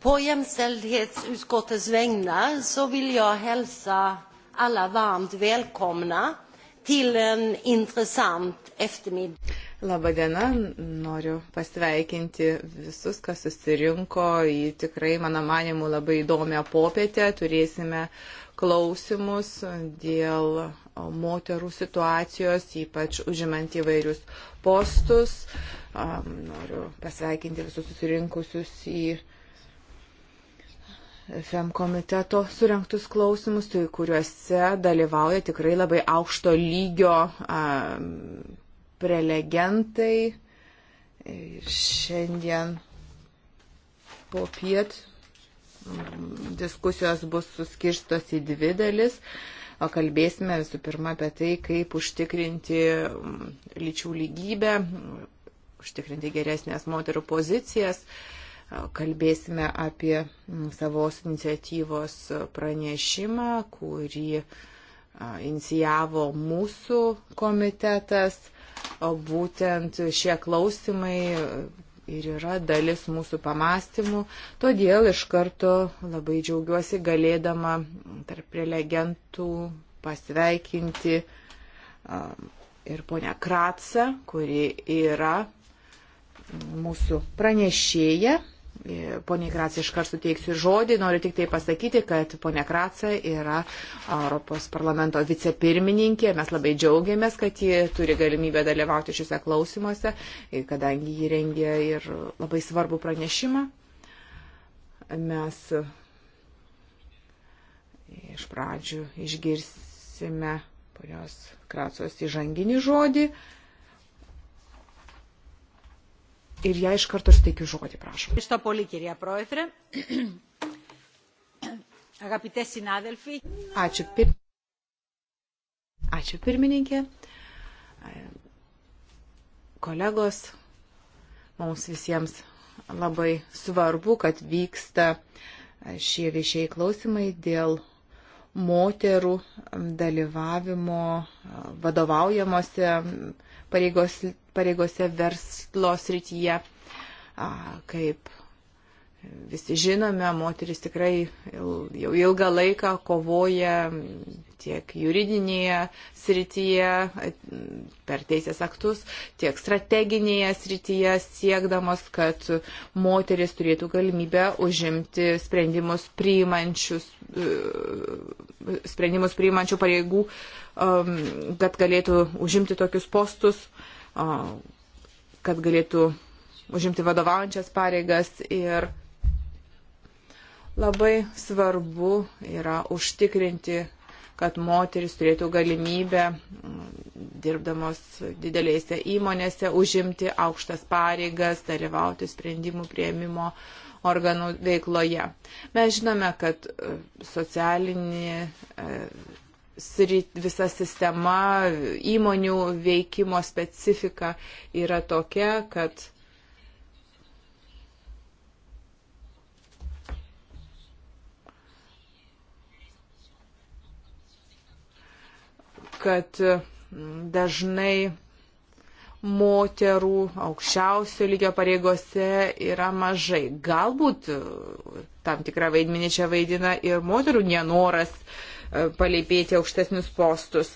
På jämställdhetsutskottets vägnar så vill jag hälsa alla varmt välkomna till en intressant eftermiddag. Labą dieną, noriu pasveikinti visus, kas susirinko į tikrai, mano manimu, labai įdomią popietę. Turėsime klausimus dėl moterų situacijos, ypač užimant įvairius postus. Noriu pasveikinti visus susirinkusius į FEM komiteto surinktus klausimus, tai kuriuose dalyvauja tikrai labai aukšto lygio a, prelegentai. Ir šiandien po piet diskusijos bus suskirstos į dvi dalis. O kalbėsime visų pirma apie tai, kaip užtikrinti mm, lyčių lygybę, užtikrinti geresnės moterų pozicijas. Uh, kalbėsime apie mm, savos iniciatyvos pranešimą, kurį inicijavo mūsų komitetas. Būtent šie klausimai e, ir yra dalis mūsų pamastymų. Todėl iš karto labai džiaugiuosi galėdama tarp prelegentų pasveikinti ir ponia Kratsa, kuri yra mūsų pranešėja E, Pone Kracija, iškart suteiksiu žodį. Noriu tik tai pasakyti, kad ponė Kracija yra Europos parlamento vicepirmininkė. Mes labai džiaugiamės, kad ji turi galimybę dalyvauti šiuose klausimuose, e, kadangi ji rengia ir labai svarbų pranešimą. Mes e, iš pradžių išgirsime ponios Kracijos įžanginį žodį. ir ją iš karto ir steikiu žodį, prašom. Ačiū, pir... Ačiū pirmininkė. Kolegos, mums visiems labai svarbu, kad vyksta šie viešiai klausimai dėl moterų dalyvavimo vadovaujamosi pareigos pareigose verslo srityje. Kaip visi žinome, moteris tikrai jau ilgą laiką kovoja tiek juridinėje srityje, per teisės aktus, tiek strateginėje srityje, siekdamas, kad moteris turėtų galimybę užimti sprendimus priimančius, e, sprendimus priimančių pareigų, kad galėtų užimti tokius postus kad galėtų užimti vadovaujančias pareigas ir labai svarbu yra užtikrinti, kad moteris turėtų galimybę dirbdamos didelėse įmonėse užimti aukštas pareigas, dalyvauti sprendimų prieimimo organų veikloje. Mes žinome, kad e, socialinė e, visa sistema, įmonių veikimo specifika yra tokia, kad kad mm, dažnai moterų aukščiausio lygio pareigose yra mažai. Galbūt tam tikrą vaidmenį čia vaidina ir moterų nenoras uh, E, paleipėti aukštesnius postus.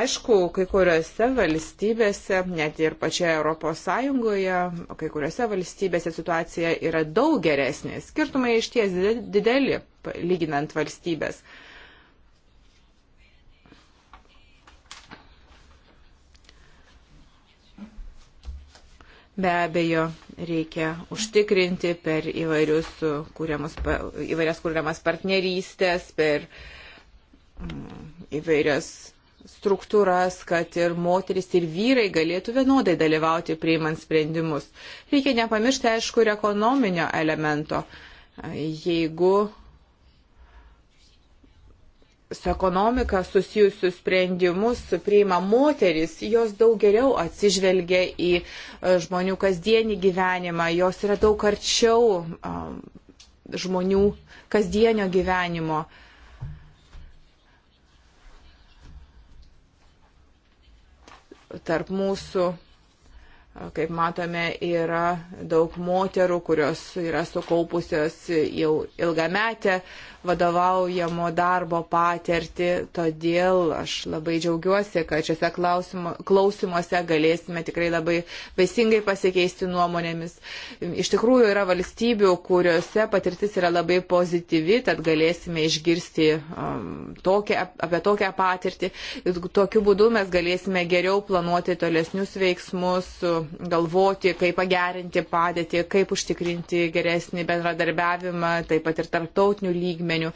Aišku, kai kuriuose valstybėse, net ir pačioje Europos Sąjungoje, kai kuriuose valstybėse situacija yra daug geresnė. Skirtumai iš ties dideli, lyginant valstybės. Be abejo, reikia užtikrinti per įvairius, kūriamus, įvairias kūriamas partnerystės, per uh, įvairias struktūras, kad ir moteris, ir vyrai galėtų vienodai dalyvauti priimant sprendimus. Reikia nepamiršti, aišku, ir ekonominio elemento. Jeigu su ekonomika susijusius sprendimus priima moteris, jos daug geriau atsižvelgia į e, žmonių kasdienį gyvenimą, jos yra daug arčiau žmonių kasdienio gyvenimo. Uh, tarp mūsų Kaip matome, yra daug moterų, kurios yra sukaupusios jau ilgametę vadovaujamo darbo patirtį. Todėl aš labai džiaugiuosi, kad šiuose klausimuose galėsime tikrai labai vaisingai pasikeisti nuomonėmis. Iš tikrųjų yra valstybių, kuriuose patirtis yra labai pozityvi, tad galėsime išgirsti um, tokią, apie tokią patirtį. Tokiu būdu mes galėsime geriau planuoti tolesnius veiksmus. Su, galvoti, kaip pagerinti padėtį, kaip užtikrinti geresnį bendradarbiavimą, taip pat ir tarptautinių lygmenių,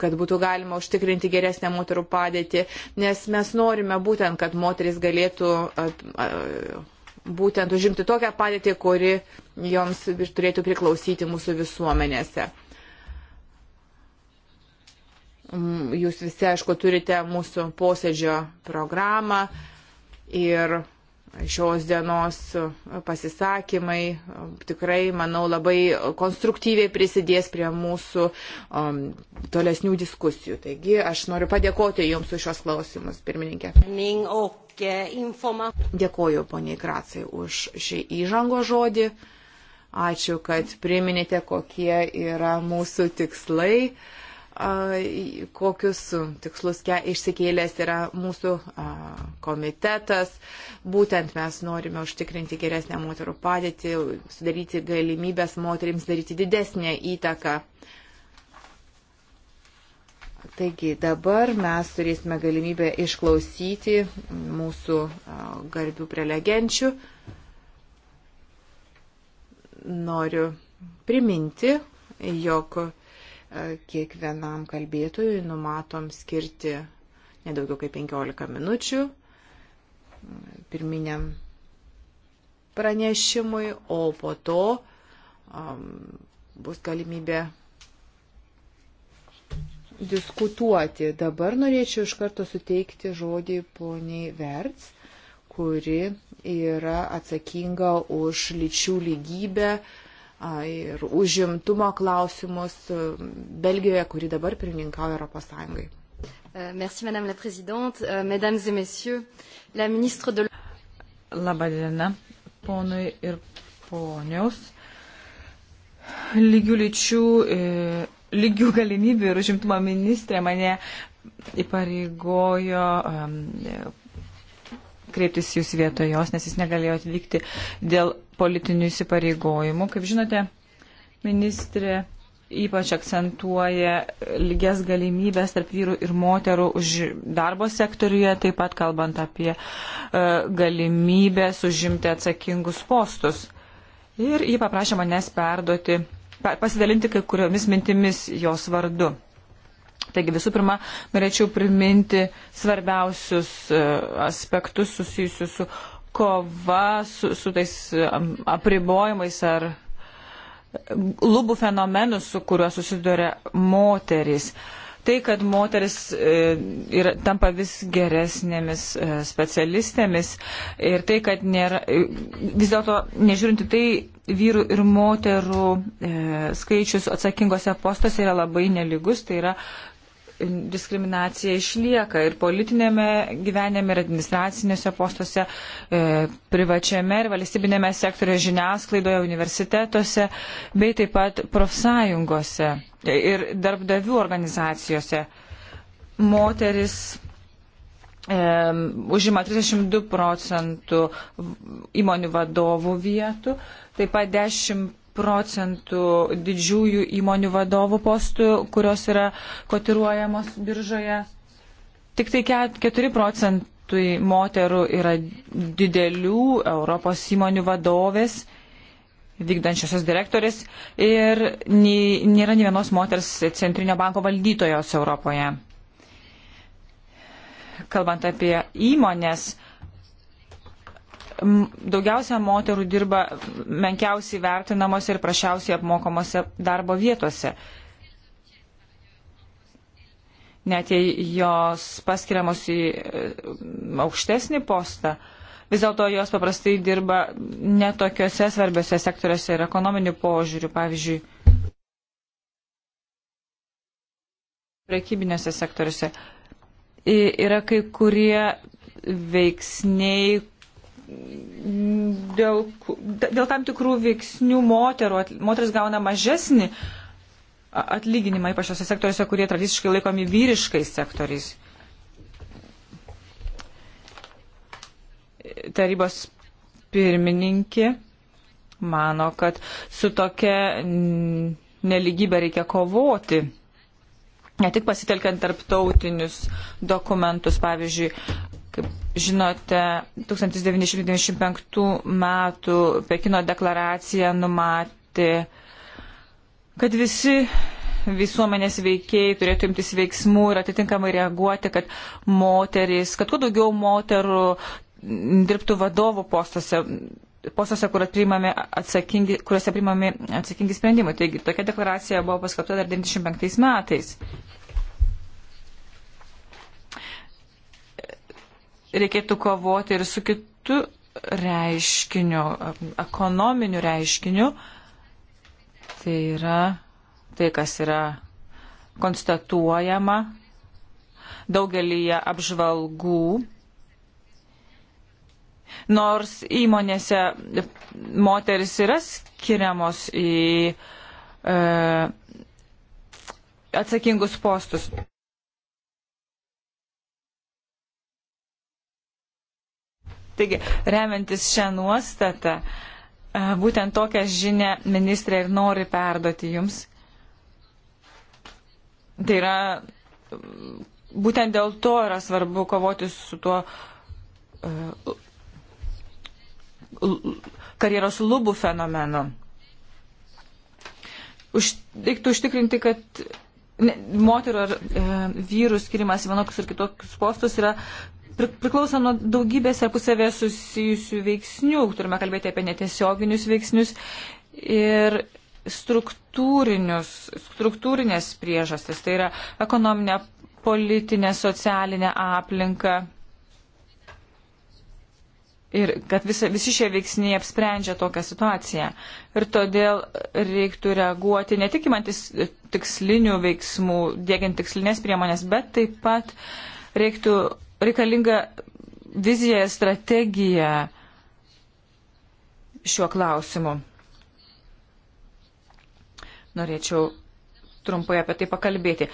kad būtų galima užtikrinti geresnę moterų padėtį, nes mes norime būtent, kad moteris galėtų būtent užimti tokią padėtį, kuri joms turėtų priklausyti mūsų visuomenėse. Jūs visi, aišku, turite mūsų posėdžio programą ir šios dienos pasisakymai tikrai, manau, labai konstruktyviai prisidės prie mūsų um, tolesnių diskusijų. Taigi aš noriu padėkoti Jums už šios klausimus, pirmininkė. Dėkoju poniai Kracai už šį įžango žodį. Ačiū, kad priminėte, kokie yra mūsų tikslai kokius tikslus išsikėlęs yra mūsų komitetas. Būtent mes norime užtikrinti geresnę moterų padėtį, sudaryti galimybės moterims daryti didesnę įtaką. Taigi dabar mes turėsime galimybę išklausyti mūsų garbių prelegenčių. Noriu priminti, jog Kiekvienam kalbėtojui numatom skirti nedaugiau kaip 15 minučių pirminiam pranešimui, o po to um, bus galimybė diskutuoti. Dabar norėčiau iš karto suteikti žodį poniai Verts, kuri yra atsakinga už lyčių lygybę uh, ir užimtumo klausimus e, Belgijoje, kuri dabar pirmininkauja Europos Sąjungai. E, merci, Madame la Présidente, e, Mesdames et Messieurs, la ministre de. Labadiena, ponai ir ponios. Lygių lyčių, lygių galimybių ir užimtumo ministrė mane įpareigojo um, kreiptis jūs vietoj jos, nes jis negalėjo atvykti dėl politinių įsipareigojimų. Kaip žinote, ministrė ypač akcentuoja lygias galimybės tarp vyrų ir moterų už darbo sektoriuje, taip pat kalbant apie e, galimybės užimti atsakingus postus. Ir ji paprašė manęs perduoti, pasidalinti kai kuriomis mintimis jos vardu. Taigi visų pirma, norėčiau priminti svarbiausius e, aspektus susijusius su kova su, su tais apribojimais ar lubų fenomenų, su kuriuo susiduria moteris. Tai, kad moteris ir e, tampa vis geresnėmis e, specialistėmis ir tai, kad nėra, e, vis dėlto, nežiūrinti tai, vyrų ir moterų skaičius atsakingose postose yra labai neligus, tai yra diskriminacija išlieka ir politinėme gyvenime, ir administracinėse postuose, e, privačiame ir valstybinėme sektorioje žiniasklaidoje, universitetuose, bei taip pat profsąjungose ir darbdavių organizacijose. Moteris e, užima 32 procentų įmonių vadovų vietų, taip pat 10 procentų didžiųjų įmonių vadovų postų, kurios yra kotiruojamos biržoje. Tik tai 4 procentai moterų yra didelių Europos įmonių vadovės, vykdančiosios direktorės ir nėra nei vienos moters centrinio banko valdytojos Europoje. Kalbant apie įmonės, daugiausia moterų dirba menkiausiai vertinamose ir prašiausiai apmokomose darbo vietose. Net jei jos paskiriamos į aukštesnį postą, vis dėlto jos paprastai dirba netokiuose svarbiuose sektoriuose ir ekonominių požiūrių, pavyzdžiui, prekybinėse sektoriuose. Yra kai kurie veiksniai, dėl, dėl tam tikrų veiksnių moterų, moteris gauna mažesnį atlyginimą, ypač tose sektoriuose, kurie tradiciškai laikomi vyriškais sektoriais. Tarybos pirmininkė mano, kad su tokia neligybė reikia kovoti. Ne tik pasitelkiant tarptautinius dokumentus, pavyzdžiui, Kaip žinote, 1995 metų Pekino deklaracija numatė, kad visi visuomenės veikėjai turėtų imtis veiksmų ir atitinkamai reaguoti, kad moteris, kad kuo daugiau moterų dirbtų vadovų postuose, postuose, kur kuriuose priimami atsakingi sprendimai. Taigi tokia deklaracija buvo paskelbta dar 1995 metais. reikėtų kovoti ir su kitu reiškiniu, ekonominiu reiškiniu. Tai yra tai, kas yra konstatuojama daugelį apžvalgų. Nors įmonėse moteris yra skiriamos į e, atsakingus postus. Taigi, remiantis šią nuostatą, e, būtent tokią žinę ministrė ir nori perduoti jums. Tai yra, būtent dėl to yra svarbu kovoti su tuo e, karjeros lubų fenomenu. Už, reiktų užtikrinti, kad ne, moterų ar e, vyrų skirimas vienokius ir kitokius postus yra priklauso nuo daugybės tarpusavė susijusių veiksnių. Turime kalbėti apie netiesioginius veiksnius ir struktūrinės priežastis. Tai yra ekonominė, politinė, socialinė aplinka. Ir kad visa, visi šie veiksniai apsprendžia tokią situaciją. Ir todėl reiktų reaguoti ne tik imantis tikslinių veiksmų, dėgiant tikslinės priemonės, bet taip pat reiktų reikalinga vizija ir strategija šiuo klausimu. Norėčiau trumpai apie tai pakalbėti.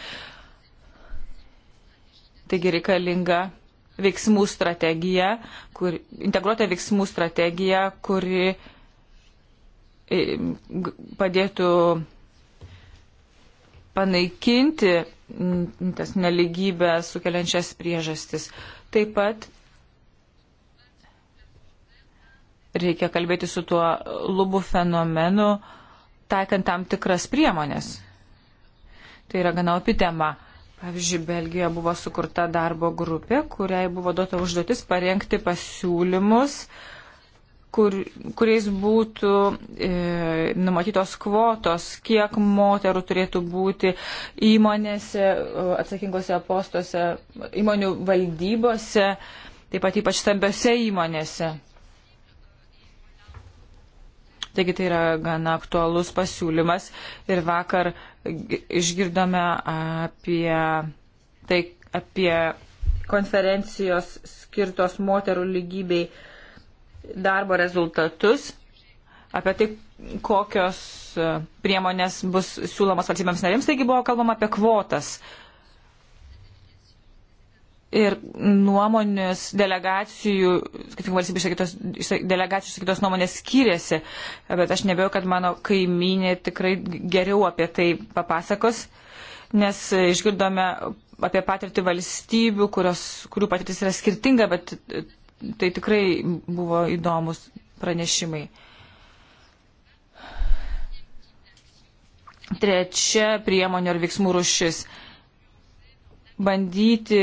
Taigi reikalinga veiksmų strategija, kur, integruota veiksmų strategija, kuri e, padėtų panaikinti tas neligybę sukeliančias priežastis. Taip pat reikia kalbėti su tuo lubų fenomenu, taikant tam tikras priemonės. Tai yra gana opi tema. Pavyzdžiui, Belgijoje buvo sukurta darbo grupė, kuriai buvo duota užduotis parengti pasiūlymus uh, kur, kuriais būtų e, numatytos kvotos, kiek moterų turėtų būti įmonėse, e, atsakingose postuose, įmonių valdybose, taip pat ypač stambiose įmonėse. Taigi tai yra gana aktualus pasiūlymas ir vakar išgirdome apie, tai, apie konferencijos skirtos moterų lygybei darbo rezultatus, apie tai, kokios e, priemonės bus siūlomas valstybėms narėms, taigi buvo kalbama apie kvotas. Ir nuomonės delegacijų, skirtingų valstybių išsakytos, delegacijų išsakytos nuomonės skiriasi, bet aš nebėjau, kad mano kaimynė tikrai geriau apie tai papasakos, nes išgirdome apie patirtį valstybių, kurios, kurių patirtis yra skirtinga, bet tai tikrai buvo įdomus pranešimai. Trečia priemonė ar veiksmų rušis - bandyti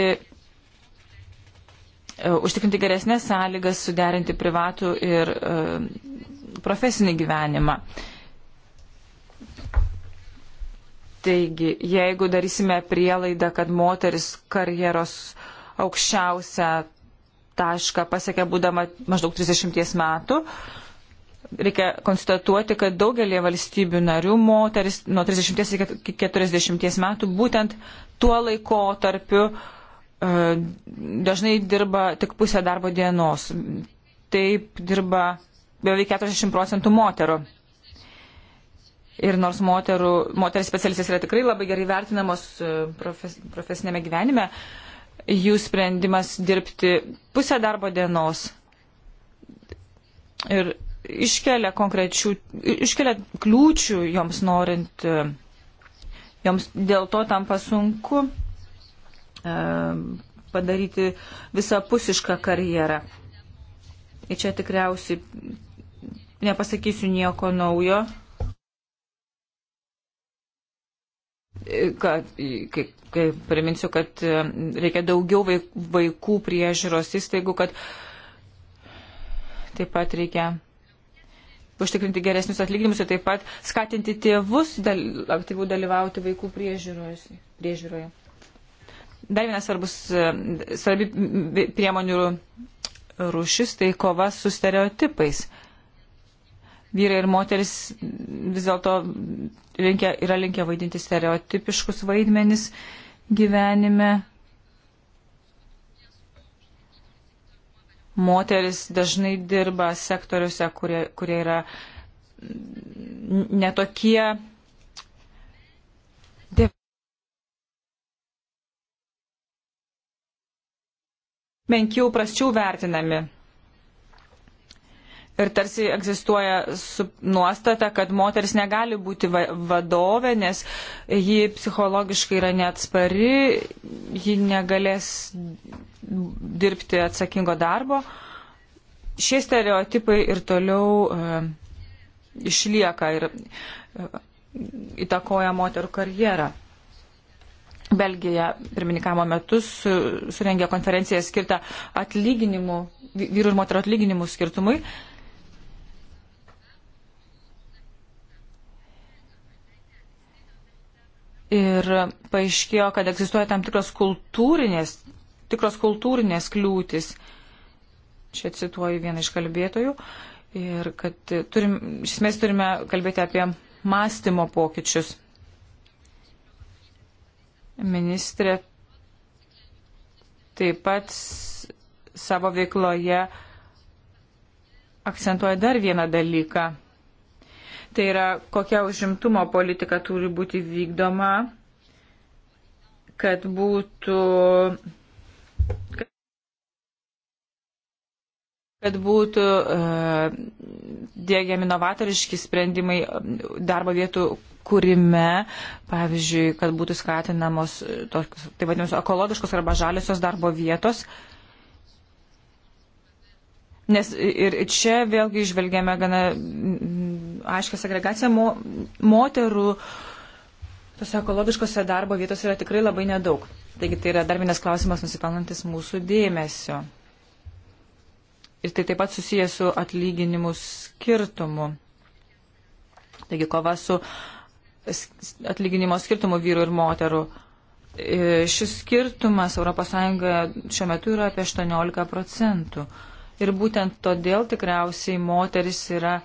e, užtikrinti geresnės sąlygas, suderinti privatų ir e, profesinį gyvenimą. Taigi, jeigu darysime prielaidą, kad moteris karjeros aukščiausią tašką pasiekė būdama maždaug 30 metų. Reikia konstatuoti, kad daugelį valstybių narių moteris nuo 30 iki 40 metų būtent tuo laikotarpiu e, dažnai dirba tik pusę darbo dienos. Taip dirba beveik 40 procentų moterų. Ir nors moterų, moteris specialistės yra tikrai labai gerai vertinamos e, profes, profesinėme gyvenime, uh, jų sprendimas dirbti pusę darbo dienos ir iškelia konkrečių, iškelia kliūčių joms norint, joms dėl to tampa sunku e, padaryti visapusišką karjerą. Ir čia tikriausiai nepasakysiu nieko naujo, kad, kaip, kaip priminsiu, kad e, reikia daugiau vaikų priežiūros įstaigų, kad taip pat reikia užtikrinti geresnius atlyginimus ir taip pat skatinti tėvus dal, aktyviau dalyvauti vaikų priežiūroje. Dar vienas svarbus, e, svarbi priemonių rušis tai kova su stereotipais vyrai ir moteris vis dėlto linkia, yra linkę vaidinti stereotipiškus vaidmenis gyvenime. Moteris dažnai dirba sektoriuose, kurie, kurie yra netokie menkiau prasčiau vertinami. Ir tarsi egzistuoja nuostata, kad moteris negali būti va vadovė, nes ji psichologiškai yra neatspari, ji negalės dirbti atsakingo darbo. Šie stereotipai ir toliau e, išlieka ir e, įtakoja moterų karjerą. Belgija pirmininkamo metus surengė konferenciją skirtą atlyginimų, vyrų ir moterų atlyginimų skirtumui Ir paaiškėjo, kad egzistuoja tam tikros kultūrinės, tikros kultūrinės kliūtis. Čia cituoju vieną iš kalbėtojų. Ir kad turim, iš esmės turime kalbėti apie mąstymo pokyčius. Ministrė taip pat savo veikloje akcentuoja dar vieną dalyką Tai yra, kokia užimtumo politika turi būti vykdoma, kad būtų. kad būtų uh, e, dėgiami novatoriški sprendimai e, darbo vietų kūrime, pavyzdžiui, kad būtų skatinamos tos, tai vadinamos, ekologiškos arba žaliosios darbo vietos. Nes ir čia vėlgi išvelgiame gana aiškia segregacija mo, moterų tose ekologiškose darbo vietose yra tikrai labai nedaug. Taigi tai yra dar vienas klausimas nusipelnantis mūsų dėmesio. Ir tai taip pat susijęs su atlyginimu skirtumu. Taigi kova su atlyginimo skirtumu vyrų ir moterų. E, šis skirtumas ES šiuo metu yra apie 18 procentų. Ir būtent todėl tikriausiai moteris yra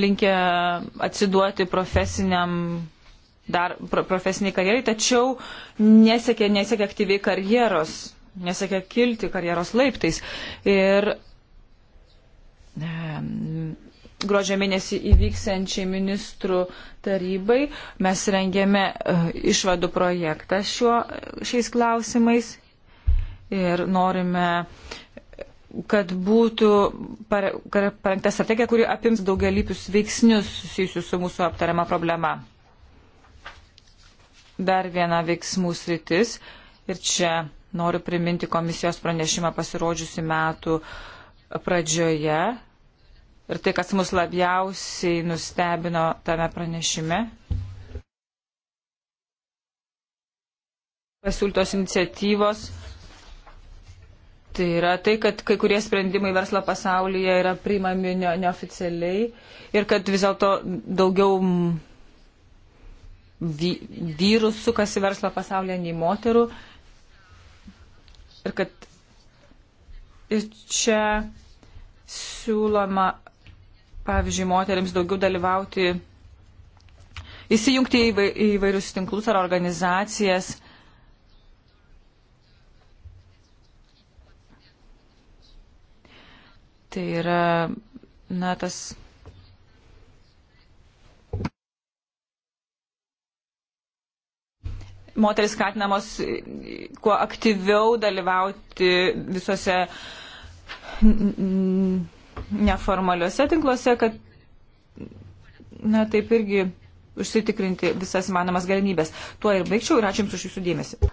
linkę atsiduoti profesiniam dar pro, profesiniai karjerai, tačiau nesiekia, nesiekia aktyviai karjeros, nesiekia kilti karjeros laiptais. Ir gruodžio mėnesį įvyksiančiai ministrų tarybai mes rengėme e, išvadų projektą šiuo, šiais klausimais ir norime kad būtų parengta strategija, kuri apims daugialypius veiksnius susijusius su mūsų aptariama problema. Dar viena veiksmų sritis ir čia noriu priminti komisijos pranešimą pasirodžiusi metų pradžioje ir tai, kas mus labiausiai nustebino tame pranešime. Pasiūlytos iniciatyvos Tai yra tai, kad kai kurie sprendimai verslo pasaulyje yra priimami ne, neoficialiai ir kad vis dėlto daugiau vy, vyrų sukasi verslo pasaulyje nei moterų. Ir kad ir čia siūloma, pavyzdžiui, moteriams daugiau dalyvauti, įsijungti į vairius tinklus ar organizacijas Tai yra, na, tas. Moteris skatinamos kuo aktyviau dalyvauti visose neformaliuose tinkluose, kad, na, taip irgi užsitikrinti visas manomas galimybės. Tuo ir baigčiau ir ačiū Jums už Jūsų dėmesį.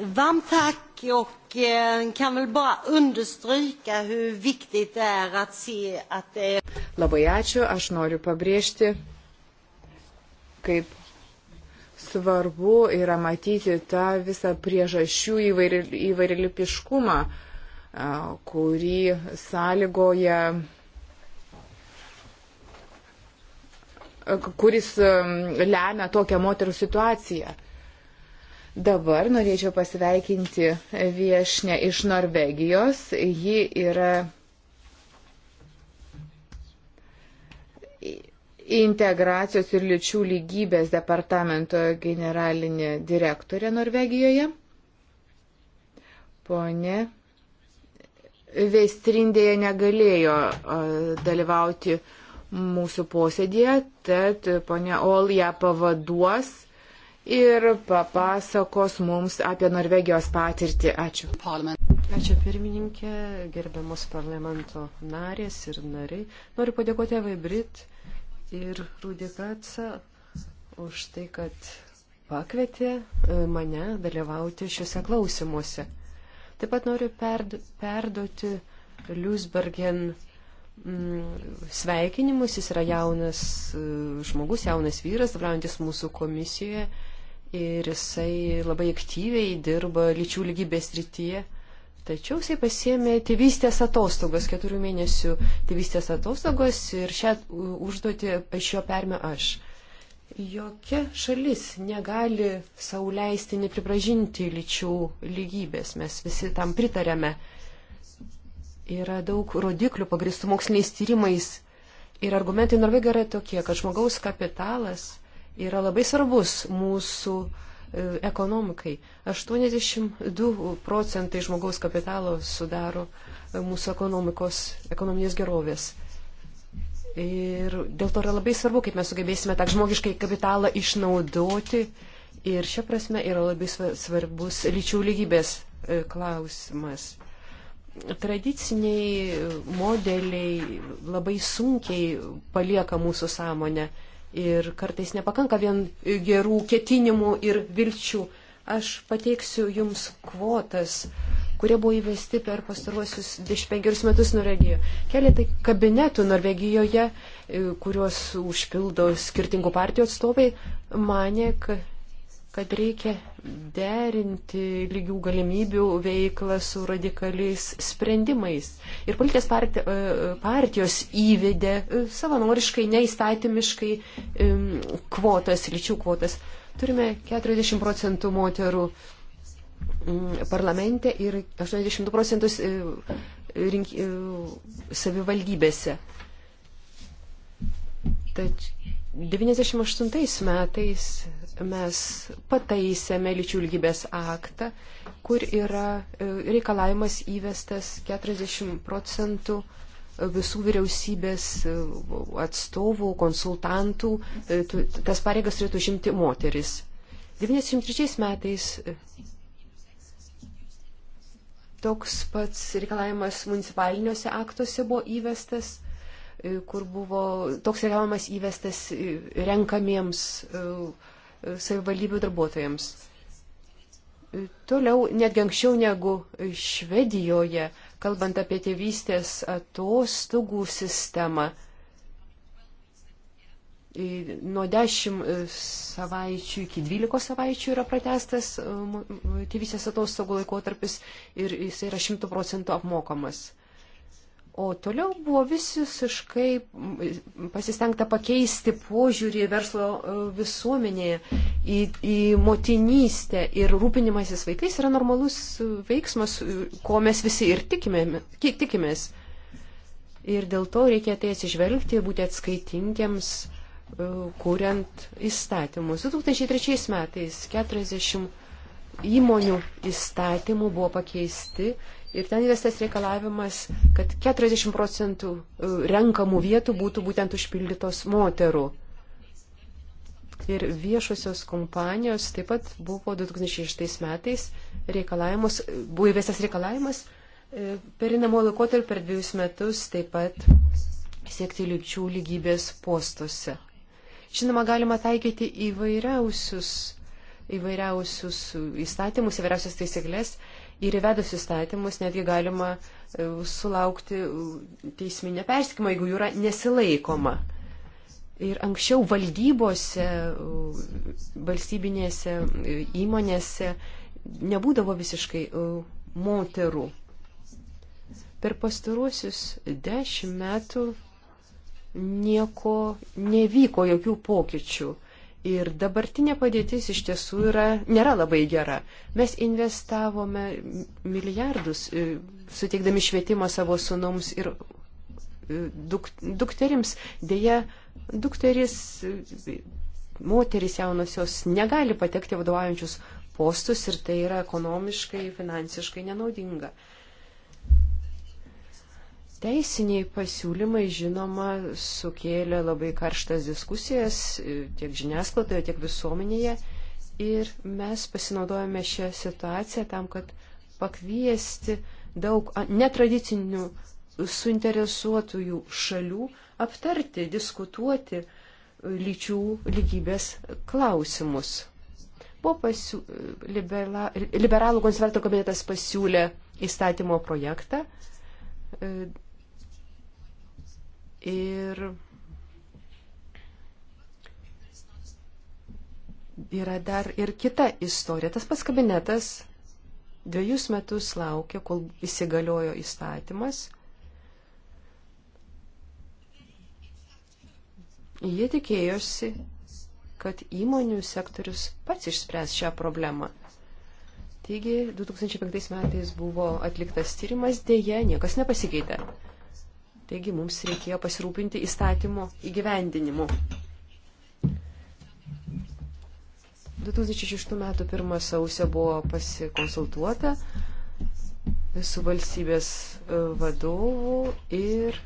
Varmt tack och eh, kan väl bara understryka hur viktigt det är att se att det är... Labai ačiū, aš noriu pabrėžti, kaip svarbu yra matyti tą visą priežasčių įvairilipiškumą, kurį sąlygoja kuris lemia tokią moterų situaciją. Dabar norėčiau pasveikinti viešnę iš Norvegijos. Ji yra integracijos ir lyčių lygybės departamento generalinė direktorė Norvegijoje. Pone Vestrindėje negalėjo dalyvauti mūsų posėdėje, tad ponia Ol ją pavaduos ir papasakos mums apie Norvegijos patirtį. Ačiū. Ačiū pirmininkė, gerbiamos parlamento narės ir nariai. Noriu padėkoti Evai Brit ir Rudikatsa už tai, kad pakvietė e, mane dalyvauti šiuose klausimuose. Taip pat noriu perdu, perduoti Liusbergen mm, sveikinimus, jis yra jaunas e, žmogus, jaunas vyras, dalyvaujantis mūsų komisijoje ir jisai labai aktyviai dirba lyčių lygybės rytyje. Tačiau jisai pasėmė tėvystės atostogos, keturių mėnesių tėvystės atostogos ir šią užduotį iš jo permė aš. Jokia šalis negali sauliaisti nepripažinti lyčių lygybės, mes visi tam pritarėme. Yra daug rodiklių pagristų moksliniais tyrimais ir argumentai Norvegijoje yra tokie, kad žmogaus kapitalas yra labai svarbus mūsų e, ekonomikai. 82 procentai žmogaus kapitalo sudaro e, mūsų ekonomikos, ekonominės gerovės. Ir dėl to yra labai svarbu, kaip mes sugebėsime tą žmogiškai kapitalą išnaudoti. Ir šia prasme yra labai svarbus lyčių lygybės e, klausimas. Tradiciniai modeliai labai sunkiai palieka mūsų sąmonę ir kartais nepakanka vien gerų ketinimų ir vilčių. Aš pateiksiu jums kvotas, kurie buvo įvesti per pastaruosius 25 metus Norvegijoje. Keletai kabinetų Norvegijoje, e, kuriuos užpildo skirtingų partijų atstovai, mane, kad reikia derinti lygių galimybių veiklą su radikaliais sprendimais. Ir politinės e, partijos įvedė e, savanoriškai, neįstatymiškai kvotas, lyčių kvotas. Turime 40 procentų moterų parlamente ir 80 procentus e, rink, savivaldybėse. Tač 98 metais mes pataisėme lyčių lygybės aktą, kur yra e, reikalavimas įvestas 40 procentų visų vyriausybės e, atstovų, konsultantų, e, tas pareigas turėtų užimti moteris. 93 metais toks pats reikalavimas municipaliniuose aktuose buvo įvestas kur buvo toks reikalavimas įvestas renkamiems uh, savivaldybių darbuotojams. Toliau, netgi anksčiau negu Švedijoje, kalbant apie tėvystės atostogų sistemą, nuo 10 savaičių iki 12 savaičių yra pratestas tėvysės atostogų laikotarpis ir jis yra 100 procentų apmokamas. O toliau buvo visiškai pasistengta pakeisti požiūrį verslo e, visuomenėje į, į motinystę ir rūpinimasis vaikais yra normalus veiksmas, ko mes visi ir tikime, tikimės. Ir dėl to reikia tai atsižvelgti, būti atskaitingiams, e, kuriant įstatymus. 2003 metais 40 įmonių įstatymų buvo pakeisti Ir ten įvestas reikalavimas, kad 40 procentų e, renkamų vietų būtų būtent užpildytos moterų. Ir viešosios kompanijos taip pat buvo 2006 metais reikalavimas, e, buvo įvestas reikalavimas e, perinamo laikotarpio per dviejus metus taip pat siekti lyčių lygybės postuose. Žinoma, galima taikyti įvairiausius, įvairiausius įstatymus, įvairiausias taisyklės, ir įvedus įstatymus netgi galima e, sulaukti e, teisminio persikimo, jeigu jų yra nesilaikoma. Ir anksčiau valdybose, e, valstybinėse įmonėse nebūdavo visiškai moterų. Per pastaruosius dešimt metų nieko nevyko, jokių pokyčių. Ir dabartinė padėtis iš tiesų yra, nėra labai gera. Mes investavome milijardus, e, suteikdami švietimą savo sunums ir e, duk, dukterims. Deja, dukteris, e, moteris jaunosios negali patekti vadovaujančius postus ir tai yra ekonomiškai, finansiškai nenaudinga. Uh, Teisiniai pasiūlymai, žinoma, sukėlė labai karštas diskusijas e, tiek žiniasklaidoje, tiek visuomenėje. Ir mes pasinaudojame šią situaciją tam, kad pakviesti daug netradicinių suinteresuotųjų šalių aptarti, diskutuoti e, lyčių lygybės klausimus. Po pasiū... E, liberala... liberalų konservatorių komitetas pasiūlė įstatymo projektą Ir yra dar ir kita istorija. Tas pats kabinetas dviejus metus laukė, kol įsigaliojo įstatymas. Jie tikėjosi, kad įmonių sektorius pats išspręs šią problemą. Taigi 2005 metais buvo atliktas tyrimas, dėje niekas nepasikeitė. Taigi mums reikėjo pasirūpinti įstatymo įgyvendinimu. 2006 m. 1 sausio buvo pasikonsultuota su valstybės e, vadovu ir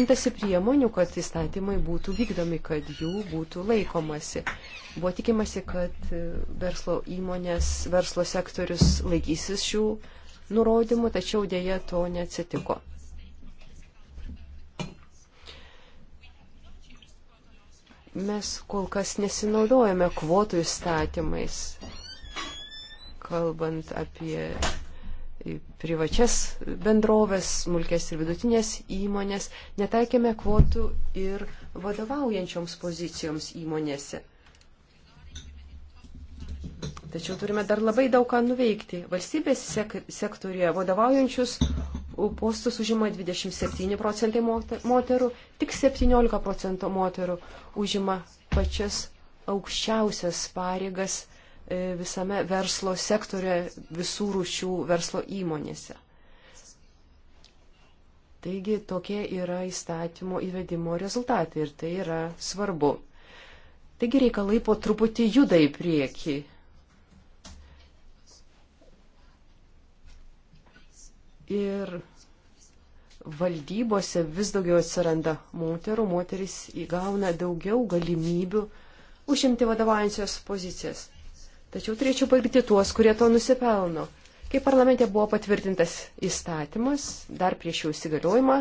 imtasi priemonių, kad įstatymai būtų vykdomi, kad jų būtų laikomasi. Buvo tikimasi, kad e, verslo įmonės, verslo sektorius laikysis šių nurodymų, tačiau dėja to neatsitiko. Mes kol kas nesinaudojame kvotų įstatymais, kalbant apie privačias bendrovės, smulkės ir vidutinės įmonės, netaikėme kvotų ir vadovaujančioms pozicijoms įmonėse. Tačiau turime dar labai daug ką nuveikti. Valstybės sek sektorija vadovaujančius postus užima 27 procentai moterų, tik 17 procentų moterų užima pačias aukščiausias pareigas e, visame verslo sektorė visų rūšių verslo įmonėse. Taigi tokie yra įstatymo įvedimo rezultatai ir tai yra svarbu. Taigi reikalai po truputį juda į priekį. Ir valdybose vis daugiau atsiranda moterų, moteris įgauna daugiau galimybių užimti vadovaujančias pozicijas. Tačiau turėčiau pagirti tuos, kurie to nusipelno. Kai parlamente buvo patvirtintas įstatymas, dar prieš jų įsigaliojimą,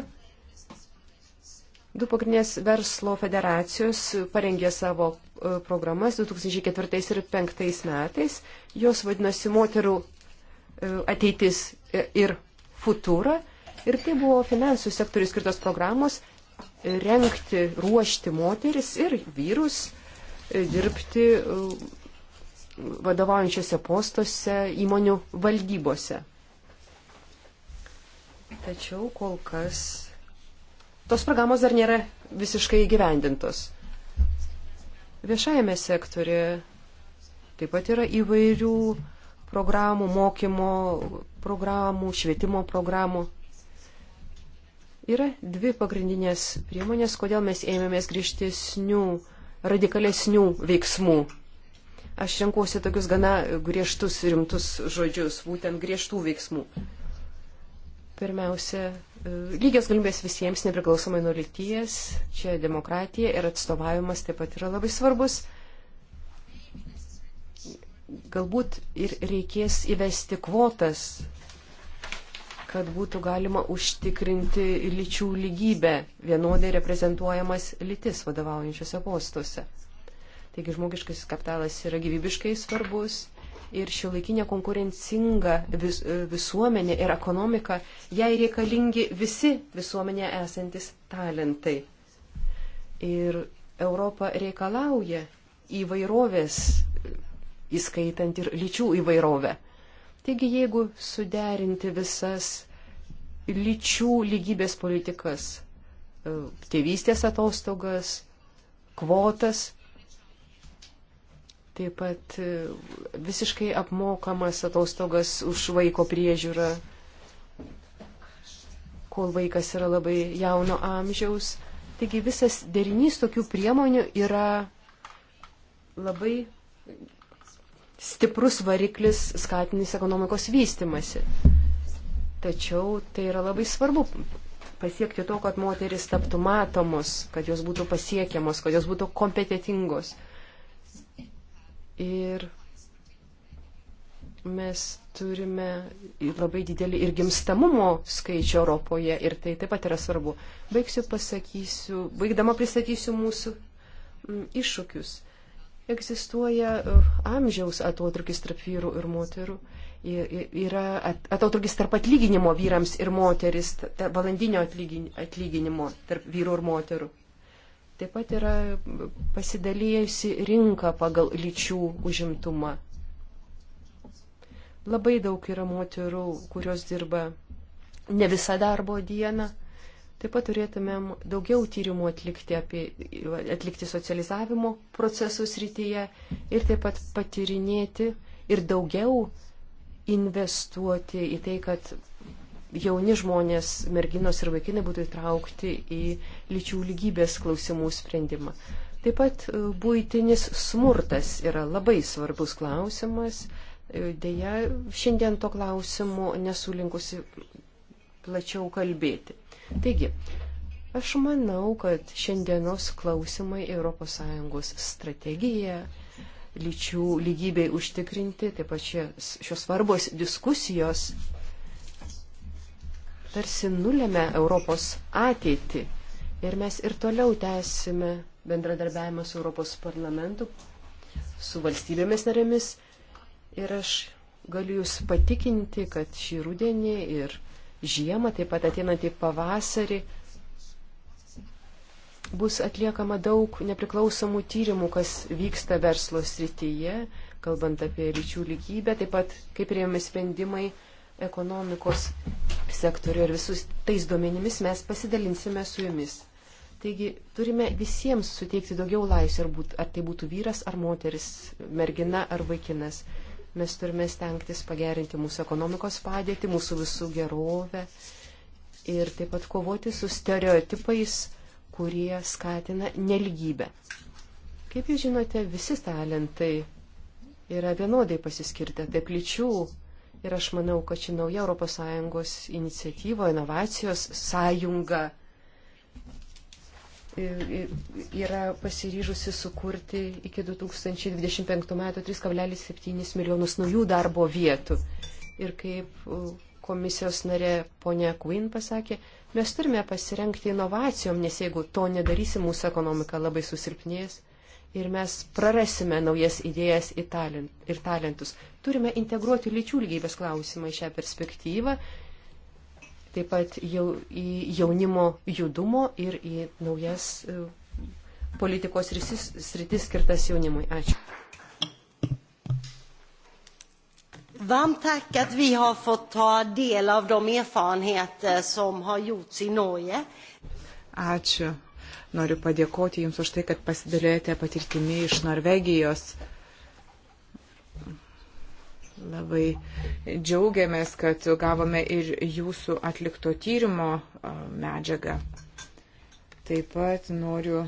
du pagrindinės verslo federacijos parengė savo e, programas 2004 ir 2005 metais. Jos vadinosi moterų e, ateitis e, ir Futura ir tai buvo finansų sektoriui skirtos programos renkti, ruošti moteris ir vyrus e, dirbti e, vadovaujančiose postuose įmonių valdybose. Tačiau kol kas tos programos dar nėra visiškai įgyvendintos. Viešajame sektorė taip pat yra įvairių programų, mokymo, programų, švietimo programų. Yra dvi pagrindinės priemonės, kodėl mes ėmėmės grįžtesnių, radikalesnių veiksmų. Aš renkuosi tokius gana griežtus, rimtus žodžius, būtent griežtų veiksmų. Pirmiausia, e, lygios galimybės visiems nepriklausomai nuo lyties, čia demokratija ir atstovavimas taip pat yra labai svarbus galbūt ir reikės įvesti kvotas, kad būtų galima užtikrinti lyčių lygybę, vienodai reprezentuojamas lytis vadovaujančiose postuose. Taigi žmogiškas kapitalas yra gyvybiškai svarbus ir šiuolaikinė konkurencinga vis, visuomenė ir ekonomika, jai reikalingi visi visuomenėje esantis talentai. Ir Europa reikalauja įvairovės įskaitant ir lyčių įvairovę. Taigi, jeigu suderinti visas lyčių lygybės politikas, e, tėvystės atostogas, kvotas, taip pat e, visiškai apmokamas atostogas už vaiko priežiūrą, kol vaikas yra labai jauno amžiaus. Taigi visas derinys tokių priemonių yra labai stiprus variklis skatinis ekonomikos vystimasi. Tačiau tai yra labai svarbu pasiekti to, kad moteris taptų matomos, kad jos būtų pasiekiamos, kad jos būtų kompetitingos. Ir mes turime labai didelį ir gimstamumo skaičių Europoje ir tai taip pat yra svarbu. Baigsiu pasakysiu, baigdama pristatysiu mūsų mm, iššūkius egzistuoja e, amžiaus atotrukis tarp vyrų ir moterų. Yra atotrukis tarp atlyginimo vyrams ir moteris, valandinio atlyginimo tarp vyrų ir moterų. Taip pat yra pasidalėjusi rinka pagal lyčių užimtumą. Labai daug yra moterų, kurios dirba ne visą darbo dieną Taip pat turėtumėm daugiau tyrimų atlikti, apie, atlikti socializavimo procesus rytyje ir taip pat patirinėti ir daugiau investuoti į tai, kad jauni žmonės, merginos ir vaikinai būtų įtraukti į lyčių lygybės klausimų sprendimą. Taip pat e, būtinis smurtas yra labai svarbus klausimas. E, Deja, šiandien to klausimu nesulinkusi plačiau kalbėti. Taigi, aš manau, kad šiandienos klausimai ES strategija lyčių lygybei užtikrinti, taip pat šios svarbos diskusijos tarsi nulėmė Europos ateitį. Ir mes ir toliau tęsime bendradarbiavimą su Europos parlamentu, su valstybėmis narėmis. Ir aš galiu Jūs patikinti, kad šį rudenį ir žiemą, taip pat ateinantį pavasarį bus atliekama daug nepriklausomų tyrimų, kas vyksta verslo srityje, kalbant apie lyčių lygybę, taip pat kaip priėmė sprendimai ekonomikos sektoriu ir visus tais duomenimis mes pasidalinsime su jumis. Taigi turime visiems suteikti daugiau laisvės, ar, būt, ar tai būtų vyras ar moteris, mergina ar vaikinas. Mes turime stengtis pagerinti mūsų ekonomikos padėtį, mūsų visų gerovę ir taip pat kovoti su stereotipais, kurie skatina neligybę. Kaip jūs žinote, visi talentai yra vienodai pasiskirti tarp lyčių. Ir aš manau, kad ši nauja ES iniciatyva, inovacijos sąjunga yra pasiryžusi sukurti iki 2025 metų 3,7 milijonus naujų darbo vietų. Ir kaip komisijos narė ponia Quinn pasakė, mes turime pasirenkti inovacijom, nes jeigu to nedarysim, mūsų ekonomika labai susilpnės ir mes prarasime naujas idėjas ir talentus. Turime integruoti lyčių lygybės klausimą į šią perspektyvą taip pat jau į jaunimo judumo ir į naujas e, politikos sritis skirtas jaunimui. Ačiū. Varmt tack att vi har fått ta del av de erfarenheter som har gjorts i Norge. Ačiū. Noriu padėkoti Jums už tai, kad pasidalėjote patirtimi iš Norvegijos. Labai džiaugiamės, kad gavome ir jūsų atlikto tyrimo medžiagą. Taip pat noriu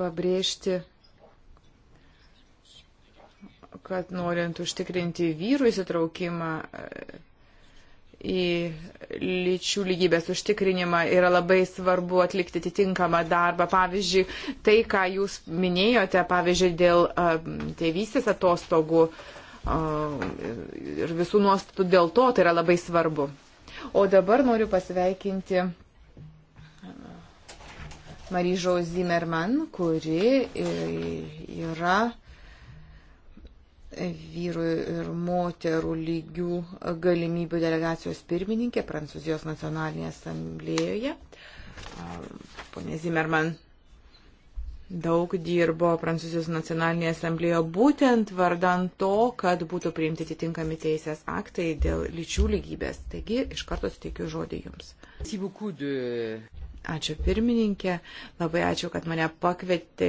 pabrėžti, kad norint užtikrinti vyrų įsitraukimą e, į lyčių lygybės užtikrinimą yra labai svarbu atlikti atitinkamą darbą. Pavyzdžiui, tai, ką jūs minėjote, pavyzdžiui, dėl tėvystės atostogų. Uh, ir visų nuostatų dėl to tai yra labai svarbu. O dabar noriu pasveikinti Maryžau Zimmerman, kuri e, yra vyrų ir moterų lygių galimybių delegacijos pirmininkė Prancūzijos nacionalinėje asamblėjoje. Pone Zimmerman, daug dirbo Prancūzijos nacionalinėje asamblėje būtent vardan to, kad būtų priimti atitinkami teisės aktai dėl lyčių lygybės. Taigi iš karto suteikiu žodį Jums. Ačiū pirmininkė, labai ačiū, kad mane pakvietė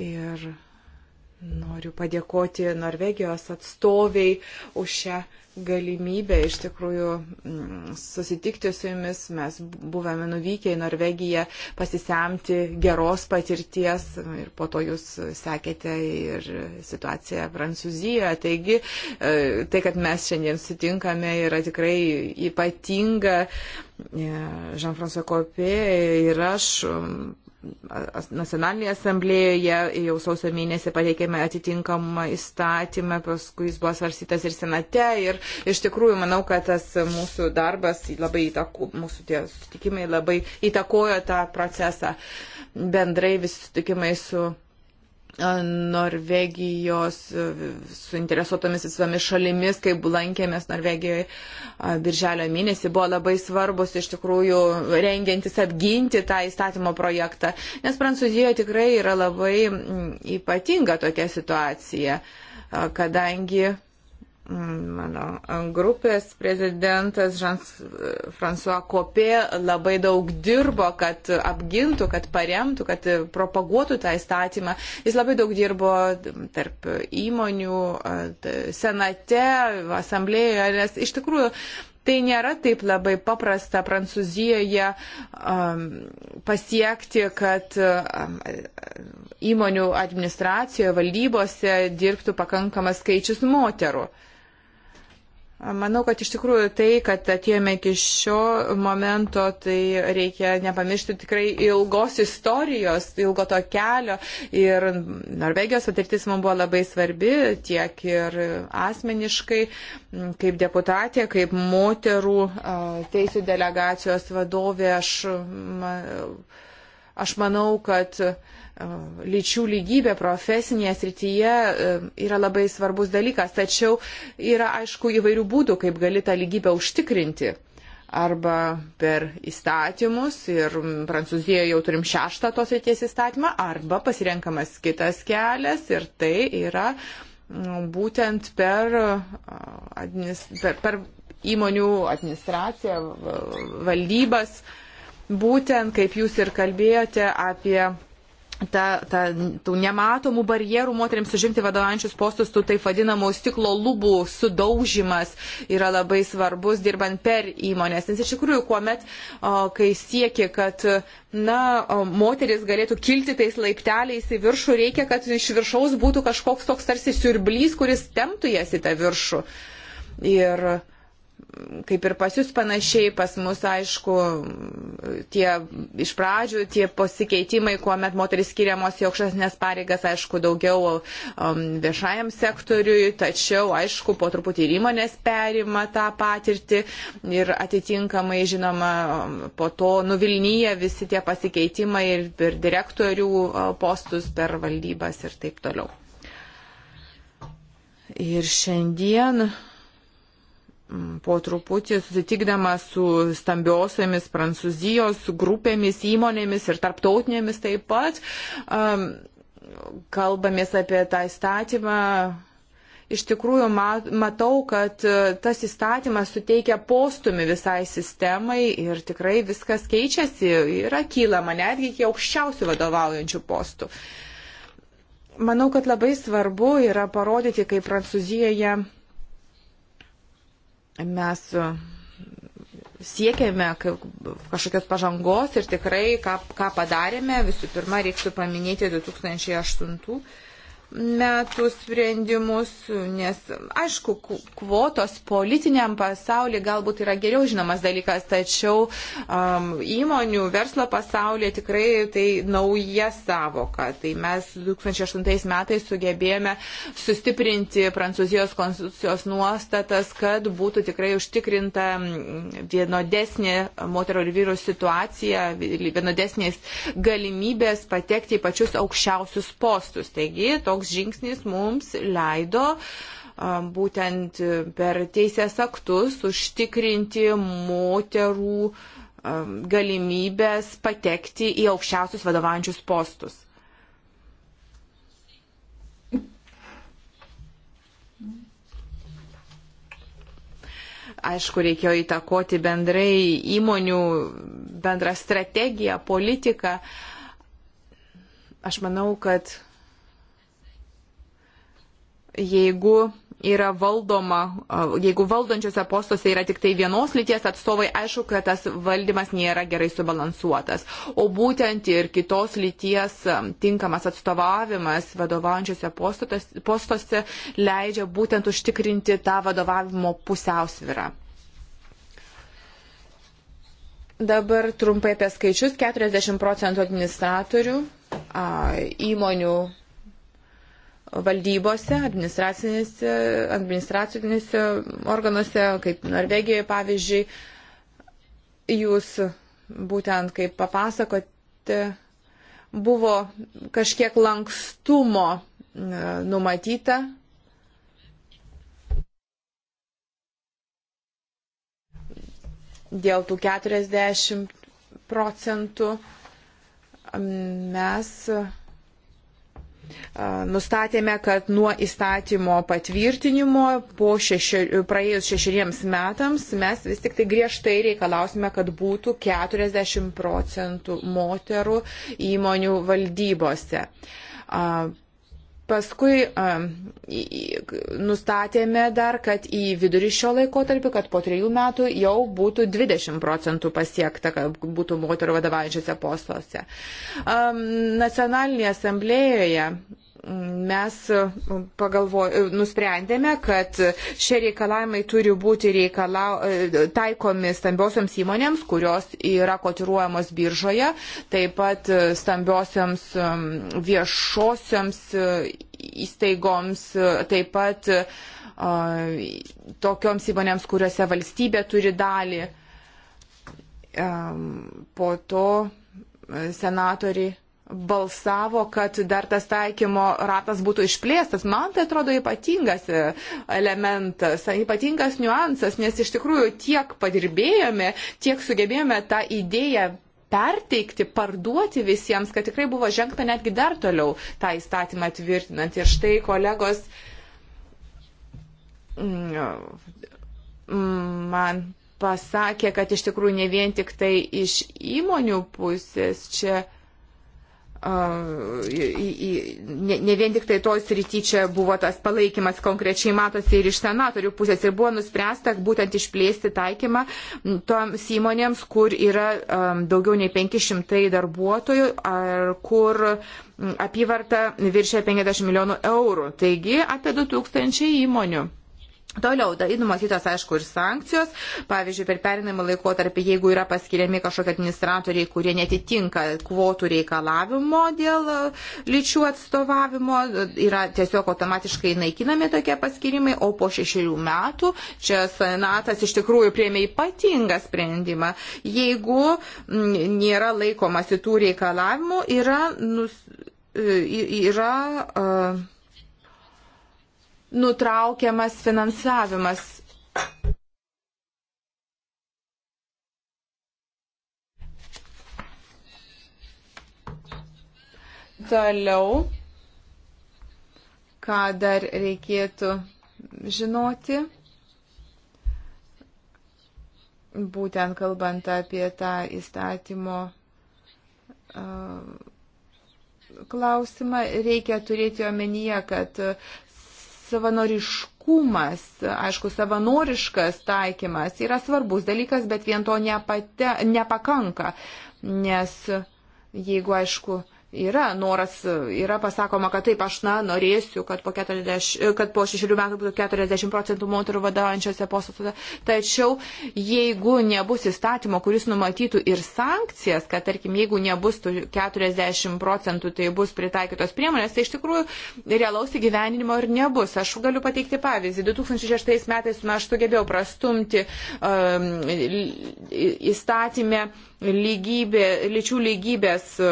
ir noriu padėkoti Norvegijos atstoviai už šią galimybę iš tikrųjų mm, susitikti su jumis. Mes buvome nuvykę į Norvegiją pasisemti geros patirties ir po to jūs sekėte ir situaciją Prancūzijoje. Taigi e, tai, kad mes šiandien sutinkame, yra tikrai ypatinga. E, Jean-François Copé ir aš mm, Nacionalinėje asamblėjoje jau sausio mėnesį pateikėme atitinkamą įstatymą, paskui jis buvo svarstytas ir senate ir iš tikrųjų manau, kad tas mūsų darbas labai įtako, mūsų tie sutikimai labai įtakojo tą procesą. Bendrai visi sutikimai su Norvegijos e, suinteresuotomis visomis šalimis, kaip lankėmės Norvegijoje birželio mėnesį, buvo labai svarbus iš tikrųjų rengiantis apginti tą įstatymo projektą, nes Prancūzijoje tikrai yra labai ypatinga tokia situacija, kadangi mano grupės prezidentas Jean-François Kopė labai daug dirbo, kad apgintų, kad paremtų, kad propaguotų tą įstatymą. Jis labai daug dirbo tarp įmonių, senate, asamblėjoje, nes iš tikrųjų tai nėra taip labai paprasta Prancūzijoje um, pasiekti, kad um, įmonių administracijoje, valdybose dirbtų pakankamas skaičius moterų. Uh, Manau, kad iš tikrųjų tai, kad atėjome iki šio momento, tai reikia nepamiršti tikrai ilgos istorijos, ilgo to kelio. Ir Norvegijos patirtis man buvo labai svarbi, tiek ir asmeniškai, kaip deputatė, kaip moterų teisų delegacijos vadovė. Aš, aš manau, kad uh, lyčių lygybė profesinėje srityje yra labai svarbus dalykas, tačiau yra aišku įvairių būdų, kaip gali tą lygybę užtikrinti. Arba per įstatymus ir Prancūzijoje jau turim šeštą tos vieties įstatymą, arba pasirenkamas kitas kelias ir tai yra būtent per, per, per įmonių administraciją, valdybas, būtent kaip jūs ir kalbėjote apie ta, ta, tų nematomų barjerų moteriams užimti vadovaujančius postus, tų taip vadinamų stiklo lubų sudaužimas yra labai svarbus dirbant per įmonės. Nes iš tikrųjų, kuomet, o, kai siekia, kad na, moteris galėtų kilti tais laipteliais į viršų, reikia, kad iš viršaus būtų kažkoks toks tarsi siurblys, kuris temtų jas į tą viršų. Ir uh, kaip ir pas jūs panašiai, pas mus, aišku, tie iš pradžių tie pasikeitimai, kuomet moteris skiriamos į aukštesnės pareigas, aišku, daugiau um, viešajam sektoriui, tačiau, aišku, po truputį ir įmonės perima tą patirtį ir atitinkamai, žinoma, um, po to nuvilnyja visi tie pasikeitimai ir per direktorių uh, postus, per valdybas ir taip toliau. Ir šiandien po truputį susitikdama su stambiosiamis Prancūzijos grupėmis, įmonėmis ir tarptautinėmis taip pat, kalbamės apie tą įstatymą iš tikrųjų matau, kad e, tas įstatymas suteikia postumį visai sistemai ir tikrai viskas keičiasi, yra kylama netgi iki aukščiausių vadovaujančių postų. Manau, kad labai svarbu yra parodyti, kaip Prancūzijoje mes e, siekėme kažkokios pažangos ir tikrai ką, ką padarėme, visų pirma reiktų paminėti 2008 metų sprendimus, nes aišku, kvotos politiniam pasauliu galbūt yra geriau žinomas dalykas, tačiau um, įmonių verslo pasaulyje tikrai tai nauja savoka. Tai mes 2008 metais sugebėjome sustiprinti Prancūzijos konstitucijos nuostatas, kad būtų tikrai užtikrinta vienodesnė moterų ir vyrų situacija, vienodesnės galimybės patekti į pačius aukščiausius postus. Taigi, toks toks žingsnis mums leido būtent per teisės aktus užtikrinti moterų galimybės patekti į aukščiausius vadovančius postus. Aišku, reikėjo įtakoti bendrai įmonių bendrą strategiją, politiką. Aš manau, kad jeigu yra valdoma, jeigu valdančiose postuose yra tik tai vienos lyties atstovai, aišku, kad tas valdymas nėra gerai subalansuotas. O būtent ir kitos lyties tinkamas atstovavimas vadovaujančiose postuose leidžia būtent užtikrinti tą vadovavimo pusiausvyrą. Dabar trumpai apie skaičius. 40 procentų administratorių įmonių valdybose, administracinėse, administracinėse organuose, kaip Norvegijoje pavyzdžiui, jūs būtent kaip papasakote, buvo kažkiek lankstumo e, numatyta. Dėl tų 40 procentų mes nustatėme, kad nuo įstatymo patvirtinimo po šeši, praėjus šešeriems metams mes vis tik tai griežtai reikalausime, kad būtų 40 procentų moterų įmonių valdybose. Paskui um, nustatėme dar, kad į vidurį šio laiko tarp, kad po trejų metų jau būtų 20 procentų pasiekta, kad būtų moterų vadovaujančiose postuose. Um, Nacionalinėje asamblėjoje mes e, pagalvo, e, nusprendėme, kad šie reikalavimai turi būti reikala, e, taikomi stambiosioms įmonėms, kurios yra kotiruojamos biržoje, taip pat stambiosioms viešosioms įstaigoms, taip pat tokioms įmonėms, kuriuose valstybė turi dalį. Po to senatoriai balsavo, kad dar tas taikymo ratas būtų išplėstas. Man tai atrodo ypatingas e, elementas, ypatingas niuansas, nes iš tikrųjų tiek padirbėjome, tiek sugebėjome tą idėją perteikti, parduoti visiems, kad tikrai buvo žengta netgi dar toliau tą įstatymą tvirtinant. Ir štai kolegos mm, man pasakė, kad iš tikrųjų ne vien tik tai iš įmonių pusės čia ne, ne vien tik tai tos rytį čia buvo tas palaikymas konkrečiai matosi ir iš senatorių pusės ir buvo nuspręsta būtent išplėsti taikymą toms įmonėms, kur yra um, daugiau nei 500 darbuotojų ar kur apyvarta viršia 50 milijonų eurų. Taigi apie 2000 įmonių. Toliau, tai numatytos, aišku, ir sankcijos. Pavyzdžiui, per perinamą laikotarpį, jeigu yra paskiriami kažkokie administratoriai, kurie netitinka kvotų reikalavimo dėl e, lyčių atstovavimo, e, yra tiesiog automatiškai naikinami tokie paskirimai, o po šešių metų čia senatas iš tikrųjų priemė ypatingą sprendimą. Jeigu nėra laikomasi tų reikalavimų, yra. Nus, e, yra nutraukiamas finansavimas. Toliau, ką dar reikėtų žinoti, būtent kalbant apie tą įstatymo klausimą, reikia turėti omenyje, kad savanoriškumas, aišku, savanoriškas taikymas yra svarbus dalykas, bet vien to nepate, nepakanka, nes jeigu, aišku, Yra noras, yra pasakoma, kad taip, aš na, norėsiu, kad po, 40, kad po 6 metų būtų 40 procentų moterų vadovaujančiose postuose. Tačiau jeigu nebus įstatymo, kuris numatytų ir sankcijas, kad tarkim, jeigu nebus 40 procentų, tai bus pritaikytos priemonės, tai iš tikrųjų realaus įgyvendinimo ir nebus. Aš galiu pateikti pavyzdį. 2006 metais na, aš sugebėjau prastumti um, įstatymę lygybė, lyčių lygybės e,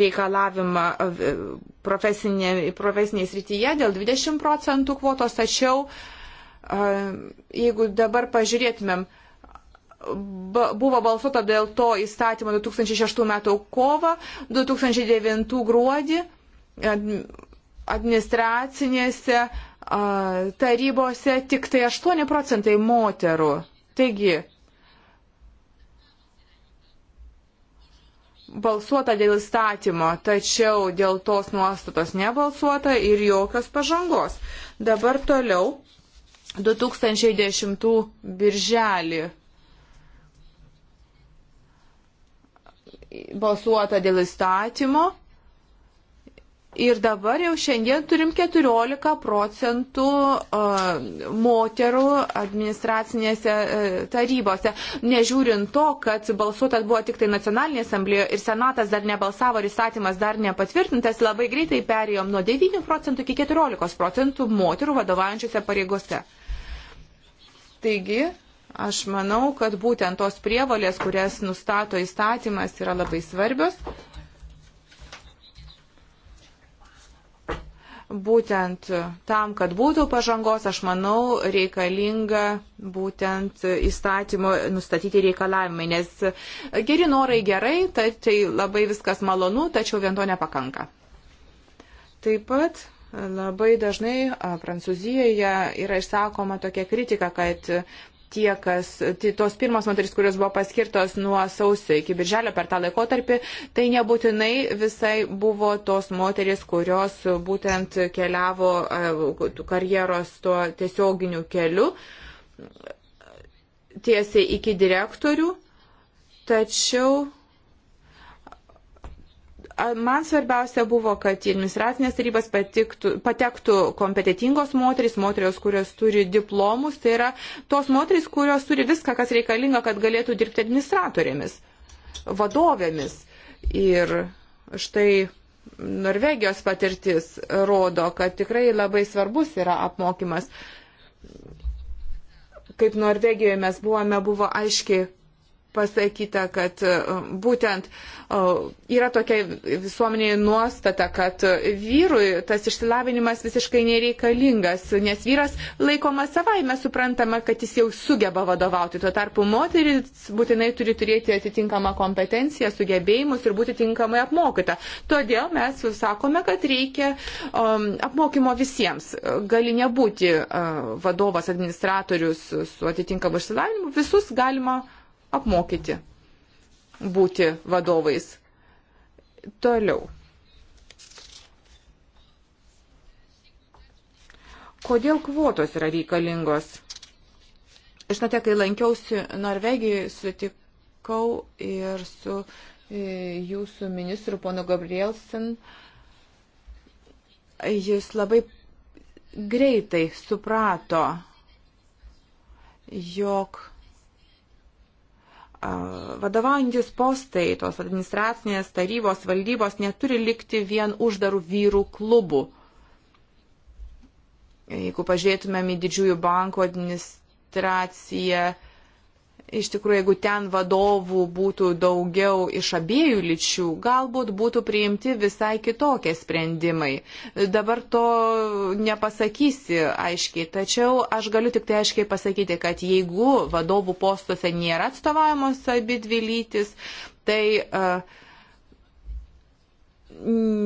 reikalavimą e, profesinė, profesinėje srityje dėl 20 procentų kvotos, tačiau e, jeigu dabar pažiūrėtumėm, buvo balsuota dėl to įstatymo 2006 metų kovą, 2009 gruodį administracinėse tarybose tik tai 8 procentai moterų. Taigi, balsuota dėl įstatymo, tačiau dėl tos nuostatos nebalsuota ir jokios pažangos. Dabar toliau 2010 birželį balsuota dėl įstatymo Ir dabar jau šiandien turim 14 procentų moterų administracinėse tarybose. Nežiūrint to, kad balsuotas buvo tik tai nacionalinė asamblėje ir senatas dar nebalsavo ir įstatymas dar nepatvirtintas, labai greitai perėjom nuo 9 procentų iki 14 procentų moterų vadovaujančiose pareigose. Taigi, aš manau, kad būtent tos prievalės, kurias nustato įstatymas, yra labai svarbios. būtent tam, kad būtų pažangos, aš manau, reikalinga būtent įstatymo nustatyti reikalavimai, nes geri norai gerai, tai, tai labai viskas malonu, tačiau vien to nepakanka. Taip pat labai dažnai Prancūzijoje yra išsakoma tokia kritika, kad tie, kas, tai tos pirmos moteris, kurios buvo paskirtos nuo sausio iki birželio per tą laikotarpį, tai nebūtinai visai buvo tos moteris, kurios būtent keliavo e, karjeros tuo tiesioginiu keliu tiesiai iki direktorių, tačiau Man svarbiausia buvo, kad į administracinės tarybas patiktų, patektų kompetitingos moteris, moteris, kurios turi diplomus, tai yra tos moteris, kurios turi viską, kas reikalinga, kad galėtų dirbti administratorėmis, vadovėmis. Ir štai Norvegijos patirtis rodo, kad tikrai labai svarbus yra apmokymas. Kaip Norvegijoje mes buvome, buvo aiškiai pasakyta, kad e, būtent e, yra tokia visuomenėje nuostata, kad e, vyrui tas išsilavinimas visiškai nereikalingas, nes vyras laikomas savaime suprantama, kad jis jau sugeba vadovauti. Tuo tarpu moteris būtinai turi turėti atitinkamą kompetenciją, sugebėjimus ir būti tinkamai apmokyta. Todėl mes sakome, kad reikia um, apmokymo visiems. Gali nebūti uh, vadovas, administratorius su atitinkamu išsilavinimu, visus galima apmokyti būti vadovais. Toliau. Kodėl kvotos yra reikalingos? Žinote, kai lankiausi Norvegijoje, sutikau ir su e, jūsų ministru ponu Gabrielsen. Jis labai greitai suprato, jog vadovaujantis postai, tos administracinės tarybos, valdybos neturi likti vien uždarų vyrų klubų. Jeigu pažiūrėtumėm į didžiųjų bankų administraciją, Iš tikrųjų, jeigu ten vadovų būtų daugiau iš abiejų lyčių, galbūt būtų priimti visai kitokie sprendimai. Dabar to nepasakysi aiškiai, tačiau aš galiu tik tai aiškiai pasakyti, kad jeigu vadovų postuose nėra atstovaujamos abi dvi lytis, tai uh,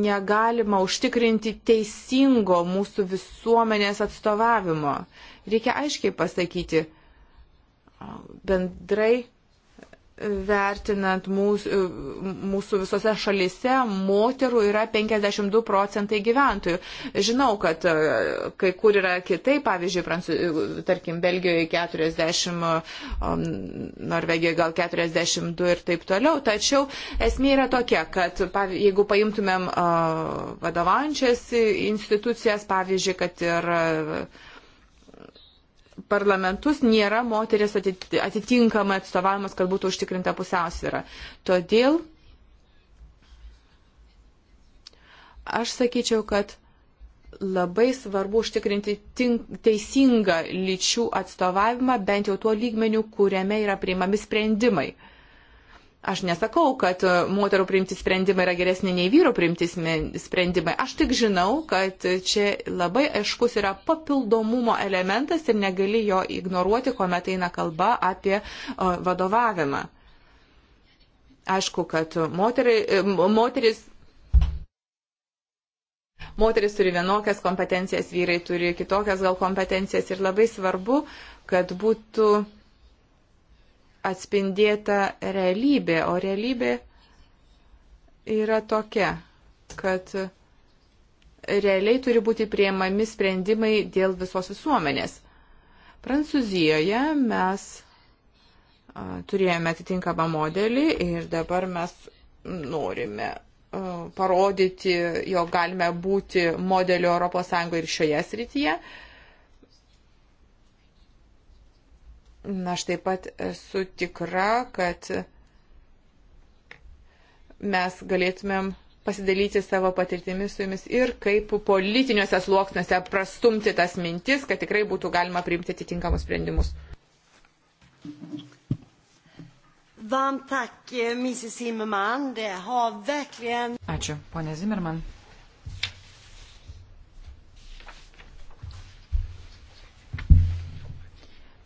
negalima užtikrinti teisingo mūsų visuomenės atstovavimo. Reikia aiškiai pasakyti, uh, bendrai vertinant mūsų, mūsų visose šalise, moterų yra 52 procentai gyventojų. Žinau, kad e, kai kur yra kitai, pavyzdžiui, Prancū... tarkim, Belgijoje 40, Norvegijoje gal 42 ir taip toliau. Tačiau esmė yra tokia, kad jeigu paimtumėm vadovaujančias institucijas, pavyzdžiui, kad ir parlamentus nėra moteris atitinkamai atstovavimas, kad būtų užtikrinta pusiausvyrą. Todėl aš sakyčiau, kad labai svarbu užtikrinti tink, teisingą lyčių atstovavimą, bent jau tuo lygmeniu, kuriame yra priimami sprendimai. Uh, Aš nesakau, kad e, moterų priimti sprendimai yra geresnė nei vyrų priimti sprendimai. Aš tik žinau, kad čia labai aiškus yra papildomumo elementas ir negali jo ignoruoti, kuomet eina kalba apie e, vadovavimą. Aišku, kad moteriai, e, moteris moteris turi vienokias kompetencijas, vyrai turi kitokias gal kompetencijas ir labai svarbu, kad būtų atspindėta realybė, o realybė yra tokia, kad realiai turi būti prieimami sprendimai dėl visos visuomenės. Prancūzijoje mes turėjome atitinkamą modelį ir dabar mes norime parodyti, jog galime būti modeliu ES ir šioje srityje. Uh, Aš taip pat esu tikra, kad mes galėtumėm pasidalyti savo patirtimis su jumis ir kaip politiniuose sluoksniuose prastumti tas mintis, kad tikrai būtų galima priimti atitinkamus sprendimus. Eh, Ačiū, ponė Zimmerman.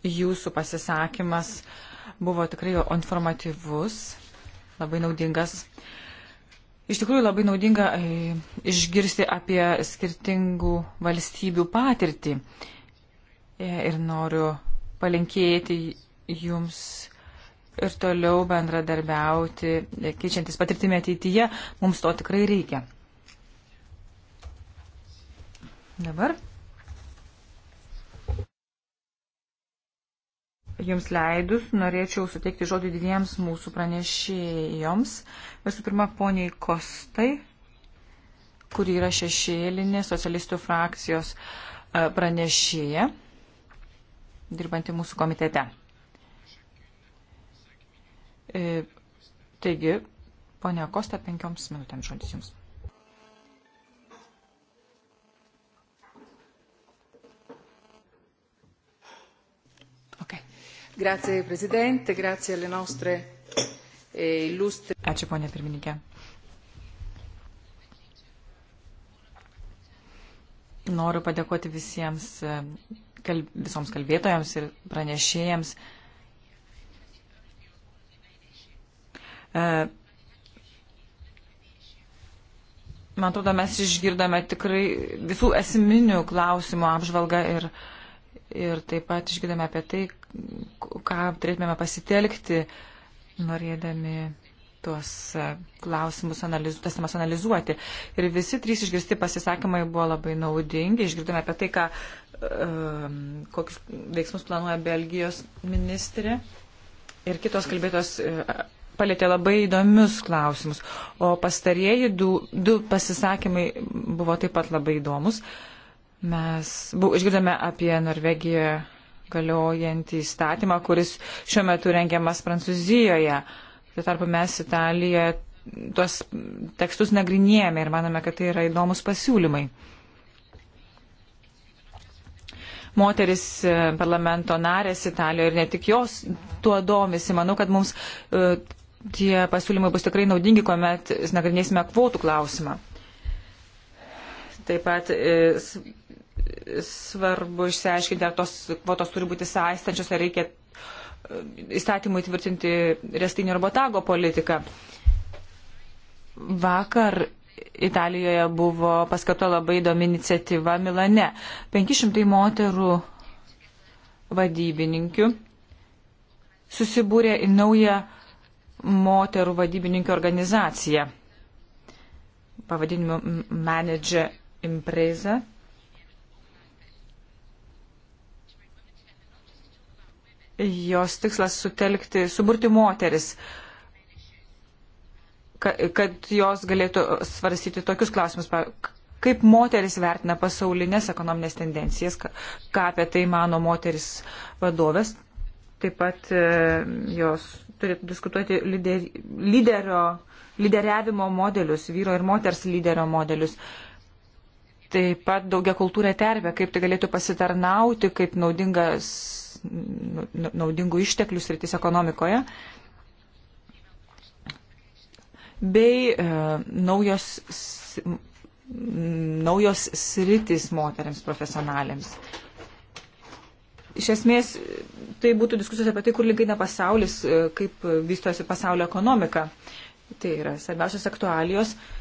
Jūsų pasisakymas buvo tikrai informatyvus, labai naudingas. Iš tikrųjų labai naudinga e, išgirsti apie skirtingų valstybių patirtį. E, ir noriu palinkėti jums ir toliau bendradarbiauti, e, keičiantis patirtimi ateityje. Mums to tikrai reikia. Dabar Jums leidus, norėčiau suteikti žodį dviems mūsų pranešėjoms. Visų pirma, poniai Kostai, kuri yra šešėlinė socialistų frakcijos e, pranešėja, dirbanti mūsų komitete. E, taigi, ponia Kosta, penkioms minutėms žodis Jums. Grazie, prezidente, grazie alle nostre e, eh, illustre. Ačiū, ponė pirmininkė. Noriu padėkoti visiems, e, kalb, visoms kalbėtojams ir pranešėjams. E, man atrodo, mes išgirdome tikrai visų esminių klausimų apžvalgą ir, ir taip pat išgirdome apie tai, ką turėtume pasitelkti, norėdami tuos e, klausimus analiz, tas temas analizuoti. Ir visi trys išgirsti pasisakymai buvo labai naudingi. Išgirdome apie tai, ką, um, kokius veiksmus planuoja Belgijos ministrė. Ir kitos kalbėtos e, palėtė labai įdomius klausimus. O pastarieji du, du pasisakymai buvo taip pat labai įdomus. Mes bu, išgirdome apie Norvegiją galiojantį įstatymą, kuris šiuo metu rengiamas Prancūzijoje. Tuo tarpu mes Italijoje tuos tekstus nagrinėjame ir manome, kad tai yra įdomus pasiūlymai. Moteris e, parlamento narės Italijoje ir ne tik jos tuo domisi. Manau, kad mums e, tie pasiūlymai bus tikrai naudingi, kuomet nagrinėsime kvotų klausimą. Taip pat e, svarbu išsiaiškinti, ar tos kvotos turi būti saistančios, ar reikia e, įstatymui tvirtinti restinio arba tago politiką. Vakar Italijoje buvo paskata labai įdomi iniciatyva Milane. 500 moterų vadybininkių susibūrė į naują moterų vadybininkių organizaciją pavadinimu Manager Impreza jos tikslas sutelkti, suburti moteris, kad jos galėtų svarstyti tokius klausimus, kaip moteris vertina pasaulinės ekonominės tendencijas, ką apie tai mano moteris vadovės. Taip pat e, jos turėtų diskutuoti lider, liderio, lyderiavimo modelius, vyro ir moters lyderio modelius. Taip pat daugia kultūrė terpė, kaip tai galėtų pasitarnauti, kaip naudingas naudingų išteklių sritis ekonomikoje, bei e, naujos, naujos sritis moteriams profesionalėms. Iš esmės, tai būtų diskusijos apie tai, kur link eina pasaulis, e, kaip vystosi pasaulio ekonomika. Tai yra svarbiausios aktualijos. E,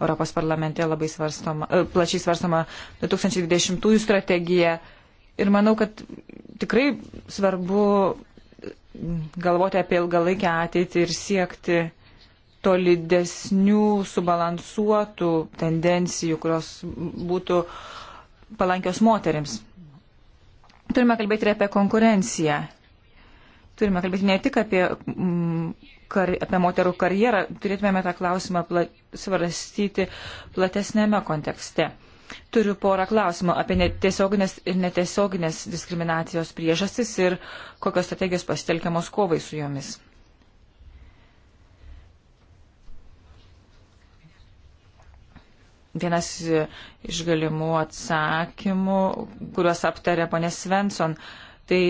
Europos parlamente labai svarstoma, e, plačiai svarstoma 2020 strategija. Ir manau, kad tikrai svarbu mm, galvoti apie ilgalaikę ateitį ir siekti tolidesnių, subalansuotų tendencijų, kurios būtų palankios moteriams. Turime kalbėti ir apie konkurenciją. Turime kalbėti ne tik apie mm, kar, apie moterų karjerą, turėtumėme tą klausimą pla, svarstyti platesnėme kontekste. Turiu porą klausimų apie netiesioginės ir netiesioginės diskriminacijos priežastis ir kokios strategijos pasitelkiamos kovai su jomis. Vienas iš galimų atsakymų, kuriuos aptarė ponė Svensson, tai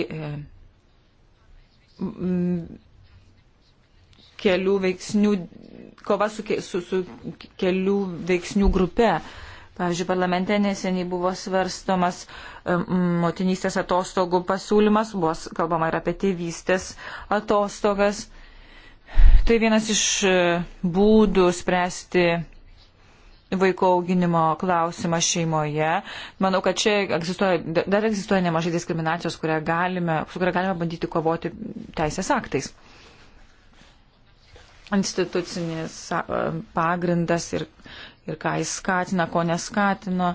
kelių veiksnių, kova su, su, su kelių veiksnių grupe. Pavyzdžiui, parlamente neseniai buvo svarstomas motinystės atostogų pasiūlymas, buvo kalbama ir apie tėvystės atostogas. Tai vienas iš e, būdų spręsti vaiko auginimo klausimą šeimoje. Manau, kad čia egzistuoja, dar egzistuoja nemažai diskriminacijos, kurią galime, su kuria galime bandyti kovoti teisės aktais institucinis pagrindas ir, ir ką jis skatina, ko neskatino.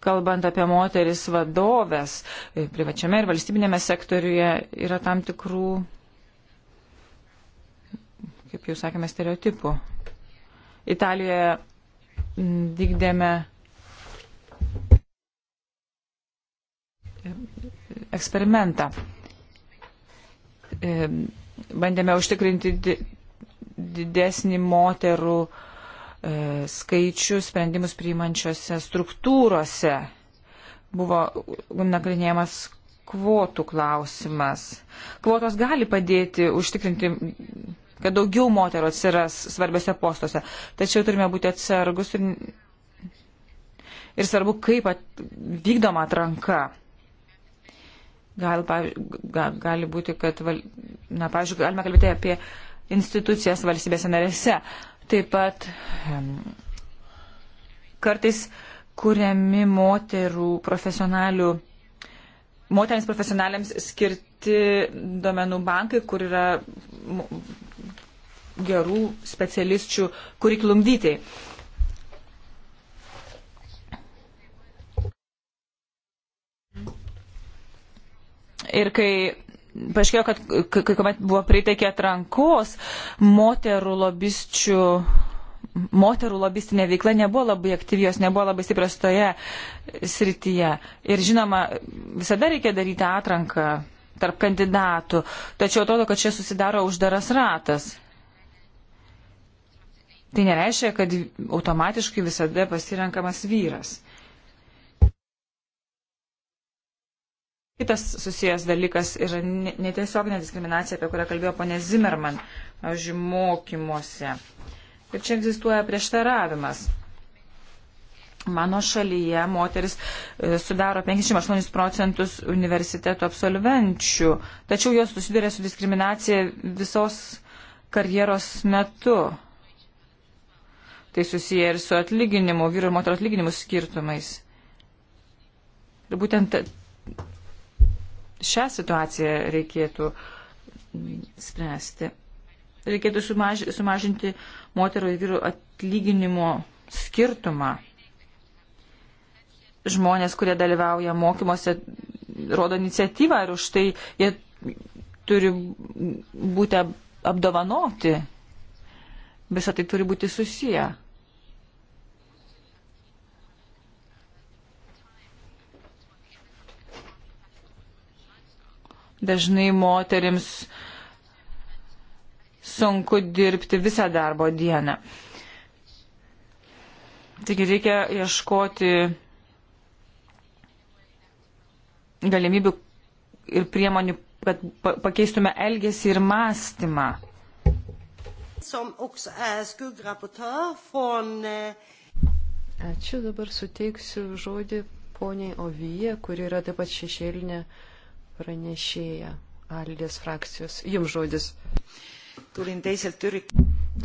Kalbant apie moteris vadovės, e, privačiame ir valstybinėme sektoriuje yra tam tikrų, kaip jau sakėme, stereotipų. Italijoje vykdėme e, e, eksperimentą bandėme užtikrinti didesnį moterų e, skaičių sprendimus priimančiose struktūrose. Buvo nagrinėjamas kvotų klausimas. Kvotos gali padėti užtikrinti, kad daugiau moterų atsiras svarbiose postuose. Tačiau turime būti atsargus ir, ir svarbu, kaip at, vykdoma atranka. Gal, gali būti, kad, na, pavyzdžiui, galime kalbėti apie institucijas valstybėse narėse. Taip pat kartais kuriami moterų profesionalių, moteriams profesionaliams skirti duomenų bankai, kur yra gerų specialisčių, kurį klumdyti. Ir kai paaiškėjo, kad kai kuomet buvo priteikė atrankos, moterų lobisčių, moterų lobistinė veikla nebuvo labai aktyvi, jos nebuvo labai stiprios toje srityje. Ir žinoma, visada reikia daryti atranką tarp kandidatų, tačiau atrodo, kad čia susidaro uždaras ratas. Tai nereiškia, kad automatiškai visada pasirenkamas vyras. Kitas susijęs dalykas yra netiesioginė diskriminacija, apie kurią kalbėjo ponė Zimmerman, pavyzdžiui, mokymuose. Ir čia egzistuoja prieštaravimas. Mano šalyje moteris e, sudaro 58 procentus universiteto absolvenčių, tačiau jos susiduria su diskriminacija visos karjeros metu. Tai susiję ir su atlyginimu, vyru ir moterų atlyginimų skirtumais. Ir būtent šią situaciją reikėtų spręsti. Reikėtų sumaž, sumažinti moterų ir vyrų atlyginimo skirtumą. Žmonės, kurie dalyvauja mokymuose, rodo iniciatyvą ir už tai jie turi būti apdovanoti. Visą tai turi būti susiję. Dažnai moterims sunku dirbti visą darbo dieną. Taigi reikia ieškoti galimybių ir priemonių, kad pakeistume elgesį ir mąstymą. Eh, Ačiū, dabar suteiksiu žodį poniai Ovyje, kuri yra taip pat šešėlinė pranešėja Aldės frakcijos. Jums žodis.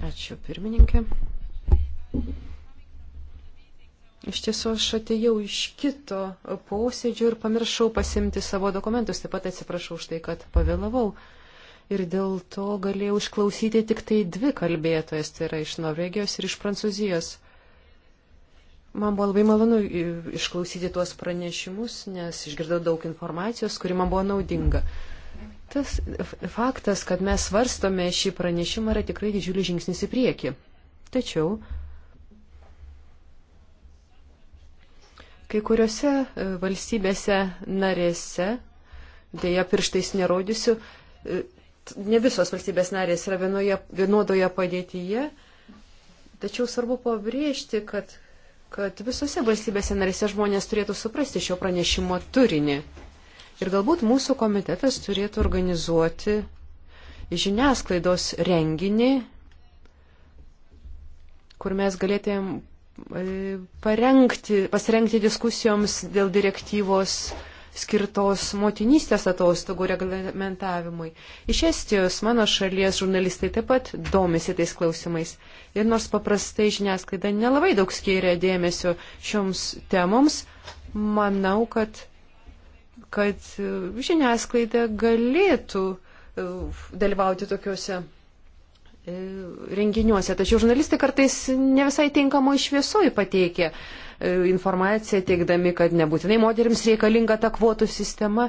Ačiū, pirmininkė. Iš tiesų, aš atėjau iš kito posėdžio ir pamiršau pasimti savo dokumentus, taip pat atsiprašau už tai, kad pavėlavau. Ir dėl to galėjau išklausyti tik tai dvi kalbėtojas, tai yra iš Norvegijos ir iš Prancūzijos. Man buvo labai malonu e, išklausyti tuos pranešimus, nes išgirdau daug informacijos, kuri man buvo naudinga. Tas faktas, kad mes svarstome šį pranešimą, yra tikrai didžiulis žingsnis į priekį. Tačiau kai kuriuose e, valstybėse narėse, dėja pirštais nerodysiu, e, ne visos valstybės narės yra vienoje, vienodoje padėtyje, tačiau svarbu pabrėžti, kad kad visose valstybėse narėse žmonės turėtų suprasti šio pranešimo turinį. Ir galbūt mūsų komitetas turėtų organizuoti žiniasklaidos renginį, kur mes galėtumėm e, parengti, pasirengti diskusijoms dėl direktyvos skirtos motinystės atostogų reglamentavimui. Iš Estijos mano šalies žurnalistai taip pat domisi tais klausimais. Ir nors paprastai žiniasklaida nelabai daug skiria dėmesio šioms temoms, manau, kad, kad žiniasklaida galėtų e, dalyvauti tokiuose E, renginiuose. Tačiau žurnalistai kartais ne visai tinkamo išviesoji pateikė e, informaciją, teikdami, kad nebūtinai moteriams reikalinga ta kvotų sistema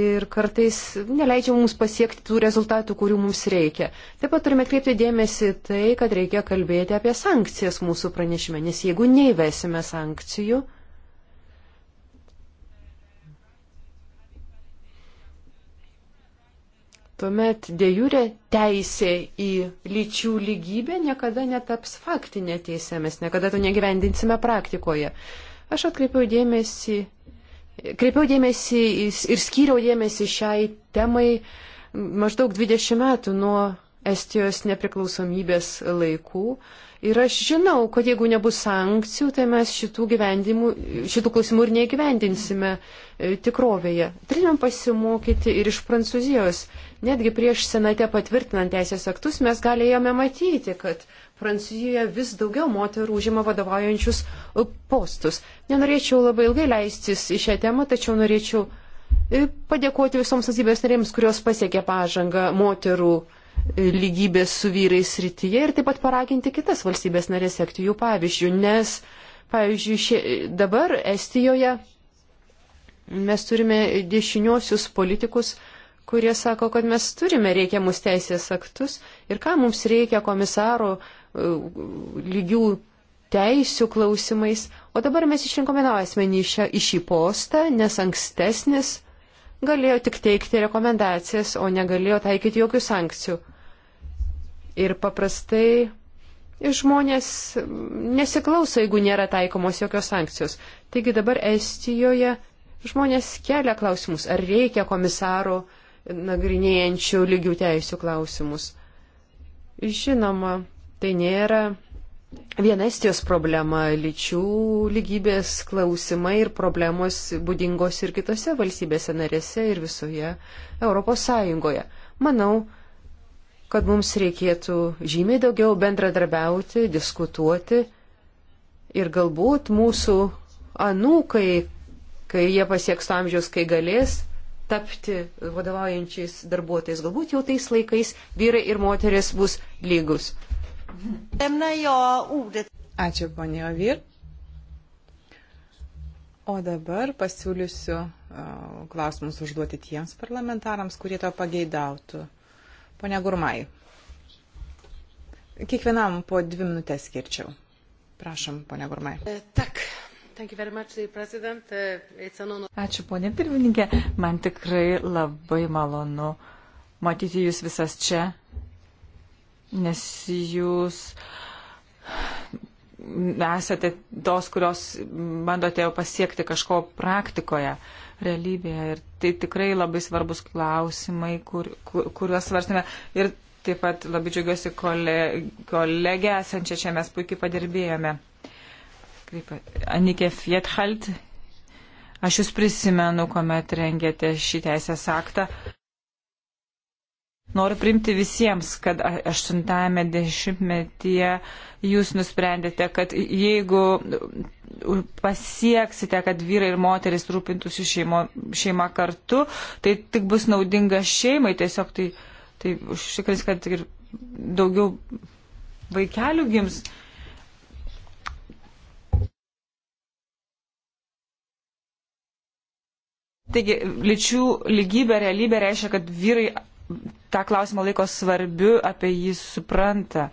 ir kartais neleidžia mums pasiekti tų rezultatų, kurių mums reikia. Taip pat turime kreipti dėmesį tai, kad reikia kalbėti apie sankcijas mūsų pranešime, nes jeigu neįvesime sankcijų, tuomet dėjūrė teisė į lyčių lygybę niekada netaps faktinė teisė, mes niekada to negyvendinsime praktikoje. Aš atkreipiau dėmesį, kreipiau dėmesį ir skyriau dėmesį šiai temai maždaug 20 metų nuo Estijos nepriklausomybės laikų. Ir aš žinau, kad jeigu nebus sankcijų, tai mes šitų, šitų klausimų ir neįgyvendinsime e, tikrovėje. Turime pasimokyti ir iš Prancūzijos Netgi prieš senate patvirtinant teisės aktus mes galėjome matyti, kad Prancūzijoje vis daugiau moterų užima vadovaujančius postus. Nenorėčiau labai ilgai leistis į šią temą, tačiau norėčiau e, padėkoti visoms valstybės narėms, kurios pasiekė pažangą moterų e, lygybės su vyrais rytyje ir taip pat paraginti kitas valstybės narės sekti jų pavyzdžių, nes, pavyzdžiui, šie, dabar Estijoje mes turime dešiniosius politikus, kurie sako, kad mes turime reikiamus teisės aktus ir ką mums reikia komisaro e, lygių teisių klausimais. O dabar mes išrinkome naują asmenį į šį postą, nes ankstesnis galėjo tik teikti rekomendacijas, o negalėjo taikyti jokių sankcijų. Ir paprastai žmonės nesiklauso, jeigu nėra taikomos jokios sankcijos. Taigi dabar Estijoje žmonės kelia klausimus, ar reikia komisaro uh, nagrinėjančių lygių teisų klausimus. Žinoma, tai nėra viena Estijos problema, lyčių lygybės klausimai ir problemos būdingos ir kitose valstybėse narėse ir visoje Europos Sąjungoje. Manau, kad mums reikėtų žymiai daugiau bendradarbiauti, diskutuoti ir galbūt mūsų anūkai, kai jie pasieks amžiaus, kai galės, tapti vadovaujančiais darbuotojais. Galbūt jau tais laikais vyrai ir moteris bus lygus. Ačiū, ponė Ovir. O dabar pasiūlysiu klausimus užduoti tiems parlamentarams, kurie to pageidautų. Pone Gurmai, kiekvienam po dvi minutės skirčiau. Prašom, pone Gurmai. E, tak, Uh, Ačiū, ponė pirmininkė. Man tikrai labai malonu matyti jūs visas čia, nes jūs esate tos, kurios bandote jau pasiekti kažko praktikoje, realybėje. Ir tai tikrai labai svarbus klausimai, kur, kur, kuriuos svarstame. Ir taip pat labai džiaugiuosi kolegė esančia čia, mes puikiai padirbėjome. Anikė Fiethalt, aš jūs prisimenu, kuomet rengėte šį teisės aktą. Noriu primti visiems, kad 80-ame dešimtmetyje jūs nusprendėte, kad jeigu pasieksite, kad vyrai ir moteris rūpintųsi šeimo, šeima kartu, tai tik bus naudinga šeimai, tiesiog tai, tai užtikrins, kad ir daugiau vaikelių gims. Uh, Taigi, lyčių lygybė realybė reiškia, kad vyrai tą klausimą laiko svarbiu, apie jį supranta.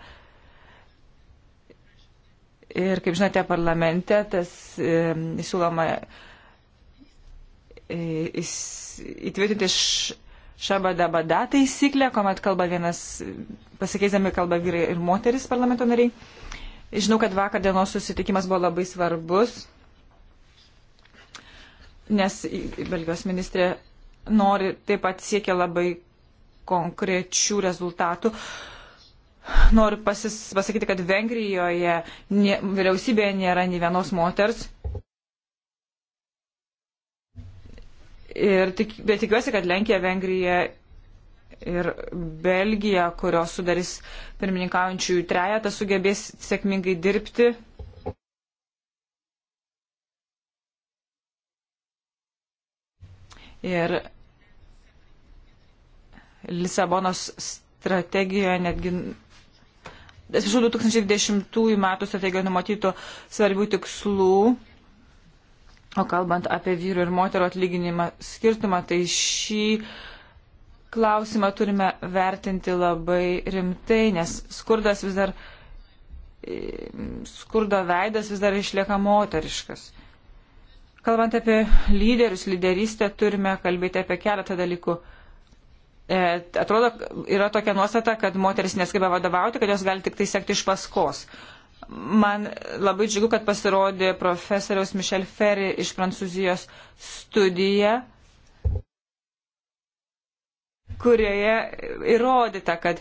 Ir, kaip žinote, parlamente tas e, siūloma e, įtvirtinti šabadabada taisyklę, kuomet kalba vienas, pasikeisdami kalba vyrai ir moteris parlamento nariai. Žinau, kad vakar dienos susitikimas buvo labai svarbus nes Belgijos ministrė nori taip pat siekia labai konkrečių rezultatų. Noriu pasis, pasakyti, kad Vengrijoje ne, vyriausybėje nėra nei vienos moters. Ir tik, bet tikiuosi, kad Lenkija, Vengrija ir Belgija, kurios sudarys pirmininkaujančiųjų trejetą, sugebės sėkmingai dirbti Ir Lisabonos strategijoje netgi. Atsiprašau, 2010 metų strategijoje numatytų svarbių tikslų, o kalbant apie vyrų ir moterų atlyginimą skirtumą, tai šį klausimą turime vertinti labai rimtai, nes skurdas vis dar, skurdo veidas vis dar išlieka moteriškas. Kalbant apie lyderius, lyderystę, turime kalbėti apie keletą dalykų. E, atrodo, yra tokia nuostata, kad moteris neskaiba vadovauti, kad jos gali tik tai sekti iš paskos. Man labai džiugu, kad pasirodė profesoriaus Michel Ferry iš Prancūzijos studija, kurioje įrodyta, kad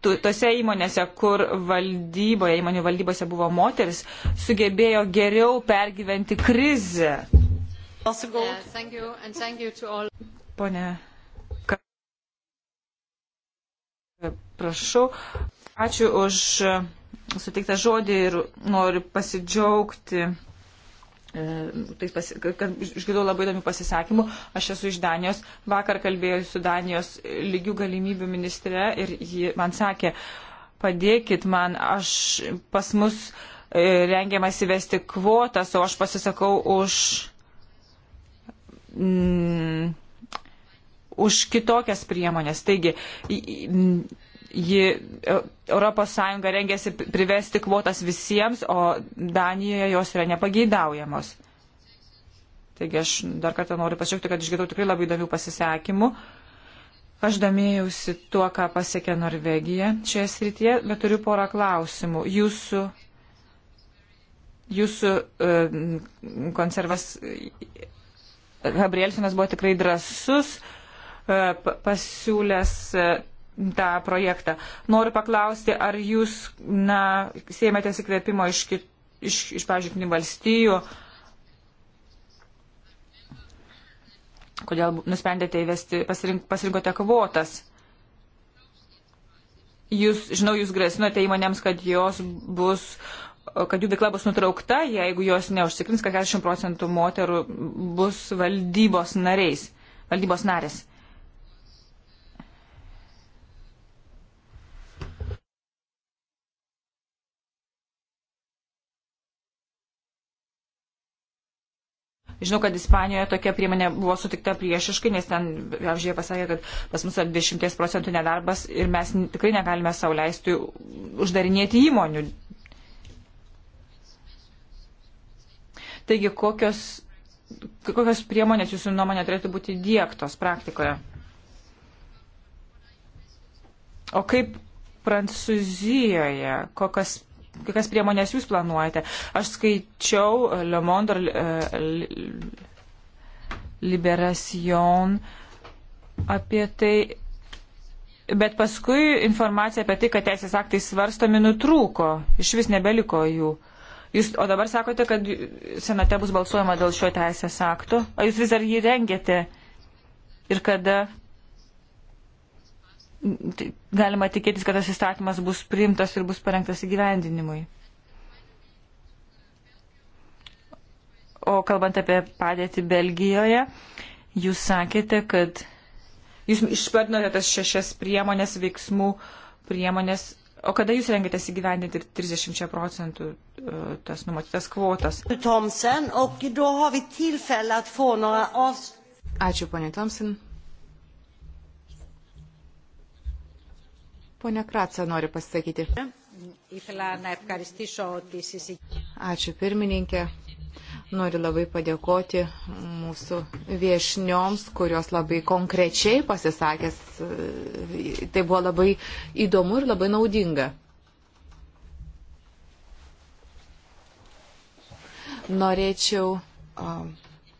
tose įmonėse, kur valdyboje, įmonių valdybose buvo moteris, sugebėjo geriau pergyventi krizę. Pone, prašau, ačiū už suteiktą žodį ir noriu pasidžiaugti E, Taip, kad išgirdau labai įdomių pasisakymų. Aš esu iš Danijos. Vakar kalbėjau su Danijos lygių galimybių ministre ir ji man sakė, padėkit man, aš pas mus e, rengiamas įvesti kvotas, o aš pasisakau už, mm, už kitokias priemonės. Taigi, mm, ji, ES rengėsi privesti kvotas visiems, o Danijoje jos yra nepageidaujamos. Taigi aš dar kartą noriu pasiekti, kad išgirdau tikrai labai įdomių pasisekimų. Aš domėjausi tuo, ką pasiekė Norvegija šioje srityje, bet turiu porą klausimų. Jūsų, jūsų e, konservas Gabrielsinas buvo tikrai drasus, e, pasiūlęs e, tą projektą. Noriu paklausti, ar jūs, na, sėmėtės įkvėpimo iš, kit, iš, iš pažiūrėkinių valstijų, kodėl nusprendėte įvesti, pasirink, pasirinkote kvotas. Jūs, žinau, jūs grasinote įmonėms, kad jos bus kad jų veikla bus nutraukta, jeigu jos neužsikrins, kad 40 procentų moterų bus valdybos nariais, valdybos narės. Žinau, kad Ispanijoje tokia priemonė buvo sutikta priešiškai, nes ten, pavyzdžiui, pasakė, kad pas mus 20 procentų nedarbas ir mes tikrai negalime sauliaisti uždarinėti įmonių. Taigi, kokios, kokios priemonės jūsų nuomonė turėtų būti dėktos praktikoje? O kaip Prancūzijoje, kokias kokias priemonės jūs planuojate. Aš skaičiau e, Le Monde e, Liberacion apie tai, bet paskui informacija apie tai, kad teisės aktai svarstomi nutrūko, iš vis nebeliko jų. Jūs, o dabar sakote, kad senate bus balsuojama dėl šio teisės akto, o jūs vis dar jį rengiate ir kada Tai galima tikėtis, kad tas įstatymas bus priimtas ir bus parengtas įgyvendinimui. O kalbant apie padėtį Belgijoje, jūs sakėte, kad jūs išvardinote tas šešias priemonės, veiksmų priemonės, o kada jūs rengėtės įgyvendinti 30 procentų e, tas numatytas kvotas? Ačiū, ponė Thompson. Pone Kratsa nori pasisakyti. Ačiū pirmininkė. Noriu labai padėkoti mūsų viešnioms, kurios labai konkrečiai pasisakęs. E, tai buvo labai įdomu ir labai naudinga. Norėčiau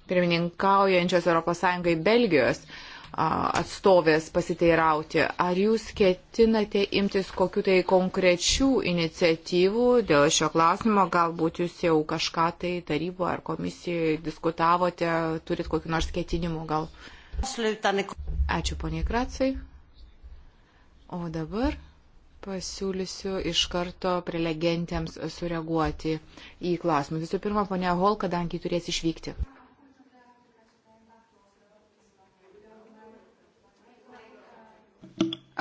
pirmininkaujančios ES Belgijos uh, atstovės pasiteirauti, ar jūs ketinate imtis kokiu tai konkrečių iniciatyvų dėl šio klausimo, galbūt jūs jau kažką tai tarybo ar komisijoje diskutavote, turit kokiu nors ketinimu gal. Ačiū poniai Kracai. O dabar pasiūlysiu iš karto prelegentėms sureaguoti į klausimus. Visų pirma, ponia Hol, kadangi turės išvykti.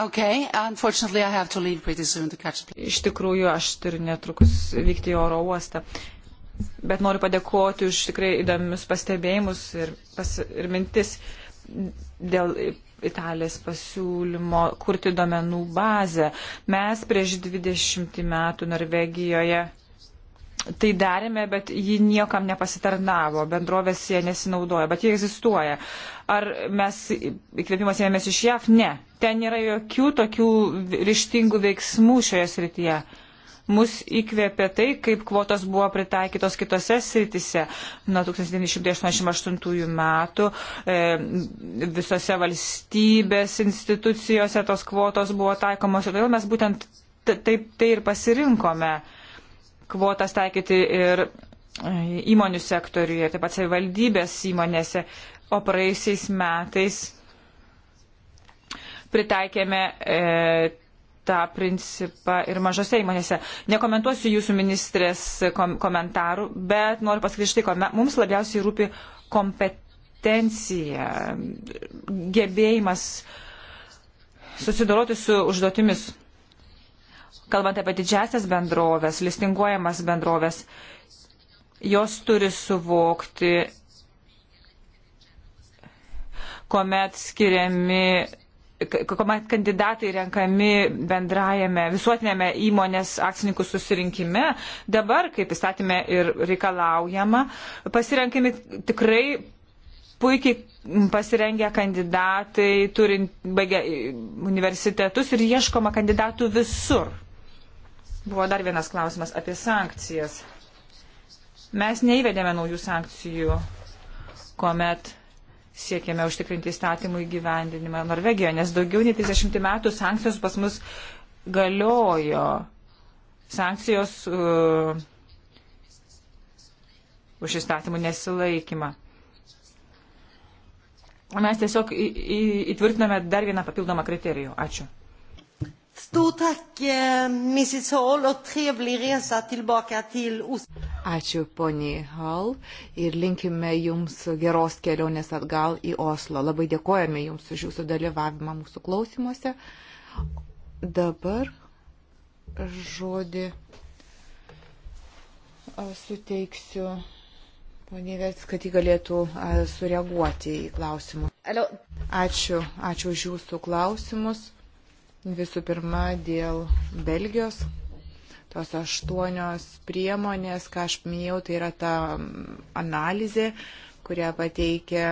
Okay, unfortunately I have to leave pretty soon to catch plane. Iš tikrųjų, aš turiu netrukus vykti į oro uostą. Bet noriu padėkoti už tikrai įdomius pastebėjimus ir, pas, ir mintis dėl Italijas pasiūlymo kurti domenų bazę. Mes prieš 20 metų Norvegijoje tai darėme, bet ji niekam nepasitarnavo, bendrovės jie nesinaudoja, bet jie egzistuoja. Ar mes įkvėpimas ėmėmės iš JAV? Ne. Ten nėra jokių tokių ryštingų veiksmų šioje srityje mus įkvėpė tai, kaip kvotos buvo pritaikytos kitose sritise. Nuo 1988 metų e, visose valstybės institucijose tos kvotos buvo taikomos ir todėl mes būtent taip tai ir pasirinkome kvotas taikyti ir e, įmonių sektoriuje, taip pat savivaldybės įmonėse, o praeisiais metais pritaikėme e, tą principą ir mažose įmonėse. Nekomentuosiu jūsų ministrės kom komentarų, bet noriu pasakyti štai, ko mums labiausiai rūpi kompetencija, gebėjimas susidoroti su užduotimis kalbant apie didžiasias bendrovės, listinguojamas bendrovės, jos turi suvokti, kuomet skiriami kuomet kandidatai renkami bendrajame visuotinėme įmonės akcininkų susirinkime, dabar, kaip įstatymė ir reikalaujama, pasirenkami tikrai puikiai pasirengę kandidatai, turint baigę universitetus ir ieškoma kandidatų visur. Buvo dar vienas klausimas apie sankcijas. Mes neįvedėme naujų sankcijų, kuomet siekėme užtikrinti įstatymų įgyvendinimą Norvegijoje, nes daugiau nei 30 metų sankcijos pas mus galiojo. Sankcijos uh, už įstatymų nesilaikymą. Mes tiesiog į, į, įtvirtiname dar vieną papildomą kriterijų. Ačiū. Stort tack, eh, Mrs. Hall, och trevlig resa tillbaka till Oslo. Ačiū, poniai Hall, ir linkime Jums geros kelionės atgal į Oslo. Labai dėkojame Jums už Jūsų dalyvavimą mūsų klausimuose. Dabar žodį suteiksiu poniai Vets, kad jį galėtų sureaguoti į klausimus. Ačiū, ačiū už Jūsų klausimus. Visų pirma, dėl Belgijos. Tos aštuonios priemonės, ką aš minėjau, tai yra ta analizė, kurią pateikė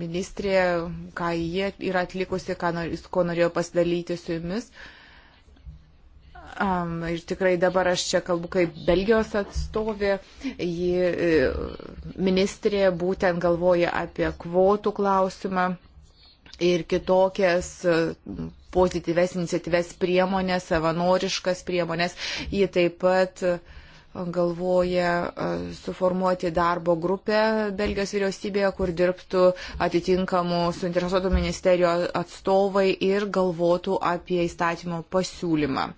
ministrė, ką jie yra atlikusi, ką, ko norėjo pasidalyti su jumis. Um, ir tikrai dabar aš čia kalbu kaip Belgijos atstovė. Ji, e, ministrė būtent galvoja apie kvotų klausimą ir kitokias pozityves iniciatyves priemonės, savanoriškas priemonės. Ji taip pat e, galvoja e, suformuoti darbo grupę Belgijos vyriausybėje, kur dirbtų atitinkamų suinteresuotų ministerijų atstovai ir galvotų apie įstatymo pasiūlymą.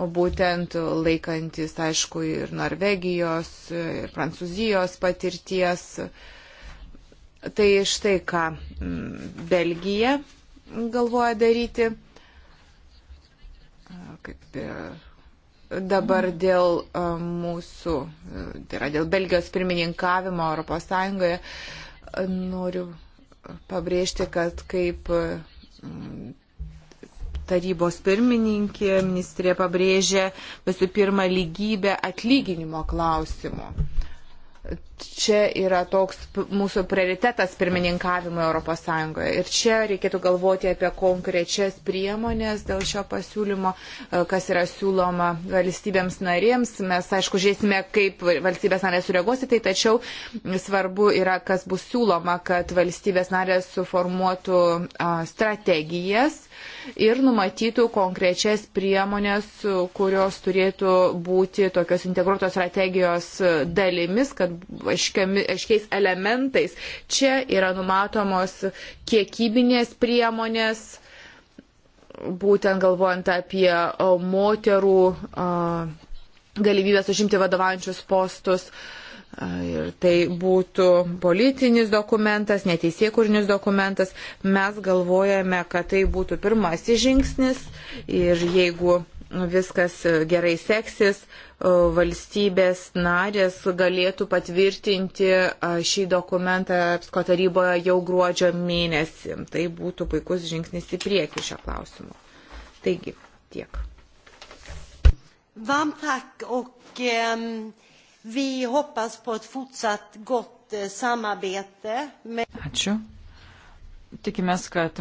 O būtent laikantis, aišku, ir Norvegijos, ir Prancūzijos patirties. Tai štai ką Belgija galvoja daryti. Kaip dabar dėl mūsų, tai yra dėl Belgijos pirmininkavimo Europos Sąjungoje, noriu pabrėžti, kad kaip tarybos pirmininkė, ministrė pabrėžė visų pirma lygybę atlyginimo klausimu čia yra toks mūsų prioritetas pirmininkavimui ES. Ir čia reikėtų galvoti apie konkrečias priemonės dėl šio pasiūlymo, e, kas yra siūloma valstybėms narėms. Mes, aišku, žiūrėsime, kaip valstybės narės sureaguosi, tai tačiau svarbu yra, kas bus siūloma, kad valstybės narės suformuotų strategijas ir numatytų konkrečias priemonės, kurios turėtų būti tokios integruotos strategijos dalimis, kad aiškiami, aiškiais elementais. Čia yra numatomos kiekybinės priemonės, būtent galvojant apie moterų galimybės užimti vadovaujančius postus. Uh, Ir tai būtų politinis dokumentas, neteisėkurnis dokumentas. Mes galvojame, kad tai būtų pirmasis žingsnis ir jeigu viskas gerai seksis, valstybės narės galėtų patvirtinti šį dokumentą EPSCO taryboje jau gruodžio mėnesį. Tai būtų puikus žingsnis į priekį šio klausimu. Taigi, tiek. Vam tak, ok, um... Vi hoppas på ett fortsatt gott eh, samarbete. Med... Ačiū. Tikimės, kad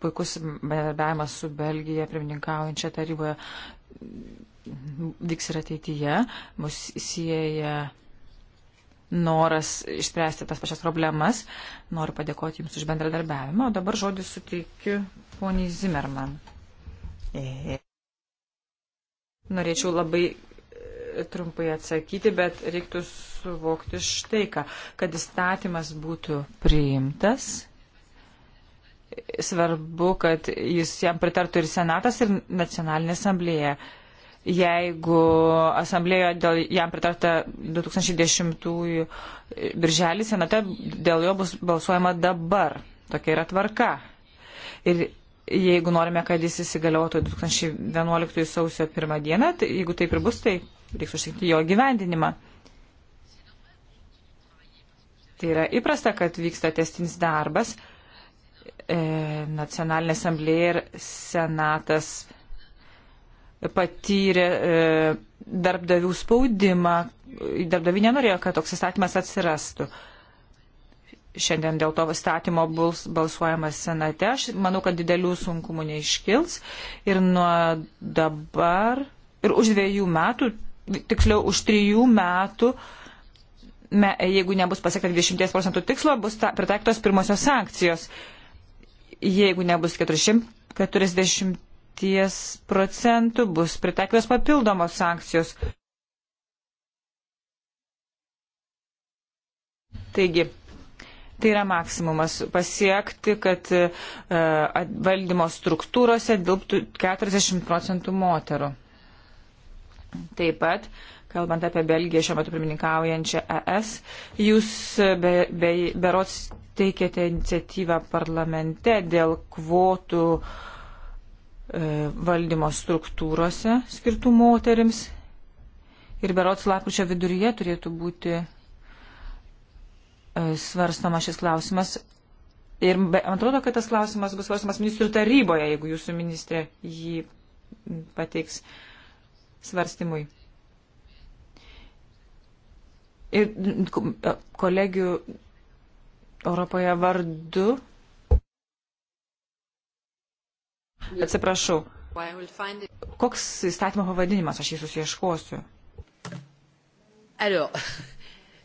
puikus bendradarbiavimas su Belgija, pirmininkaujančia taryboje, vyks ir ateityje. Mus sieja noras išspręsti tas pačias problemas. Noriu padėkoti Jums už bendradarbiavimą, o dabar žodį suteikiu poniai Zimmerman. E. Norėčiau labai trumpai atsakyti, bet reiktų suvokti štai ką, kad įstatymas būtų priimtas. Svarbu, kad jis jam pritartų ir Senatas, ir Nacionalinė asamblėja. Jeigu asamblėjoje dėl jam pritarta 2010 birželį, senate dėl jo bus balsuojama dabar. Tokia yra tvarka. Ir jeigu norime, kad jis įsigaliotų 2011 sausio pirmą dieną, tai jeigu taip ir bus, tai reiks užsikti jo gyvendinimą. Tai yra įprasta, kad vyksta testinis darbas. E, Nacionalinė asamblėja ir senatas patyrė e, darbdavių spaudimą. Darbdavi nenorėjo, kad toks įstatymas atsirastų. Šiandien dėl to įstatymo bus balsuojama senate. Aš manau, kad didelių sunkumų neiškils. Ir nuo dabar, ir už dviejų metų tiksliau už trijų metų, me, jeigu nebus pasiekta 20 procentų tikslo, bus ta, pritaiktos pirmosios sankcijos. Jeigu nebus 400, 40 procentų, bus pritaikytos papildomos sankcijos. Taigi, Tai yra maksimumas pasiekti, kad e, valdymo struktūrose dilbtų 40 procentų moterų. Taip pat, kalbant apie Belgiją šiuo metu pirmininkaujančią ES, jūs be, be, berots teikėte iniciatyvą parlamente dėl kvotų e, valdymo struktūrose skirtų moterims. Ir berots lapkričio viduryje turėtų būti e, svarstama šis klausimas. Ir be, atrodo, kad tas klausimas bus svarstamas ministrų taryboje, jeigu jūsų ministrė jį pateiks. E, svarstymui. Ir kolegių Europoje vardu. Atsiprašau. Koks įstatymo pavadinimas, aš jį susieškosiu. Alors,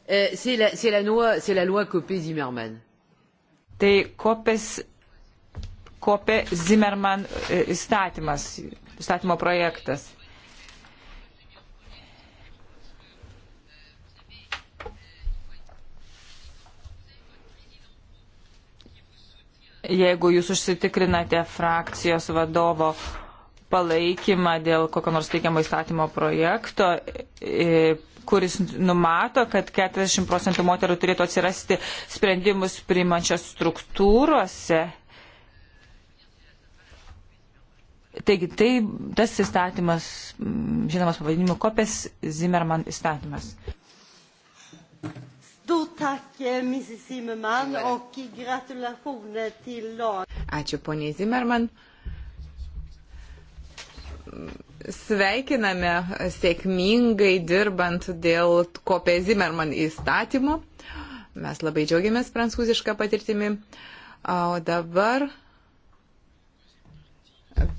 euh, c'est la, la, loi, la loi Copé-Zimmermann. Tai Kopės, Kopė-Zimmermann e, įstatymas, įstatymo projektas. jeigu jūs užsitikrinate frakcijos vadovo palaikymą dėl kokio nors teikiamo įstatymo projekto, kuris numato, kad 40 procentų moterų turėtų atsirasti sprendimus priimančios struktūrose. Taigi, tai tas įstatymas, žinomas pavadinimu, kopės Zimmerman įstatymas. Stort tack, Mrs Zimmerman, och gratulationer till Lars. Ačiū, ponė Zimmerman. Sveikiname sėkmingai dirbant dėl kopė Zimmerman įstatymo. Mes labai džiaugiamės prancūzišką patirtimį. O dabar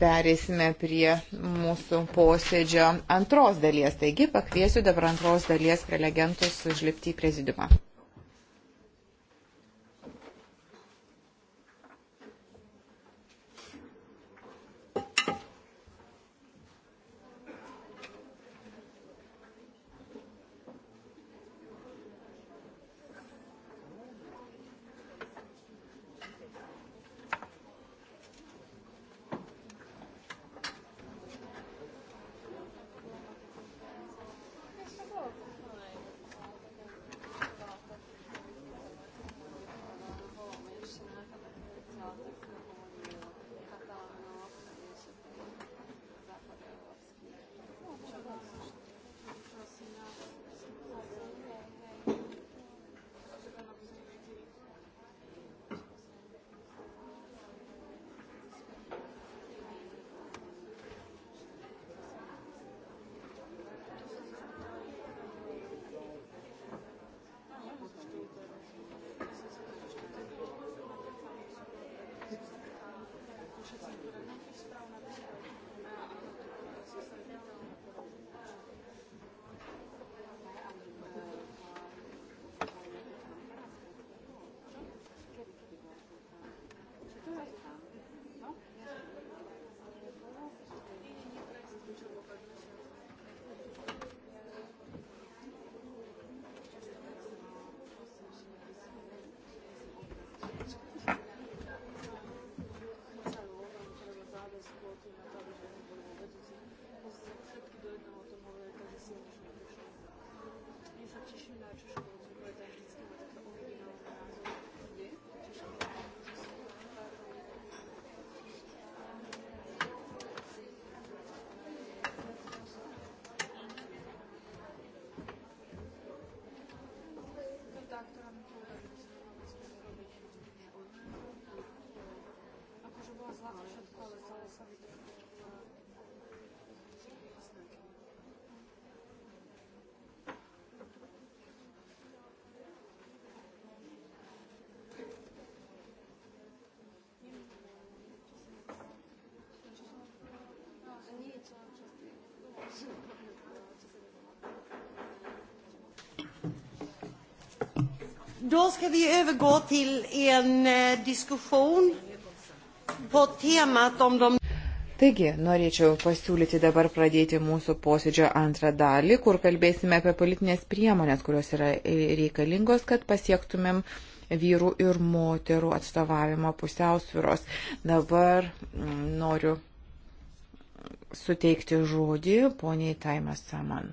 Perėsime prie mūsų posėdžio antros dalies. Taigi pakviesiu dabar antros dalies prelegentus užlipti į prezidiumą. Då ska vi övergå till en eh, diskussion på temat om de... Taigi, norėčiau pasiūlyti dabar pradėti mūsų posėdžio antrą dalį, kur kalbėsime apie politinės priemonės, kurios yra e, reikalingos, kad pasiektumėm vyrų ir moterų atstovavimo pusiausvyros. Dabar mm, noriu suteikti žodį poniai Taimas Saman.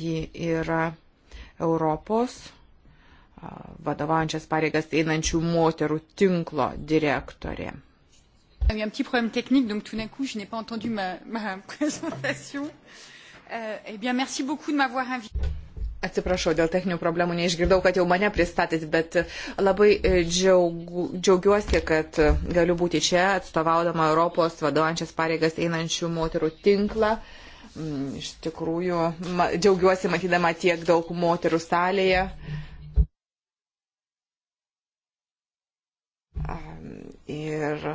Ji yra Europos vadovaujančias pareigas einančių moterų tinklo direktorė. Il y a un petit problème technique, donc tout d'un coup, je n'ai pas entendu ma, ma présentation. Euh, eh bien, merci beaucoup de m'avoir invité. Atsiprašau, dėl techninių problemų neišgirdau, kad jau mane pristatėt, bet labai e, džiaug, džiaugiuosi, kad e, galiu būti čia, atstovaudama Europos vadovančias pareigas einančių moterų tinklą. Mm, iš tikrųjų, ma, džiaugiuosi matydama tiek daug moterų salėje. Ir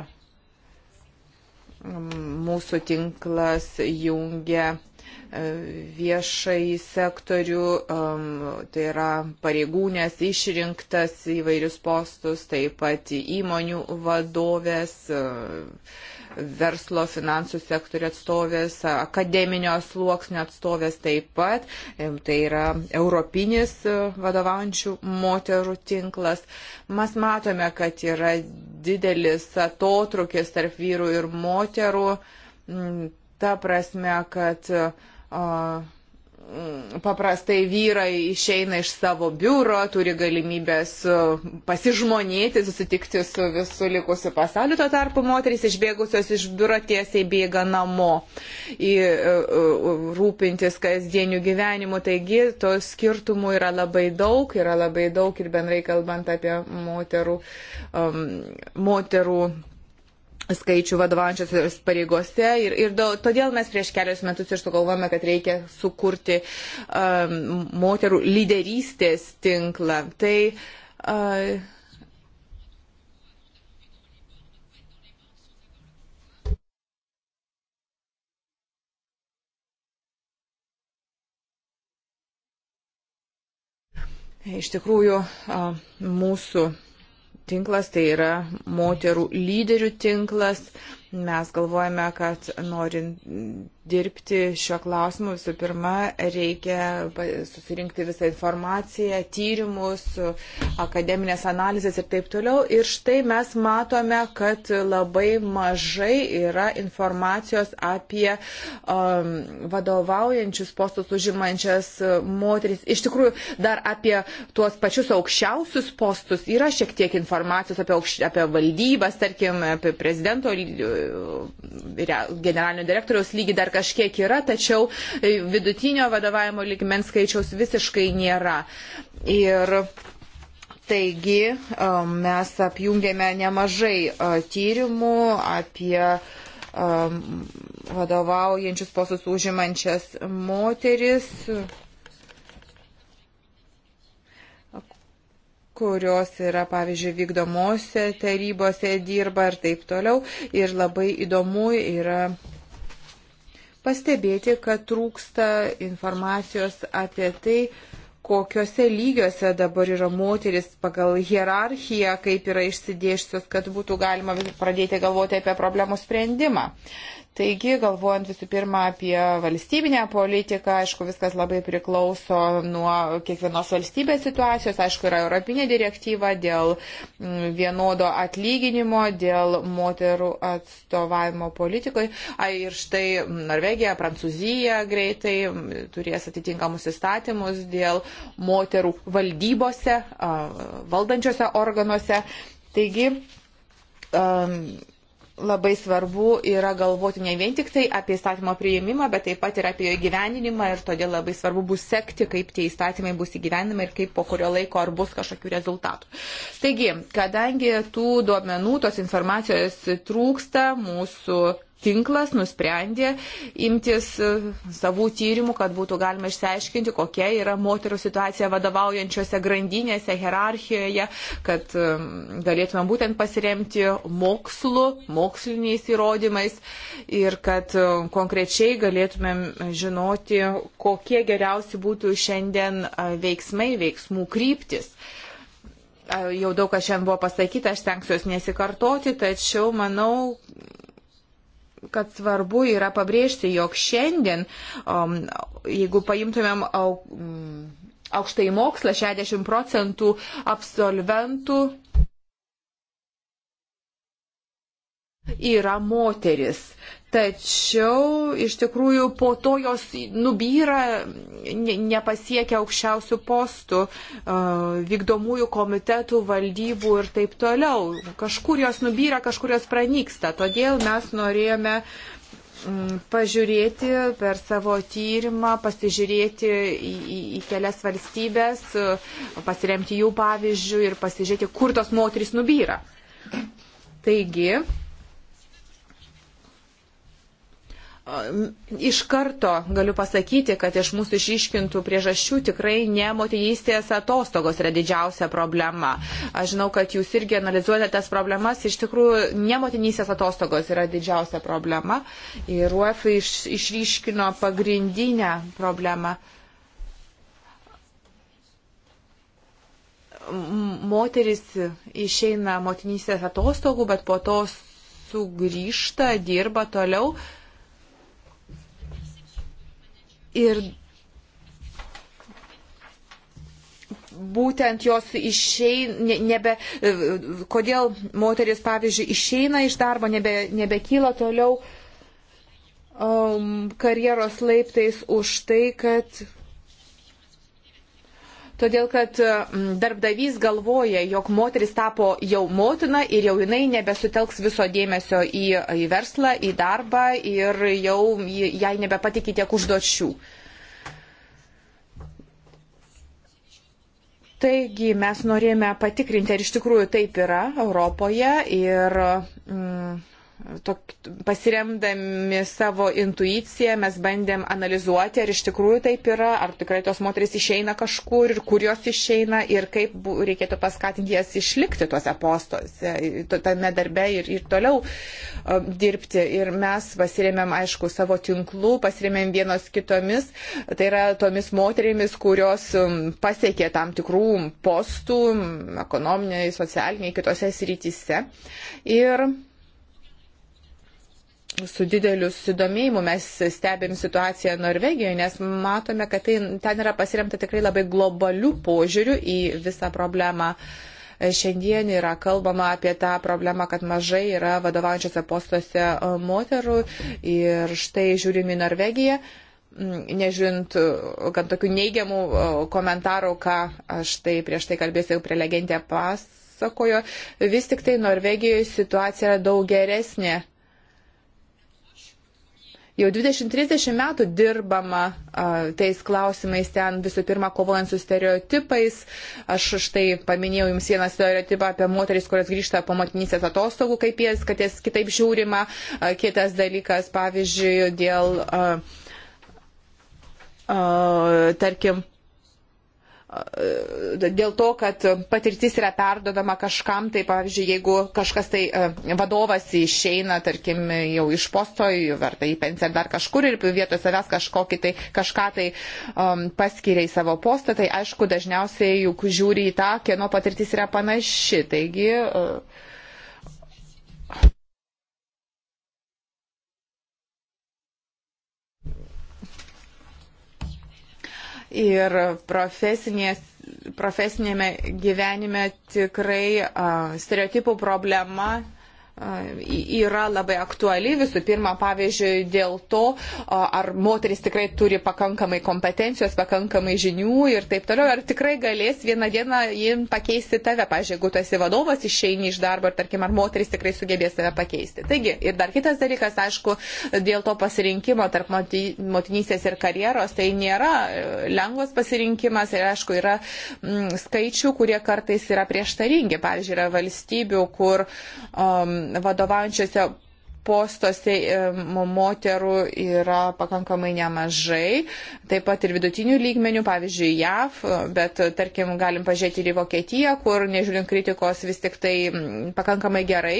mm, mūsų tinklas jungia E, viešai sektorių, tai yra pareigūnės išrinktas įvairius postus, taip pat įmonių vadovės, e, verslo finansų sektorių atstovės, akademinio sluoksnio atstovės taip pat, tai yra europinis e, vadovaujančių moterų tinklas. Mes matome, kad yra didelis atotrukis tarp vyrų ir moterų. Mm, ta prasme, kad uh, Mm, paprastai vyrai išeina iš savo biuro, turi galimybės pasižmonėti, susitikti su visu likusiu pasauliu, tuo tarpu moteris išbėgusios iš biuro tiesiai bėga namo į e, e, rūpintis kasdieniu gyvenimu. Taigi, to skirtumų yra labai daug, yra labai daug ir bendrai kalbant apie moterų, um, moterų skaičių vadovaujančios pareigose. Ir, ir daug, todėl mes prieš kelius metus ir sugalvojame, kad reikia sukurti um, moterų lyderystės tinklą. Tai uh, Iš tikrųjų, uh, mūsų tinklas, tai yra moterų lyderių tinklas. Uh, Mes galvojame, kad norint dirbti šiuo klausimu, visų pirma, reikia susirinkti visą informaciją, tyrimus, akademinės analizės ir taip toliau. Ir štai mes matome, kad labai mažai yra informacijos apie um, vadovaujančius postus užimančias moteris. Iš tikrųjų, dar apie tuos pačius aukščiausius postus yra šiek tiek informacijos apie, aukš... apie valdybas, tarkim, apie prezidento E, generalinio direktoriaus lygį dar kažkiek yra, tačiau vidutinio vadovavimo lygmens skaičiaus visiškai nėra. Ir taigi e, mes apjungėme nemažai e, tyrimų apie vadovaujančius postus užimančias moteris kurios yra, pavyzdžiui, vykdomose tarybose dirba ir taip toliau. Ir labai įdomu yra pastebėti, kad trūksta informacijos apie tai, kokiuose lygiuose dabar yra moteris pagal hierarchiją, kaip yra išsidėšusios, kad būtų galima pradėti galvoti apie problemų sprendimą. Taigi, galvojant visų pirma apie valstybinę politiką, aišku, viskas labai priklauso nuo kiekvienos valstybės situacijos, aišku, yra Europinė direktyva dėl mm, vienodo atlyginimo, dėl moterų atstovavimo politikoje. Ai, ir štai mm, Norvegija, Prancūzija greitai mm, turės atitinkamus įstatymus dėl moterų valdybose, valdančiose organuose. Taigi, um, labai svarbu yra galvoti ne vien tik tai apie įstatymo priėmimą, bet taip pat ir apie jo įgyvendinimą ir todėl labai svarbu bus sekti, kaip tie įstatymai bus įgyvendinami ir kaip po kurio laiko ar bus kažkokių rezultatų. Taigi, kadangi tų duomenų, tos informacijos trūksta, mūsų tinklas nusprendė imtis e, savų tyrimų, kad būtų galima išsiaiškinti, kokia yra moterų situacija vadovaujančiose grandinėse, hierarchijoje, kad e, galėtume būtent pasiremti mokslu, moksliniais įrodymais ir kad e, konkrečiai galėtumėm žinoti, kokie geriausi būtų šiandien veiksmai, veiksmų kryptis jau daug kas šiandien buvo pasakyta, aš stengsiuosi nesikartoti, tačiau manau, kad svarbu yra pabrėžti, jog šiandien, um, jeigu paimtumėm mm, aukštai mokslą, 60 procentų absolventų yra moteris tačiau iš tikrųjų po to jos nubyra, nepasiekia aukščiausių postų, vykdomųjų komitetų, valdybų ir taip toliau. Kažkur jos nubyra, kažkur jos pranyksta. Todėl mes norėjome mm, pažiūrėti per savo tyrimą, pasižiūrėti į, į, į kelias valstybės, pasiremti jų pavyzdžių ir pasižiūrėti, kur tos moteris nubyra. Taigi, iš karto galiu pasakyti, kad iš mūsų išryškintų priežasčių tikrai ne motinystės atostogos yra didžiausia problema. Aš žinau, kad jūs irgi analizuojate tas problemas. Iš tikrųjų, ne motinystės atostogos yra didžiausia problema. Ir UEF iš, išryškino pagrindinę problemą. Moteris išeina motinystės atostogų, bet po to sugrįžta, dirba toliau. Uh, Ir būtent jos išeina, nebe, e, kodėl moteris, pavyzdžiui, išeina iš darbo, nebe, nebekyla toliau um, karjeros laiptais už tai, kad Todėl, kad mm, darbdavys galvoja, jog moteris tapo jau motina ir jau jinai nebesutelks viso dėmesio į, į verslą, į darbą ir jau jai nebepatikė tiek užduočių. Taigi mes norėjome patikrinti, ar iš tikrųjų taip yra Europoje ir mm, tok, pasiremdami savo intuiciją mes bandėm analizuoti, ar iš tikrųjų taip yra, ar tikrai tos moteris išeina kažkur ir kur jos išeina ir kaip reikėtų paskatinti jas išlikti tuose postuose, tame darbe ir, ir toliau um, dirbti. Ir mes pasiremėm, aišku, savo tinklų, pasiremėm vienos kitomis, tai yra tomis moterimis, kurios um, pasiekė tam tikrų postų ekonominiai, socialiniai, kitose srityse. Ir su dideliu sudomėjimu mes stebėm situaciją Norvegijoje, nes matome, kad tai, ten yra pasiremta tikrai labai globalių požiūrių į visą problemą. Šiandien yra kalbama apie tą problemą, kad mažai yra vadovaujančiose postuose e, moterų ir štai žiūrimi Norvegiją mm, nežiūrint e, gan tokių neigiamų e, komentarų, ką aš tai prieš tai kalbėsiu prie legendė pasakojo, vis tik tai Norvegijoje situacija yra daug geresnė Jau 20-30 metų dirbama a, tais klausimais ten visų pirma kovojant su stereotipais. Aš štai paminėjau jums vieną stereotipą apie moteris, kurios grįžta po motinysės atostogų, kaip jas, kad jas kitaip žiūrima. A, kitas dalykas, pavyzdžiui, dėl, a, a, tarkim, dėl to, kad patirtis yra perdodama kažkam, tai pavyzdžiui, jeigu kažkas tai vadovas išeina, tarkim, jau iš posto, ar tai į pensiją ar dar kažkur ir vietoj savęs kažkokį tai kažką tai um, paskiria į savo postą, tai aišku, dažniausiai juk žiūri į tą, kieno patirtis yra panaši. Taigi, uh, ir profesinėme gyvenime tikrai a, stereotipų problema yra labai aktuali. Visų pirma, pavyzdžiui, dėl to, ar moteris tikrai turi pakankamai kompetencijos, pakankamai žinių ir taip toliau, ar tikrai galės vieną dieną jin pakeisti tave. Pavyzdžiui, jeigu tu esi vadovas, išeini iš darbo ir, tarkim, ar moteris tikrai sugebės tave pakeisti. Taigi, ir dar kitas dalykas, aišku, dėl to pasirinkimo tarp motinystės ir karjeros, tai nėra e, lengvas pasirinkimas ir, aišku, yra m, mm, skaičių, kurie kartais yra prieštaringi. Pavyzdžiui, yra valstybių, kur um, vadovaujančiose postuose e, moterų yra pakankamai nemažai, taip pat ir vidutinių lygmenių, pavyzdžiui, JAV, bet tarkim galim pažiūrėti ir į Vokietiją, kur, nežiūrint kritikos, vis tik tai pakankamai gerai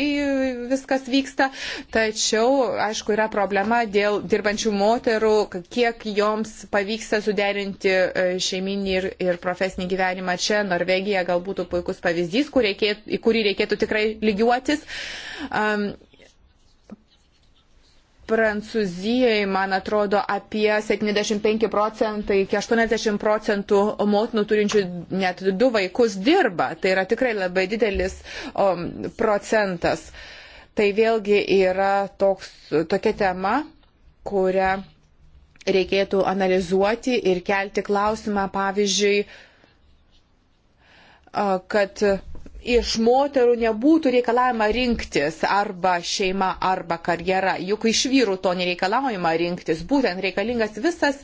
viskas vyksta, tačiau, aišku, yra problema dėl dirbančių moterų, kiek joms pavyksta suderinti e, šeiminį ir, ir profesinį gyvenimą čia, Norvegija galbūt puikus pavyzdys, kur reikėtų, į kurį reikėtų tikrai lygiuotis. Um, Prancūzijoje, man atrodo, apie 75 procentai iki 80 procentų motinų turinčių net du vaikus dirba. Tai yra tikrai labai didelis o, um, procentas. Tai vėlgi yra toks, tokia tema, kurią reikėtų analizuoti ir kelti klausimą, pavyzdžiui, kad iš moterų nebūtų reikalavima rinktis arba šeima, arba karjera. Juk iš vyrų to nereikalaujama rinktis. Būtent reikalingas visas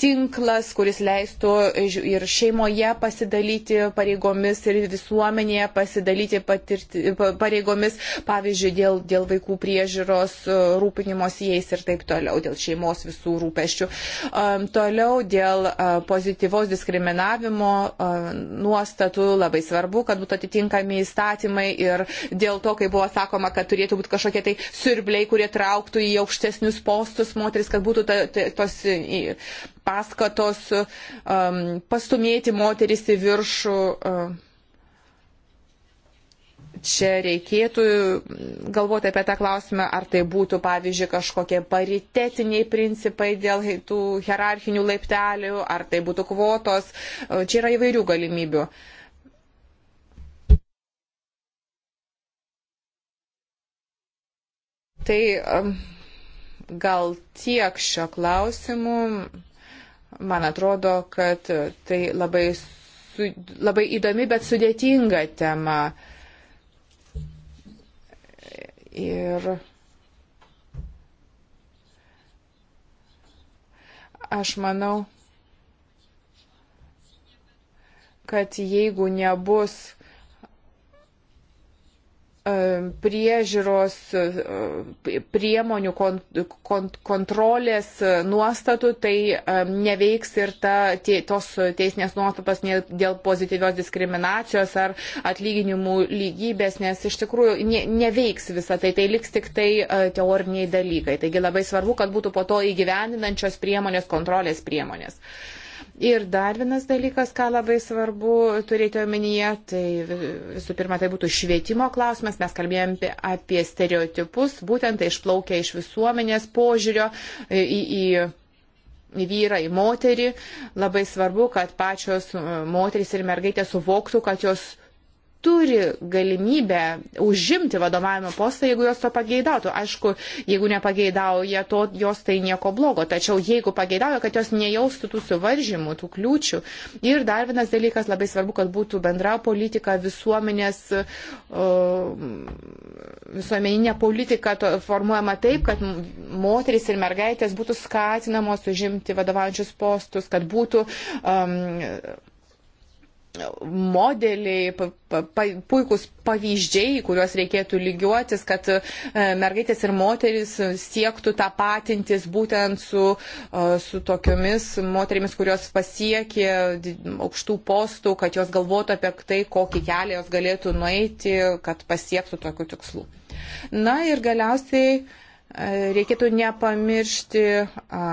tinklas, kuris leistų ir šeimoje pasidalyti pareigomis, ir visuomenėje pasidalyti patirti, pareigomis, pavyzdžiui, dėl, dėl vaikų priežiūros, e, rūpinimos jais ir taip toliau, dėl šeimos visų rūpeščių. Um, toliau dėl uh, pozityvaus diskriminavimo uh, nuostatų labai svarbu, kad būtų atitinkami priimami įstatymai ir dėl to, kai buvo sakoma, kad turėtų būti kažkokie tai sirbliai, kurie trauktų į aukštesnius postus moteris, kad būtų ta, ta, tos paskatos um, pastumėti moteris į viršų. Um, čia reikėtų galvoti apie tą klausimą, ar tai būtų, pavyzdžiui, kažkokie paritetiniai principai dėl tų hierarchinių laiptelių, ar tai būtų kvotos. Čia yra įvairių galimybių. Uh, Tai um, gal tiek šio klausimu. Man atrodo, kad tai labai, su, labai įdomi, bet sudėtinga tema. Ir aš manau, kad jeigu nebus Um, priežiūros uh, priemonių kontrolės uh, nuostatų, tai um, neveiks ir ta, tie, tos teisinės nuostatos dėl pozityvios diskriminacijos ar atlyginimų lygybės, nes iš tikrųjų ne, neveiks visą tai, tai liks tik tai uh, teoriniai dalykai. Taigi labai svarbu, kad būtų po to įgyvendinančios priemonės, kontrolės priemonės. Uh, Ir dar vienas dalykas, ką labai svarbu turėti omenyje, tai visų pirma, tai būtų švietimo klausimas. Mes kalbėjom apie stereotipus, būtent tai išplaukia iš visuomenės požiūrio į. į į vyrą, į moterį. Labai svarbu, kad pačios moteris ir mergaitė suvoktų, kad jos turi galimybę užimti vadovavimo postą, jeigu jos to pageidautų. Aišku, jeigu nepageidauja to, jos tai nieko blogo. Tačiau jeigu pageidauja, kad jos nejaustų tų suvaržymų, tų kliūčių. Ir dar vienas dalykas, labai svarbu, kad būtų bendra politika visuomenės, visuomeninė politika formuojama taip, kad moteris ir mergaitės būtų skatinamos užimti vadovaujančius postus, kad būtų um, modeliai, pa, pa, puikūs pavyzdžiai, kuriuos reikėtų lygiuotis, kad e, mergaitės ir moteris siektų tą patintis būtent su, e, su tokiomis moterimis, kurios pasiekė aukštų postų, kad jos galvotų apie tai, kokį kelią jos galėtų nueiti, kad pasiektų tokių tikslų. Na ir galiausiai e, reikėtų nepamiršti. A,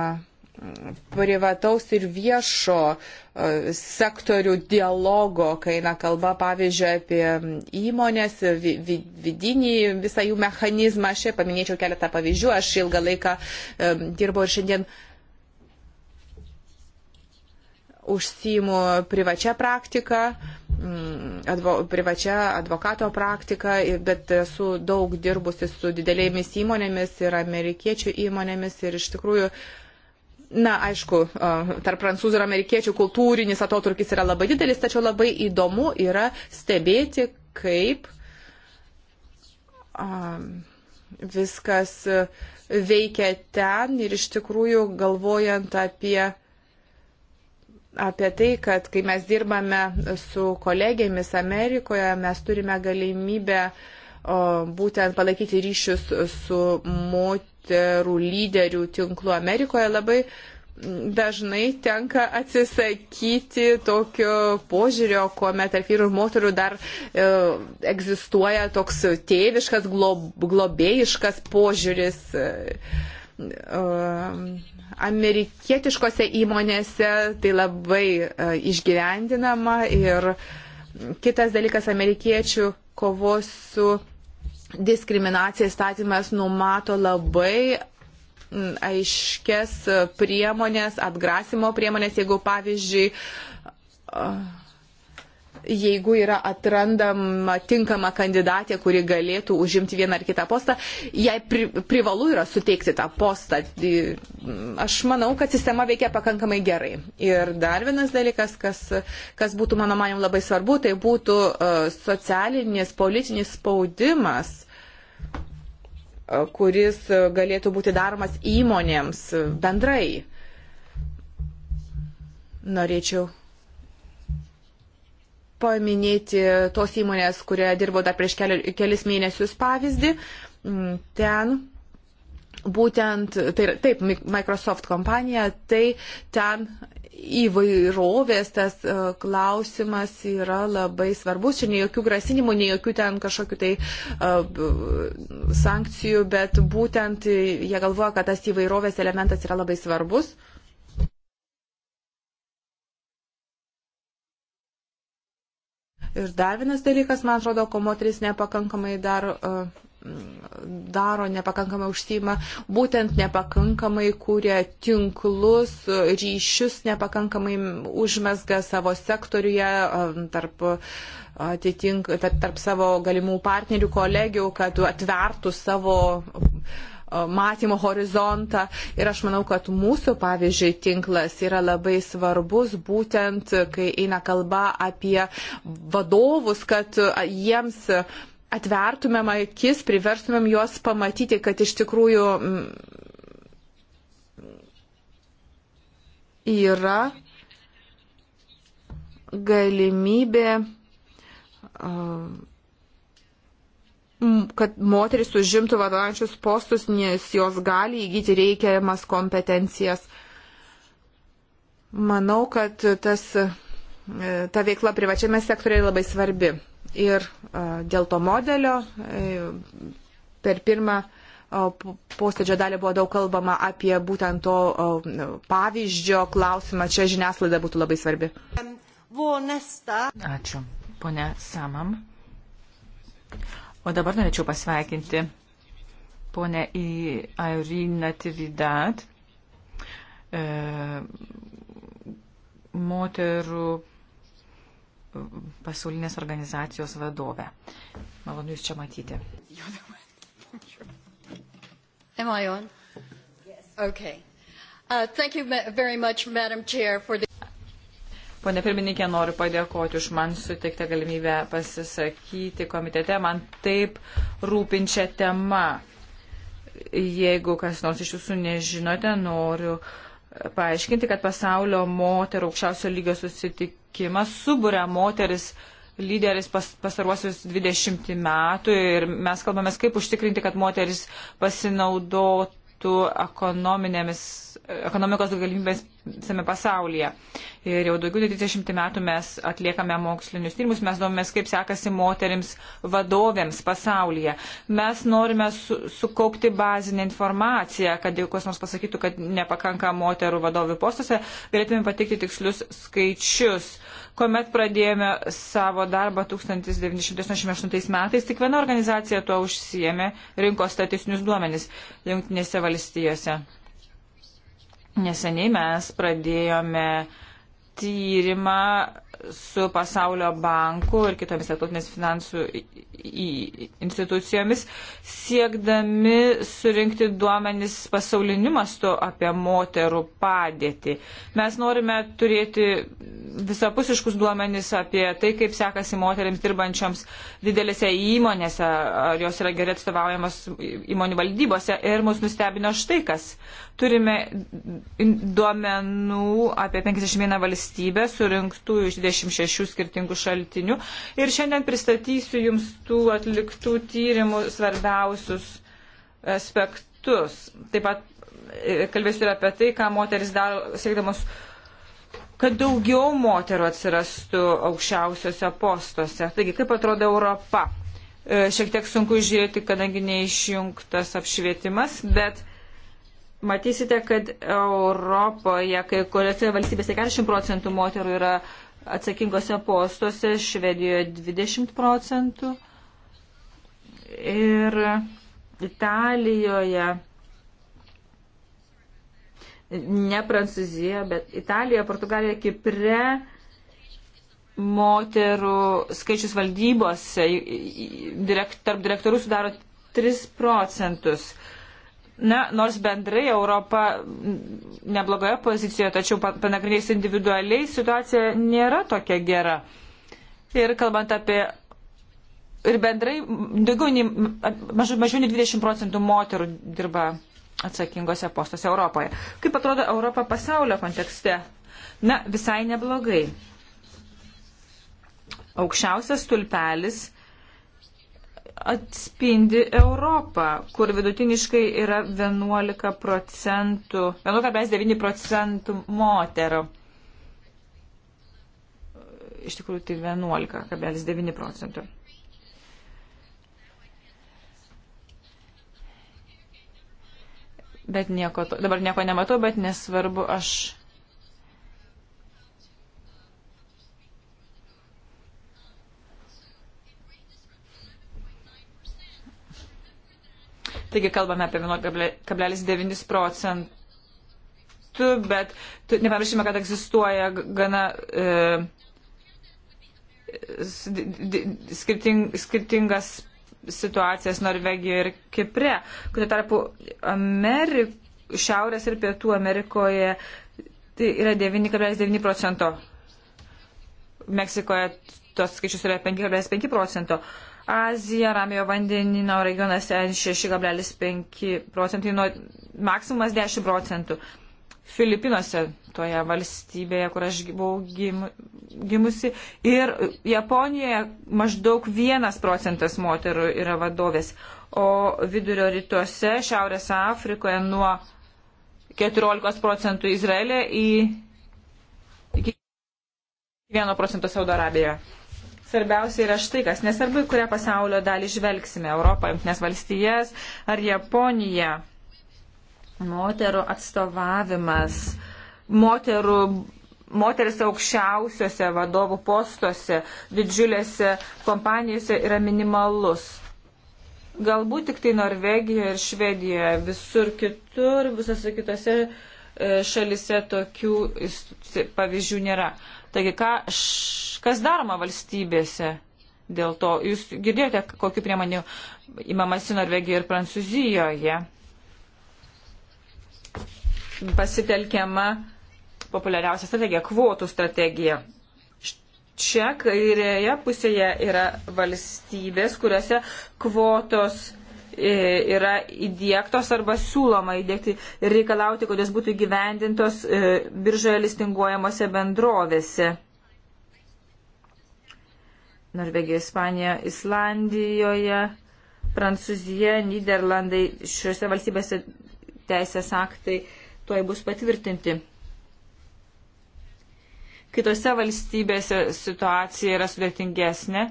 privataus ir viešo e, sektorių dialogo, kai eina kalba, pavyzdžiui, apie įmonės, vidinį visą jų mechanizmą. Aš čia paminėčiau keletą pavyzdžių. Aš ilgą laiką e, dirbau ir šiandien užsijimu privačią praktiką, mm, advo, privačią advokato praktiką, bet esu daug dirbusi su didelėmis įmonėmis ir amerikiečių įmonėmis ir iš tikrųjų uh, Na, aišku, tarp prancūzų ir amerikiečių kultūrinis atotrukis yra labai didelis, tačiau labai įdomu yra stebėti, kaip viskas veikia ten ir iš tikrųjų galvojant apie apie tai, kad kai mes dirbame su kolegėmis Amerikoje, mes turime galimybę būtent palaikyti ryšius su moterimis moterų lyderių tinklų Amerikoje labai dažnai tenka atsisakyti tokio požiūrio, kuomet tarp vyrų ir moterų dar e, egzistuoja toks tėviškas, glob, globėjiškas požiūris. E, e amerikietiškose įmonėse tai labai e, išgyvendinama ir kitas dalykas amerikiečių kovos su diskriminacija statymas numato labai mm, aiškes priemonės, atgrasimo priemonės, jeigu pavyzdžiui, jeigu yra atrandama tinkama kandidatė, kuri galėtų užimti vieną ar kitą postą, jai pri, privalu yra suteikti tą postą. Aš manau, kad sistema veikia pakankamai gerai. Ir dar vienas dalykas, kas, kas būtų mano manim labai svarbu, tai būtų socialinis, politinis spaudimas kuris galėtų būti daromas įmonėms bendrai. Norėčiau paminėti tos įmonės, kurioje dirbo dar prieš keli, kelis mėnesius pavyzdį. Mm, ten būtent, tai, taip, Microsoft kompanija, tai ten įvairovės tas e, klausimas yra labai svarbus. Čia ne jokių grasinimų, ne jokių ten kažkokių tai e, sankcijų, bet būtent jie galvoja, kad tas įvairovės elementas yra labai svarbus. Ir dar vienas dalykas, man atrodo, ko moteris nepakankamai dar uh, daro, nepakankamai užsima, būtent nepakankamai kūrė tinklus, ryšius, nepakankamai užmesga savo sektoriuje um, tarp, atitink, tarp, tarp savo galimų partnerių, kolegių, kad atvertų savo um, matymo horizontą. Ir aš manau, kad mūsų, pavyzdžiui, tinklas yra labai svarbus būtent, kai eina kalba apie vadovus, kad jiems atvertumėm akis, priverstumėm juos pamatyti, kad iš tikrųjų mm, yra galimybė, kad moteris užimtų vadovaujančius postus, nes jos gali įgyti reikiamas kompetencijas. Manau, kad tas, e, ta veikla privačiame sektoriai labai svarbi. Ir dėl to modelio e, per pirmą posėdžio dalį buvo daug kalbama apie būtent to pavyzdžio klausimą. Čia žiniasklaida būtų labai svarbi. Ačiū, ponė Samam. O dabar norėčiau pasveikinti ponę į Airiną Tividat, e, moterų pasaulinės organizacijos vadovę. Malonu Jūs čia matyti. Am I on? Yes. Okay. Uh, thank you very much, Madam Chair, for the... Pone pirmininkė, noriu padėkoti už man suteiktą galimybę pasisakyti komitete. Man taip rūpinčia tema. Jeigu kas nors iš jūsų nežinote, noriu paaiškinti, kad pasaulio moterų aukščiausio lygio susitik susirinkimas suburia moteris lyderis pas, pastaruosius 20 metų ir mes kalbame, kaip užtikrinti, kad moteris pasinaudotų ekonomikos galimybės visame pasaulyje. Ir jau daugiau nei 30 metų mes atliekame mokslinius tyrimus, mes domės, kaip sekasi moterims vadovėms pasaulyje. Mes norime su, sukaupti bazinę informaciją, kad jeigu kas nors pasakytų, kad nepakanka moterų vadovių postuose, galėtume patikti tikslius skaičius. Komet pradėjome savo darbą 1988 metais, tik viena organizacija tuo užsijėmė, rinko statistinius duomenis Junktinėse valstijose. Neseniai mes pradėjome tyrimą su Pasaulio banku ir kitomis tarptautinės finansų institucijomis, siekdami surinkti duomenis pasauliniu mastu apie moterų padėtį. Mes norime turėti visapusiškus duomenis apie tai, kaip sekasi moteriams dirbančioms didelėse įmonėse, ar jos yra gerai atstovaujamos įmonių valdybose. Ir mus nustebino štai kas. Turime duomenų apie 51 valstybę surinktų iš 20 26 skirtingų šaltinių. Ir šiandien pristatysiu Jums tų atliktų tyrimų svarbiausius aspektus. Taip pat e, kalbėsiu ir apie tai, ką moteris daro siekdamos, kad daugiau moterų atsirastų aukščiausiose postuose. Taigi, kaip atrodo Europa? E, šiek tiek sunku žiūrėti, kadangi neišjungtas apšvietimas, bet matysite, kad Europoje, kai kuriuose valstybėse 40 procentų moterų yra uh, atsakingose postuose, Švedijoje 20 procentų ir Italijoje, ne Prancūzija, bet Italija, Portugalija, Kipre moterų skaičius valdybose direkt, tarp direktorių sudaro 3 procentus. Na, nors bendrai Europa neblogoje pozicijoje, tačiau panagrinėjus individualiai situacija nėra tokia gera. Ir kalbant apie. Ir bendrai daugiau nei mažiau, mažiau nei 20 procentų moterų dirba atsakingose postuose Europoje. Kaip atrodo Europa pasaulio kontekste? Na, visai neblogai. Aukščiausias tulpelis atspindi Europą, kur vidutiniškai yra 11 procentų, 11,9 procentų moterų. Iš tikrųjų, tai 11,9 procentų. Bet nieko, dabar nieko nematau, bet nesvarbu, aš Taigi kalbame apie 11,9 procentų, bet nepamirškime, kad egzistuoja gana e, skirting, skirtingas situacijas Norvegijoje ir Kipre. Kuo tarpu Amerik, Šiaurės ir Pietų Amerikoje tai yra 9,9 procento. Meksikoje tos skaičius yra 5,5 procento. Azija, Ramiojo vandenino regionuose 6,5 procentai, nuo maksimumas 10 procentų. Filipinuose, toje valstybėje, kur aš buvau gim, gimusi, ir Japonijoje maždaug 1 procentas moterų yra vadovės, o vidurio rytuose, Šiaurės Afrikoje nuo 14 procentų Izraelė į, iki 1 procento Saudo Arabijoje. Svarbiausia yra štai kas, nesvarbu, į kurią pasaulio dalį žvelgsime, Europą, Junktinės valstijas ar Japoniją, moterų atstovavimas, moterų moteris aukščiausiose vadovų postuose, didžiulėse kompanijose yra minimalus. Galbūt tik tai Norvegijoje ir Švedijoje, visur kitur, visose kitose e, šalise tokių pavyzdžių nėra. Taigi, ką, š, kas daroma valstybėse dėl to? Jūs girdėjote, kokiu priemonių įmamasi Norvegijoje ir Prancūzijoje pasitelkiama populiariausia strategija - kvotų strategija. Čia kairėje pusėje yra valstybės, kuriuose kvotos E, yra įdėktos arba siūloma įdėkti ir reikalauti, kad jos būtų gyvendintos e, biržoje listinguojamose bendrovėse. Norvegija, Ispanija, Islandijoje, Prancūzija, Niderlandai, šiuose valstybėse teisės aktai tuoj bus patvirtinti. Kitose valstybėse situacija yra sudėtingesnė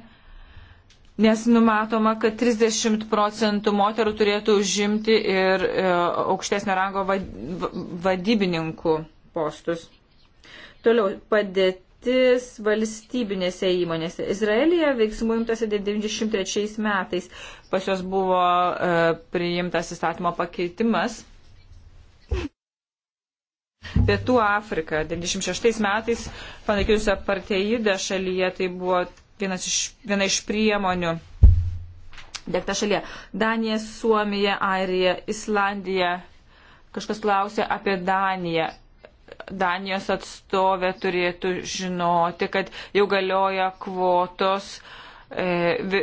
nes numatoma, kad 30 procentų moterų turėtų užimti ir e, aukštesnio rango vad, vadybininkų postus. Toliau padėtis valstybinėse įmonėse. Izraelija veiksmų imtasi 93 metais. Pas jos buvo e, priimtas įstatymo pakeitimas. Pietų Afrika 96 metais panaikiusi aparteidą šalyje tai buvo vienas iš, viena iš priemonių dėkta šalyje. Danija, Suomija, Airija, Islandija. Kažkas klausė apie Daniją. Danijos atstovė turėtų žinoti, kad jau galioja kvotos e, vi,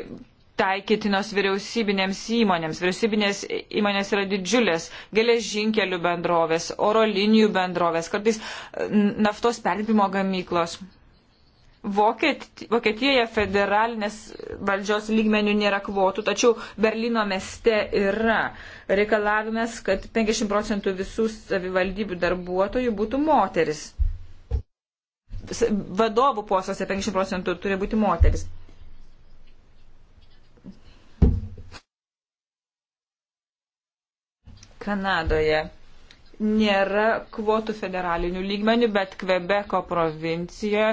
taikytinos vyriausybinėms įmonėms. Vyriausybinės įmonės yra didžiulės - geležinkelių bendrovės, oro linijų bendrovės, kartais naftos perdirbimo gamyklos. Vokiet, Vokietijoje federalinės valdžios lygmenių nėra kvotų, tačiau Berlyno mieste yra reikalavimas, kad 50 procentų visų savivaldybių darbuotojų būtų moteris. Vadovų postuose 50 procentų turi būti moteris. Kanadoje nėra kvotų federalinių lygmenių, bet Kvebeko provincijoje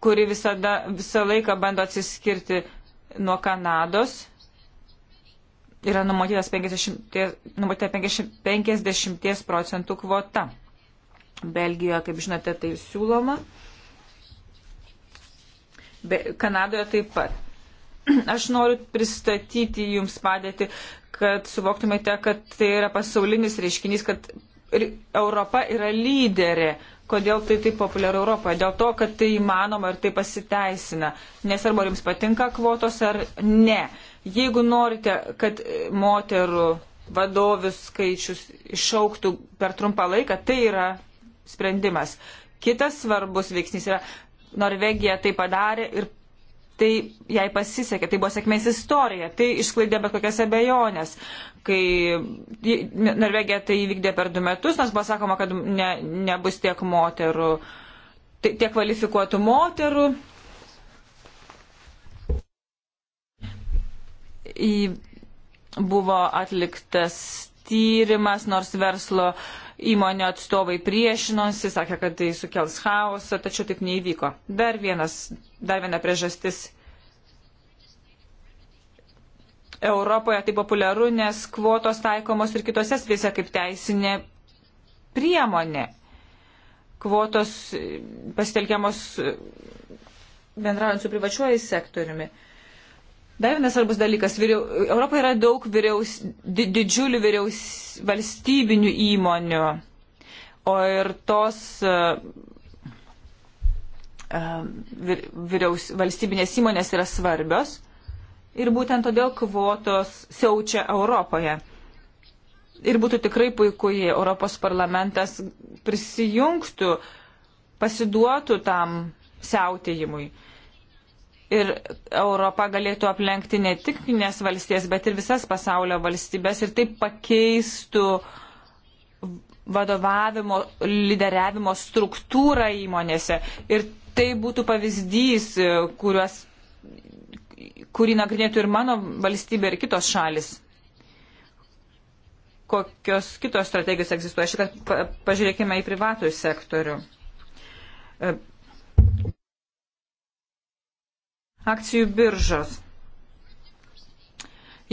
kuri visada, visą laiką bando atsiskirti nuo Kanados. Yra numatytas 50, numatyta 50 procentų kvota. Belgijoje, kaip žinote, tai siūloma. Be, Kanadoje taip pat. Aš noriu pristatyti jums padėti, kad suvoktumėte, kad tai yra pasaulinis reiškinys, kad Europa yra lyderė kodėl tai taip populiaru Europoje. Dėl to, kad tai įmanoma ir tai pasiteisina. Nesvarbu, ar jums patinka kvotos ar ne. Jeigu norite, kad moterų vadovių skaičius išauktų per trumpą laiką, tai yra sprendimas. Kitas svarbus veiksnys yra, Norvegija tai padarė ir tai jai pasisekė, tai buvo sėkmės istorija, tai išsklaidė bet kokias abejonės, kai Norvegija tai įvykdė per du metus, nes buvo sakoma, kad ne, nebus tiek moterų, tiek kvalifikuotų moterų. Į, buvo atliktas tyrimas, nors verslo uh, Įmonė atstovai priešinosi, sakė, kad tai sukels chaosą, tačiau taip neįvyko. Dar, vienas, dar viena priežastis. Europoje tai populiaru, nes kvotos taikomos ir kitose srityse kaip teisinė priemonė. Kvotos pasitelkiamos bendraujant su privačiuoju sektoriumi. Dar vienas svarbus dalykas. Vyriau, Europoje yra daug vyriaus, di, didžiulių vyriaus valstybinių įmonių. O ir tos uh, e, e, vir, vyriaus valstybinės įmonės yra svarbios. Ir būtent todėl kvotos siaučia Europoje. Ir būtų tikrai puiku, jei Europos parlamentas prisijungtų, pasiduotų tam siautėjimui. Uh, ir Europa galėtų aplenkti ne tik nes valstijas, bet ir visas pasaulio valstybės ir taip pakeistų vadovavimo, lyderiavimo struktūrą įmonėse. Ir tai būtų pavyzdys, kuriuos, kurį nagrinėtų ir mano valstybė, ir kitos šalis. Kokios kitos strategijos egzistuoja? Šitą pažiūrėkime į privatų sektorių akcijų biržos.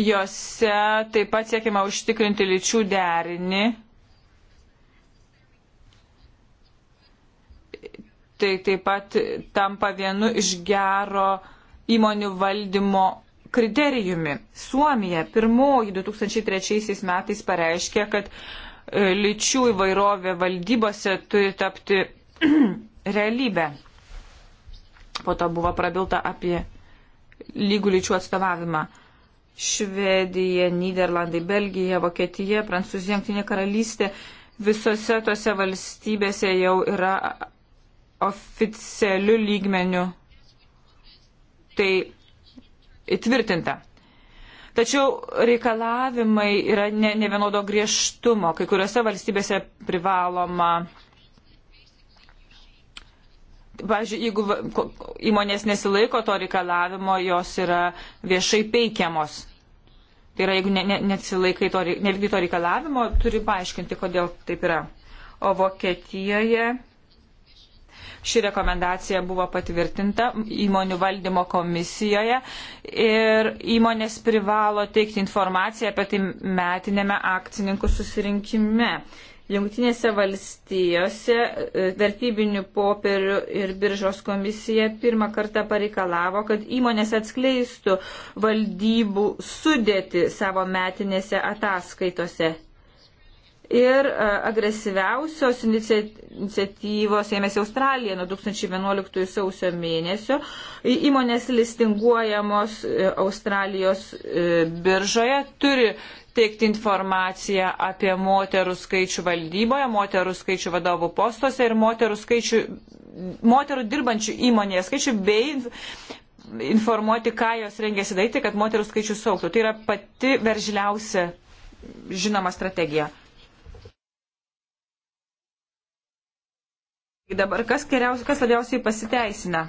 Jose taip pat siekima užtikrinti lyčių derinį. Tai taip pat tampa vienu iš gero įmonių valdymo kriterijumi. Suomija pirmoji 2003 metais pareiškė, kad e, lyčių įvairovė valdybose turi tapti realybę. Po to buvo prabilta apie lygų lyčių atstovavimą. Švedija, Niderlandai, Belgija, Vokietija, Prancūzija, Jungtinė karalystė. Visose tose valstybėse jau yra oficialių lygmenių tai įtvirtinta. Tačiau reikalavimai yra ne, ne vienodo griežtumo. Kai kuriuose valstybėse privaloma Pavyzdžiui, jeigu įmonės nesilaiko to reikalavimo, jos yra viešai peikiamos. Tai yra, jeigu ne, ne, nesilaikai to, nevykdy to reikalavimo, turi paaiškinti, kodėl taip yra. O Vokietijoje ši rekomendacija buvo patvirtinta įmonių valdymo komisijoje ir įmonės privalo teikti informaciją apie tai metinėme akcininkų susirinkime. Jungtinėse valstijose e, vertybinių popierių ir biržos komisija pirmą kartą pareikalavo, kad įmonės atskleistų valdybų sudėti savo metinėse ataskaitose. Ir e, agresyviausios iniciatyvos ėmėsi Australija nuo 2011 sausio mėnesio. Įmonės listinguojamos e, Australijos biržoje turi teikti informaciją apie moterų skaičių valdyboje, moterų skaičių vadovų postuose ir moterų, skaičių, moterų dirbančių įmonėje skaičių bei informuoti, ką jos rengėsi daryti, kad moterų skaičius sauktų. Tai yra pati veržliausia žinoma strategija. Tai dabar kas, geriausia, kas labiausiai pasiteisina?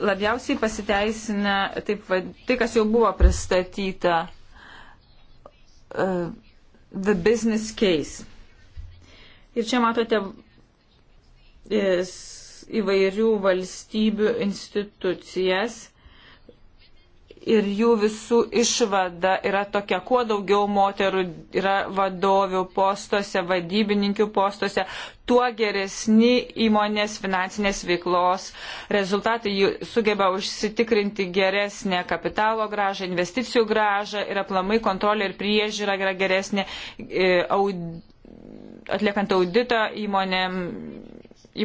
Labiausiai pasiteisina taip, va, tai, kas jau buvo pristatyta uh, The Business Case. Ir čia matote uh, įvairių valstybių institucijas ir jų visų išvada yra tokia, kuo daugiau moterų yra vadovių postuose, vadybininkių postuose, tuo geresni įmonės finansinės veiklos rezultatai, jų sugeba užsitikrinti geresnę kapitalo gražą, investicijų gražą ir aplamai kontrolė ir priežiūra yra geresnė e, atliekant auditą įmonėm.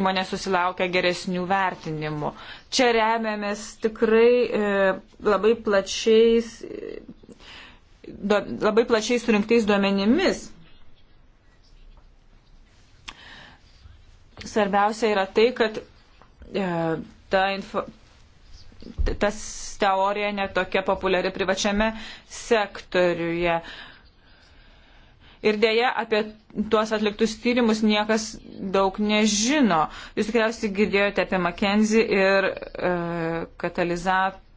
Įmonė susilaukia geresnių vertinimų. Čia remiamės tikrai e, labai plačiais. Do, labai plačiai surinktais duomenimis. Svarbiausia yra tai, kad e, ta info, tas teorija netokia populiari privačiame sektoriuje. E, Ir dėja apie tuos atliktus tyrimus niekas daug nežino. Jūs tikriausiai girdėjote apie McKenzie ir e, katalizatorių.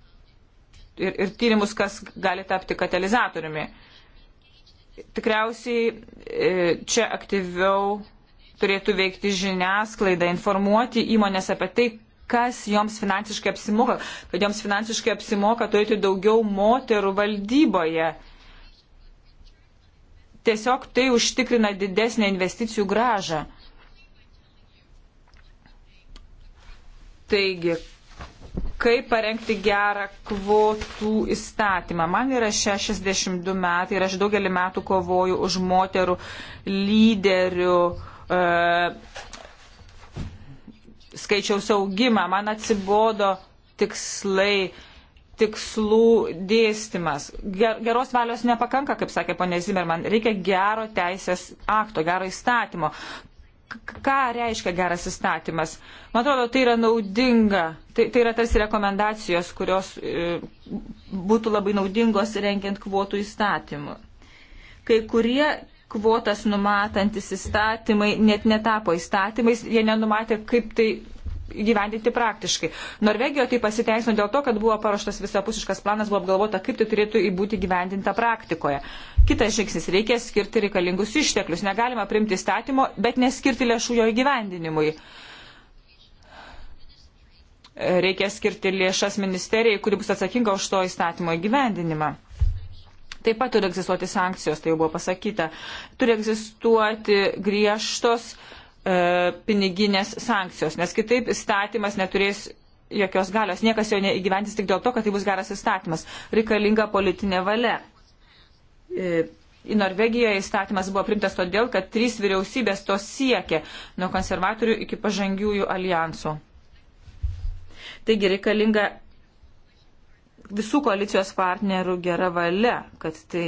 Ir, ir tyrimus, kas gali tapti katalizatoriumi. Tikriausiai e, čia aktyviau turėtų veikti žiniasklaida, informuoti įmonės apie tai, kas joms finansiškai apsimoka, kad joms finansiškai apsimoka turėti daugiau moterų valdyboje. E, tiesiog tai užtikrina didesnę investicijų gražą. Taigi, kaip parengti gerą kvotų įstatymą. Man yra 62 metai ir aš daugelį metų kovoju už moterų lyderių e, skaičiaus augimą. Man atsibodo tikslai tikslų dėstymas. Geros valios nepakanka, kaip sakė ponė Zimerman, reikia gero teisės akto, gero įstatymo. Ką reiškia geras įstatymas? Man atrodo, tai yra naudinga, tai, tai yra tarsi rekomendacijos, kurios e, būtų labai naudingos renkiant kvotų įstatymų. Kai kurie kvotas numatantis įstatymai net netapo įstatymais, jie nenumatė, kaip tai gyvendinti praktiškai. Norvegijoje tai pasiteisino dėl to, kad buvo paruoštas visapusiškas planas, buvo apgalvota, kaip tai turėtų būti gyvendinta praktikoje. Kitas žingsnis - reikia skirti reikalingus išteklius. Negalima primti įstatymo, bet neskirti lėšų jo įgyvendinimui. Reikia skirti lėšas ministerijai, kuri bus atsakinga už to įstatymo įgyvendinimą. Taip pat turi egzistuoti sankcijos, tai jau buvo pasakyta. Turi egzistuoti griežtos E, piniginės sankcijos, nes kitaip įstatymas neturės jokios galios, niekas jo neįgyventys tik dėl to, kad tai bus geras įstatymas, reikalinga politinė valia. E, į Norvegijoje įstatymas buvo primtas todėl, kad trys vyriausybės to siekė, nuo konservatorių iki pažangiųjų alijansų. Taigi reikalinga visų koalicijos partnerių gera valia, kad tai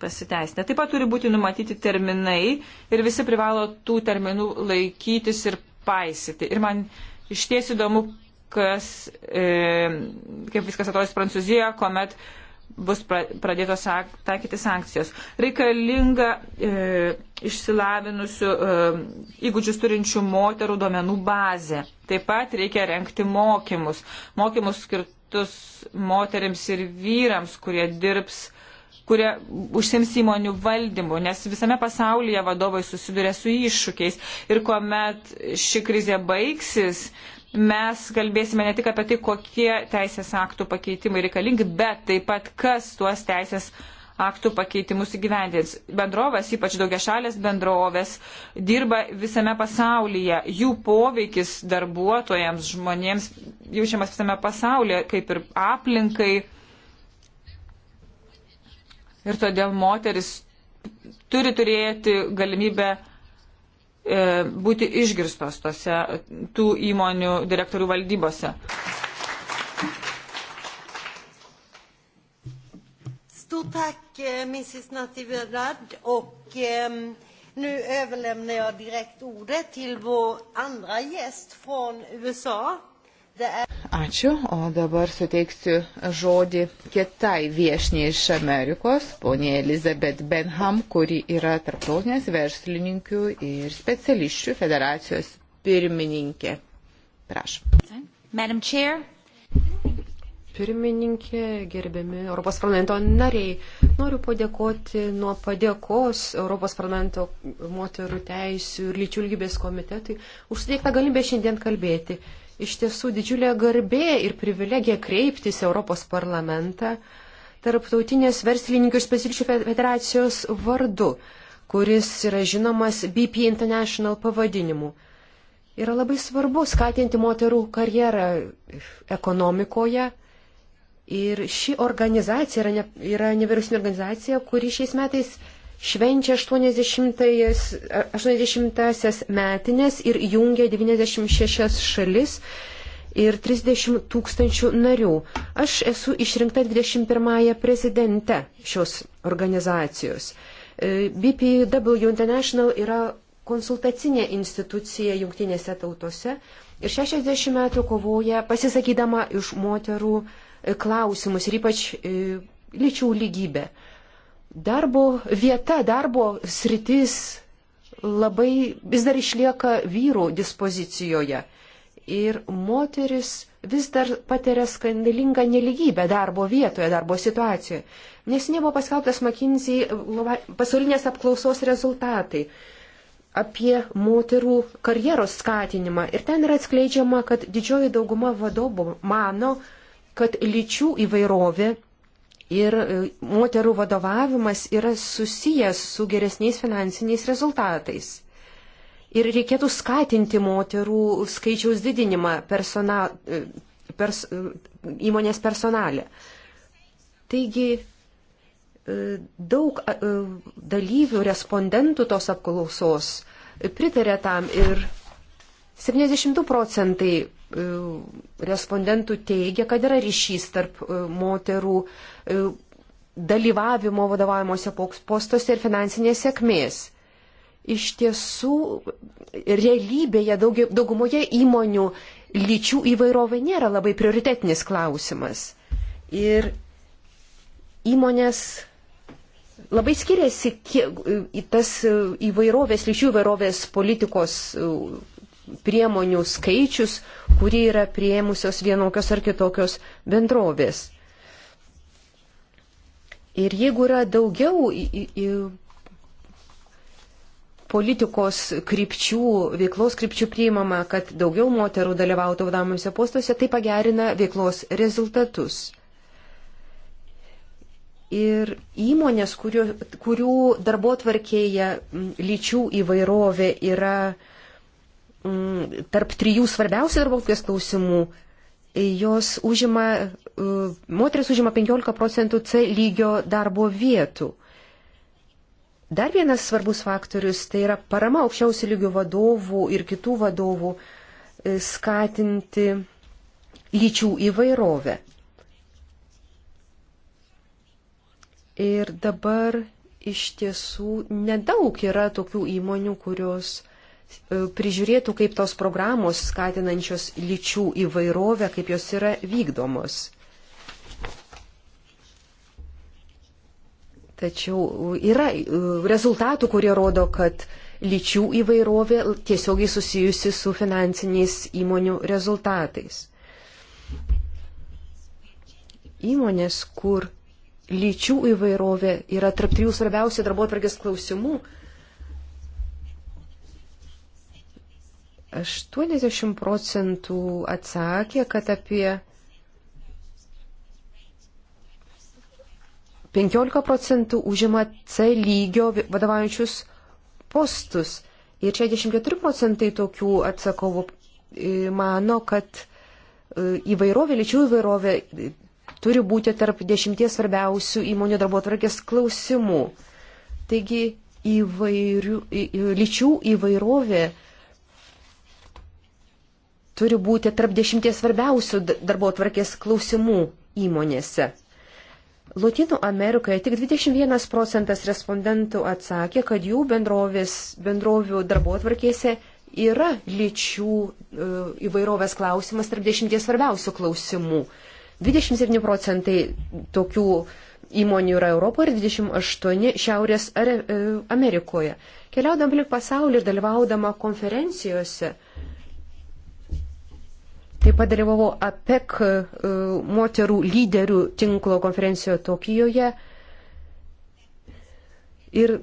pasiteisinę. Taip pat turi būti numatyti terminai ir visi privalo tų terminų laikytis ir paisyti. Ir man iš ties įdomu, kas, e, kaip viskas atrodys Prancūzijoje, kuomet bus pradėtos taikyti sankcijos. Reikalinga e, išsilavinusių e, įgūdžius turinčių moterų duomenų bazė. Taip pat reikia renkti mokymus. Mokymus skirtus moteriams ir vyrams, kurie dirbs kurie užsims įmonių valdymu, nes visame pasaulyje vadovai susiduria su iššūkiais. Ir kuomet ši krizė baigsis, mes kalbėsime ne tik apie tai, kokie teisės aktų pakeitimai reikalingi, bet taip pat kas tuos teisės aktų pakeitimus įgyvendins. Bendrovės, ypač daugia šalės bendrovės, dirba visame pasaulyje. Jų poveikis darbuotojams, žmonėms jaučiamas visame pasaulyje, kaip ir aplinkai ir todėl moteris turi turėti galimybę e, būti išgirstos tose tų įmonių direktorių valdybose. Stort tack, Mrs Nativirad. Och eh, nu överlämnar jag direkt ordet till vår andra gäst från USA. Ačiū, o dabar suteiksiu žodį kitai viešniai iš Amerikos, ponė Elizabeth Benham, kuri yra tarptautinės verslininkių ir specialisčių federacijos pirmininkė. Prašom. Madam Chair. Pirmininkė, gerbiami Europos parlamento nariai, noriu padėkoti nuo padėkos Europos parlamento moterų teisų ir lyčių lygybės komitetui už suteiktą galimybę šiandien kalbėti iš tiesų didžiulė garbė ir privilegija kreiptis Europos parlamentą Tarptautinės verslininkų ir specialistų federacijos vardu, kuris yra žinomas BP International pavadinimu. Yra labai svarbu skatinti moterų karjerą ekonomikoje. Ir ši organizacija yra, ne, yra nevyriausybinė organizacija, kuri šiais metais švenčia 80-asias 80 metinės ir jungia 96 šalis ir 30 tūkstančių narių. Aš esu išrinkta 21-ąją prezidente šios organizacijos. E, BPW International yra konsultacinė institucija jungtinėse tautose ir 60 metų kovoja pasisakydama iš moterų e, klausimus ir ypač e, lyčių lygybę. Darbo vieta, darbo sritis labai vis dar išlieka vyrų dispozicijoje ir moteris vis dar patiria skandalingą neligybę darbo vietoje, darbo situacijoje. Nesiniai buvo paskelbtas McKinsey pasaulinės apklausos rezultatai apie moterų karjeros skatinimą. Ir ten yra atskleidžiama, kad didžioji dauguma vadovų mano, kad lyčių įvairovė ir e, moterų vadovavimas yra susijęs su geresniais finansiniais rezultatais. Ir reikėtų skatinti moterų skaičiaus didinimą persona, e, pers, e, įmonės personalę. Taigi daug dalyvių, respondentų tos apklausos pritarė tam ir 72 procentai E, respondentų teigia, kad yra ryšys tarp e, moterų e, dalyvavimo vadovavimuose postuose ir finansinės sėkmės. Iš tiesų, realybėje daug, daugumoje įmonių lyčių įvairovė nėra labai prioritetinis klausimas. Ir įmonės labai skiriasi kiek, tas įvairovės, lyčių įvairovės politikos priemonių skaičius, kurį yra prieimusios vienokios ar kitokios bendrovės. Ir jeigu yra daugiau į, į, politikos krypčių, veiklos krypčių priimama, kad daugiau moterų dalyvautų vadamuose postuose, tai pagerina veiklos rezultatus. Ir įmonės, kurių, kurių darbo tvarkėje lyčių įvairovė yra uh, Mm, tarp trijų svarbiausių darbovkės klausimų, jos užima, mm, moteris užima 15 procentų C lygio darbo vietų. Dar vienas svarbus faktorius tai yra parama aukščiausių lygių vadovų ir kitų vadovų e, skatinti lyčių įvairovę. Ir dabar iš tiesų nedaug yra tokių įmonių, kurios uh, E, prižiūrėtų, kaip tos programos skatinančios lyčių įvairovę, kaip jos yra vykdomos. Tačiau yra e, rezultatų, kurie rodo, kad lyčių įvairovė tiesiogiai susijusi su finansiniais įmonių rezultatais. Įmonės, kur lyčių įvairovė yra tarp trijų svarbiausių darbo atvargės klausimų, 80 procentų atsakė, kad apie 15 procentų užima C lygio vadovaujančius postus. Ir 64 procentai tokių atsakovų e, mano, kad e, įvairovė, lyčių įvairovė e, turi būti tarp dešimties svarbiausių įmonių darbo atvarkės klausimų. Taigi įvairių, lyčių įvairovė turi būti tarp dešimties svarbiausių darbo tvarkės klausimų įmonėse. Lotynų Amerikoje tik 21 procentas respondentų atsakė, kad jų bendrovės, bendrovių darbo tvarkėse yra lyčių e, įvairovės klausimas tarp dešimties svarbiausių klausimų. 27 procentai tokių įmonių yra Europoje ir 28 Šiaurės e, Amerikoje. Keliaudama aplink pasaulį ir dalyvaudama konferencijose, Taip pat dalyvavau APEC e, moterų lyderių tinklo konferencijoje Tokijoje. Ir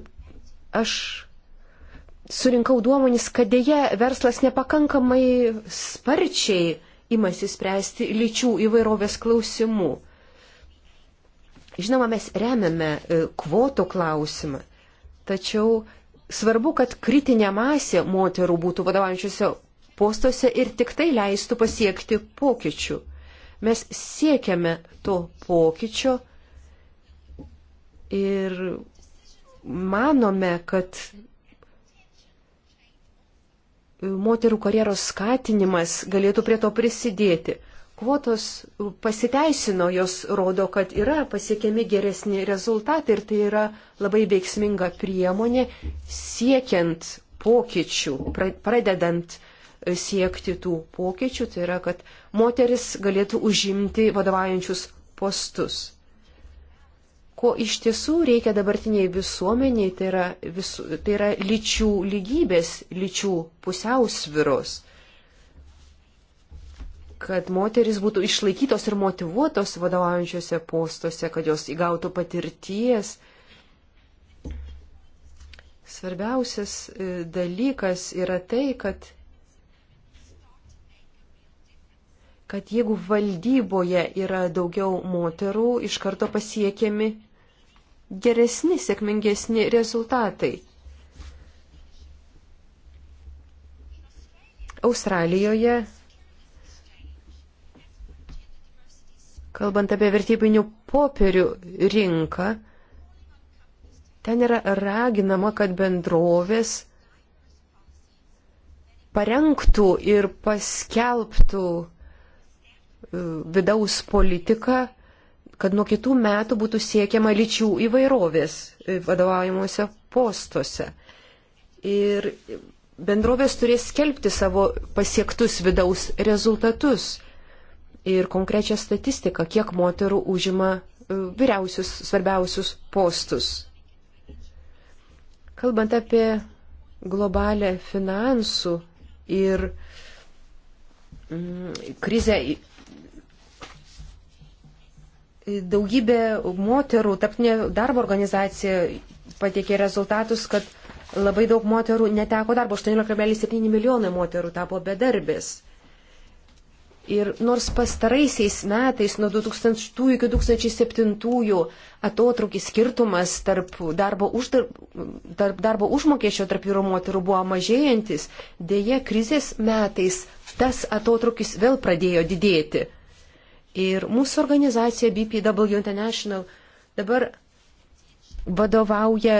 aš surinkau duomenys, kad dėja verslas nepakankamai sparčiai imasi spręsti lyčių įvairovės klausimų. Žinoma, mes remiame e, kvotų klausimą, tačiau svarbu, kad kritinė masė moterų būtų vadovaujančiose postuose ir tik tai leistų pasiekti pokyčių. Mes siekiame to pokyčio ir manome, kad moterų karjeros skatinimas galėtų prie to prisidėti. Kvotos pasiteisino, jos rodo, kad yra pasiekiami geresni rezultatai ir tai yra labai veiksminga priemonė siekiant pokyčių, pradedant siekti tų pokyčių, tai yra, kad moteris galėtų užimti vadovaujančius postus. Ko iš tiesų reikia dabartiniai visuomeniai, tai yra, visu, tai yra lyčių lygybės, lyčių pusiausviros kad moteris būtų išlaikytos ir motivuotos vadovaujančiose postuose, kad jos įgautų patirties, svarbiausias e, dalykas yra tai, kad kad jeigu valdyboje yra daugiau moterų, iš karto pasiekiami geresni, sėkmingesni rezultatai. Australijoje, kalbant apie vertybinių popierių rinką, ten yra raginama, kad bendrovės parengtų ir paskelbtų vidaus politiką, kad nuo kitų metų būtų siekiama lyčių įvairovės e, vadovaujamuose postuose. Ir bendrovės turės skelbti savo pasiektus vidaus rezultatus ir konkrečią statistiką, kiek moterų užima e, vyriausius svarbiausius postus. Kalbant apie globalę finansų ir mm, krizę daugybė moterų, tapnė darbo organizacija patiekė rezultatus, kad labai daug moterų neteko darbo, 18,7 milijonai moterų tapo bedarbės. Ir nors pastaraisiais metais nuo 2000 iki 2007 atotrukis skirtumas tarp darbo, uždarb, tarp darbo užmokesčio tarp vyro moterų buvo mažėjantis, dėje krizės metais tas atotrukis vėl pradėjo didėti. Ir mūsų organizacija BPW International dabar vadovauja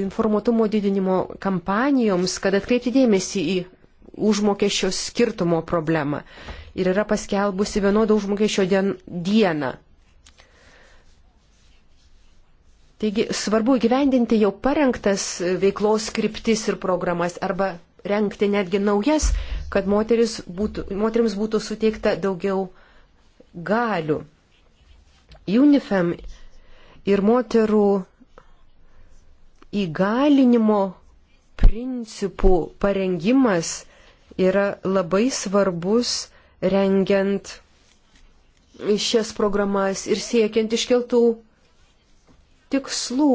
informuotumo didinimo kampanijoms, kad atkreipti dėmesį į užmokesčio skirtumo problemą. Ir yra paskelbusi vienodą užmokesčio dien, dieną. Taigi svarbu gyvendinti jau parengtas veiklos skriptis ir programas arba renkti netgi naujas, kad būtų, moterims būtų suteikta daugiau galių. UNIFEM ir moterų įgalinimo principų parengimas yra labai svarbus rengiant šias programas ir siekiant iškeltų tikslų.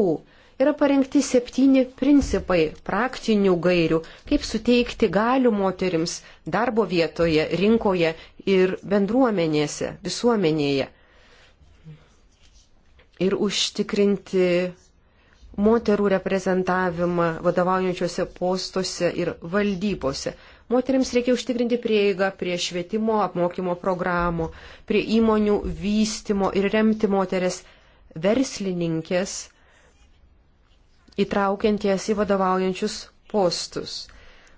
Yra parengti septyni principai praktinių gairių, kaip suteikti galių moterims darbo vietoje, rinkoje ir bendruomenėse, visuomenėje. Ir užtikrinti moterų reprezentavimą vadovaujančiuose postuose ir valdybose. Moteriams reikia užtikrinti prieigą prie švietimo, apmokymo programų, prie įmonių vystimo ir remti moteris verslininkės, įtraukiant jas į vadovaujančius postus.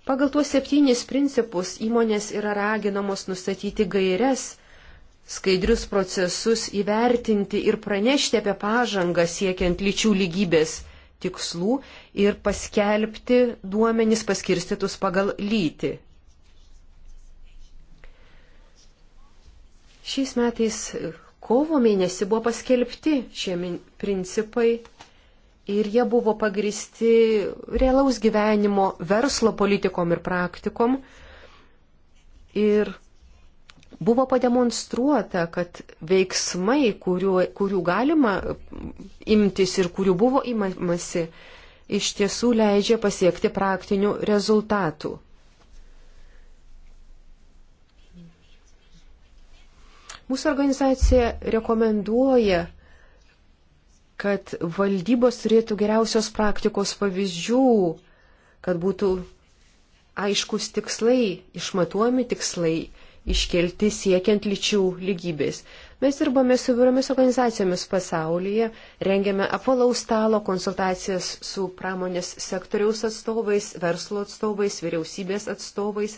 Pagal tuos septynis principus įmonės yra raginamos nustatyti gairias, skaidrius procesus įvertinti ir pranešti apie pažangą siekiant lyčių lygybės tikslų ir paskelbti duomenys paskirstytus pagal lytį. Šiais metais kovo mėnesį buvo paskelbti šie principai ir jie buvo pagristi realaus gyvenimo verslo politikom ir praktikom. Ir buvo pademonstruota, kad veiksmai, kurių, kurių galima imtis ir kurių buvo imamasi, iš tiesų leidžia pasiekti praktinių rezultatų. Mūsų organizacija rekomenduoja kad valdybos turėtų geriausios praktikos pavyzdžių, kad būtų aiškus tikslai, išmatuojami tikslai iškelti siekiant lyčių lygybės. Mes dirbame su įvairiomis organizacijomis pasaulyje, rengiame apvalaus stalo konsultacijas su pramonės sektoriaus atstovais, verslo atstovais, vyriausybės atstovais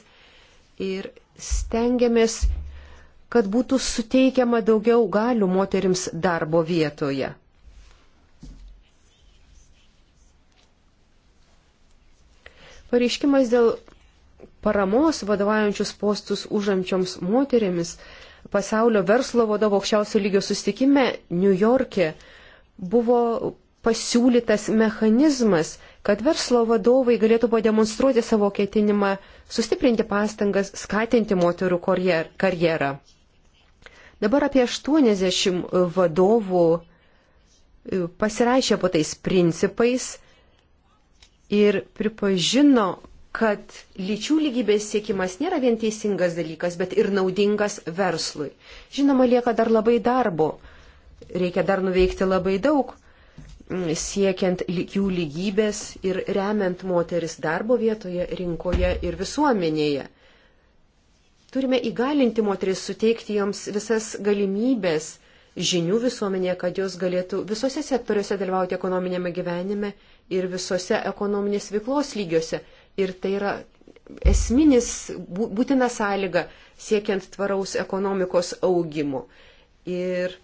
ir stengiamės, kad būtų suteikiama daugiau galių moterims darbo vietoje. Pareiškimas dėl paramos vadovaujančius postus užamčioms moterimis pasaulio verslo vadovo aukščiausio lygio sustikime New York'e buvo pasiūlytas mechanizmas, kad verslo vadovai galėtų pademonstruoti savo ketinimą sustiprinti pastangas skatinti moterų karjerą. Dabar apie 80 vadovų e, pasirašė po tais principais ir pripažino, kad lyčių lygybės siekimas nėra vien teisingas dalykas, bet ir naudingas verslui. Žinoma, lieka dar labai darbo, reikia dar nuveikti labai daug, mm, siekiant lygių lygybės ir remiant moteris darbo vietoje, rinkoje ir visuomenėje. Turime įgalinti moteris, suteikti joms visas galimybės žinių visuomenėje, kad jos galėtų visose sektoriuose dalyvauti ekonominėme gyvenime ir visose ekonominės veiklos lygiuose. Ir tai yra esminis būtina sąlyga siekiant tvaraus ekonomikos augimo. Ir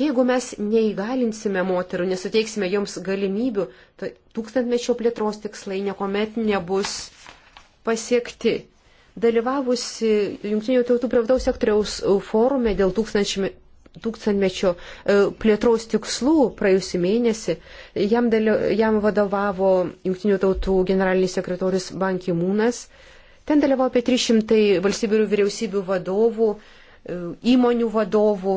jeigu mes neįgalinsime moterų, nesuteiksime joms galimybių, tai tūkstantmečio plėtros tikslai niekuomet nebus pasiekti dalyvavusi Junktinių tautų privataus sektoriaus forume dėl tūkstančio, tūkstantmečio e, plėtros tikslų praėjusį mėnesį. Jam, dalio, jam vadovavo Junktinių tautų generalinis sekretorius Bankimūnas. Ten dalyvavo apie 300 valstybių ir vyriausybių vadovų, e, įmonių vadovų,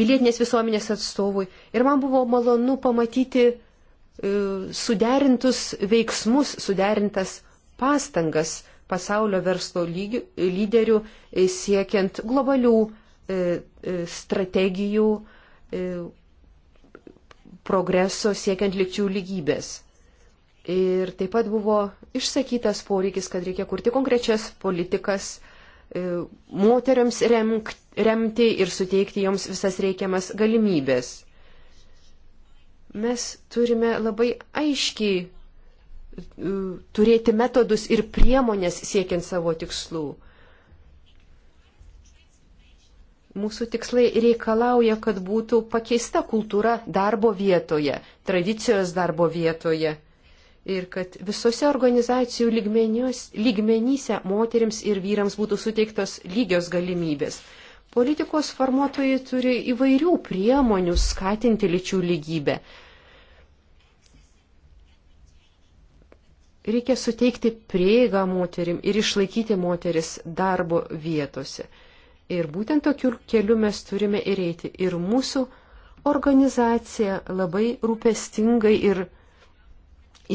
pilietinės visuomenės atstovui. Ir man buvo malonu pamatyti e, suderintus veiksmus, suderintas pastangas pasaulio verslo lygių, lyderių siekiant globalių E, e, strategijų e, progreso siekiant likčių lygybės. Ir taip pat buvo išsakytas poreikis, kad reikia kurti konkrečias politikas moteriams remk, remti ir suteikti joms visas reikiamas galimybės. Mes turime labai aiškiai turėti metodus ir priemonės siekiant savo tikslų. Mūsų tikslai reikalauja, kad būtų pakeista kultūra darbo vietoje, tradicijos darbo vietoje ir kad visose organizacijų lygmenyse moteriams ir vyrams būtų suteiktos lygios galimybės. Politikos formuotojai turi įvairių priemonių skatinti lyčių lygybę. Reikia suteikti prieigą moterim ir išlaikyti moteris darbo vietose. Ir būtent tokiu keliu mes turime ir eiti. Ir mūsų organizacija labai rūpestingai ir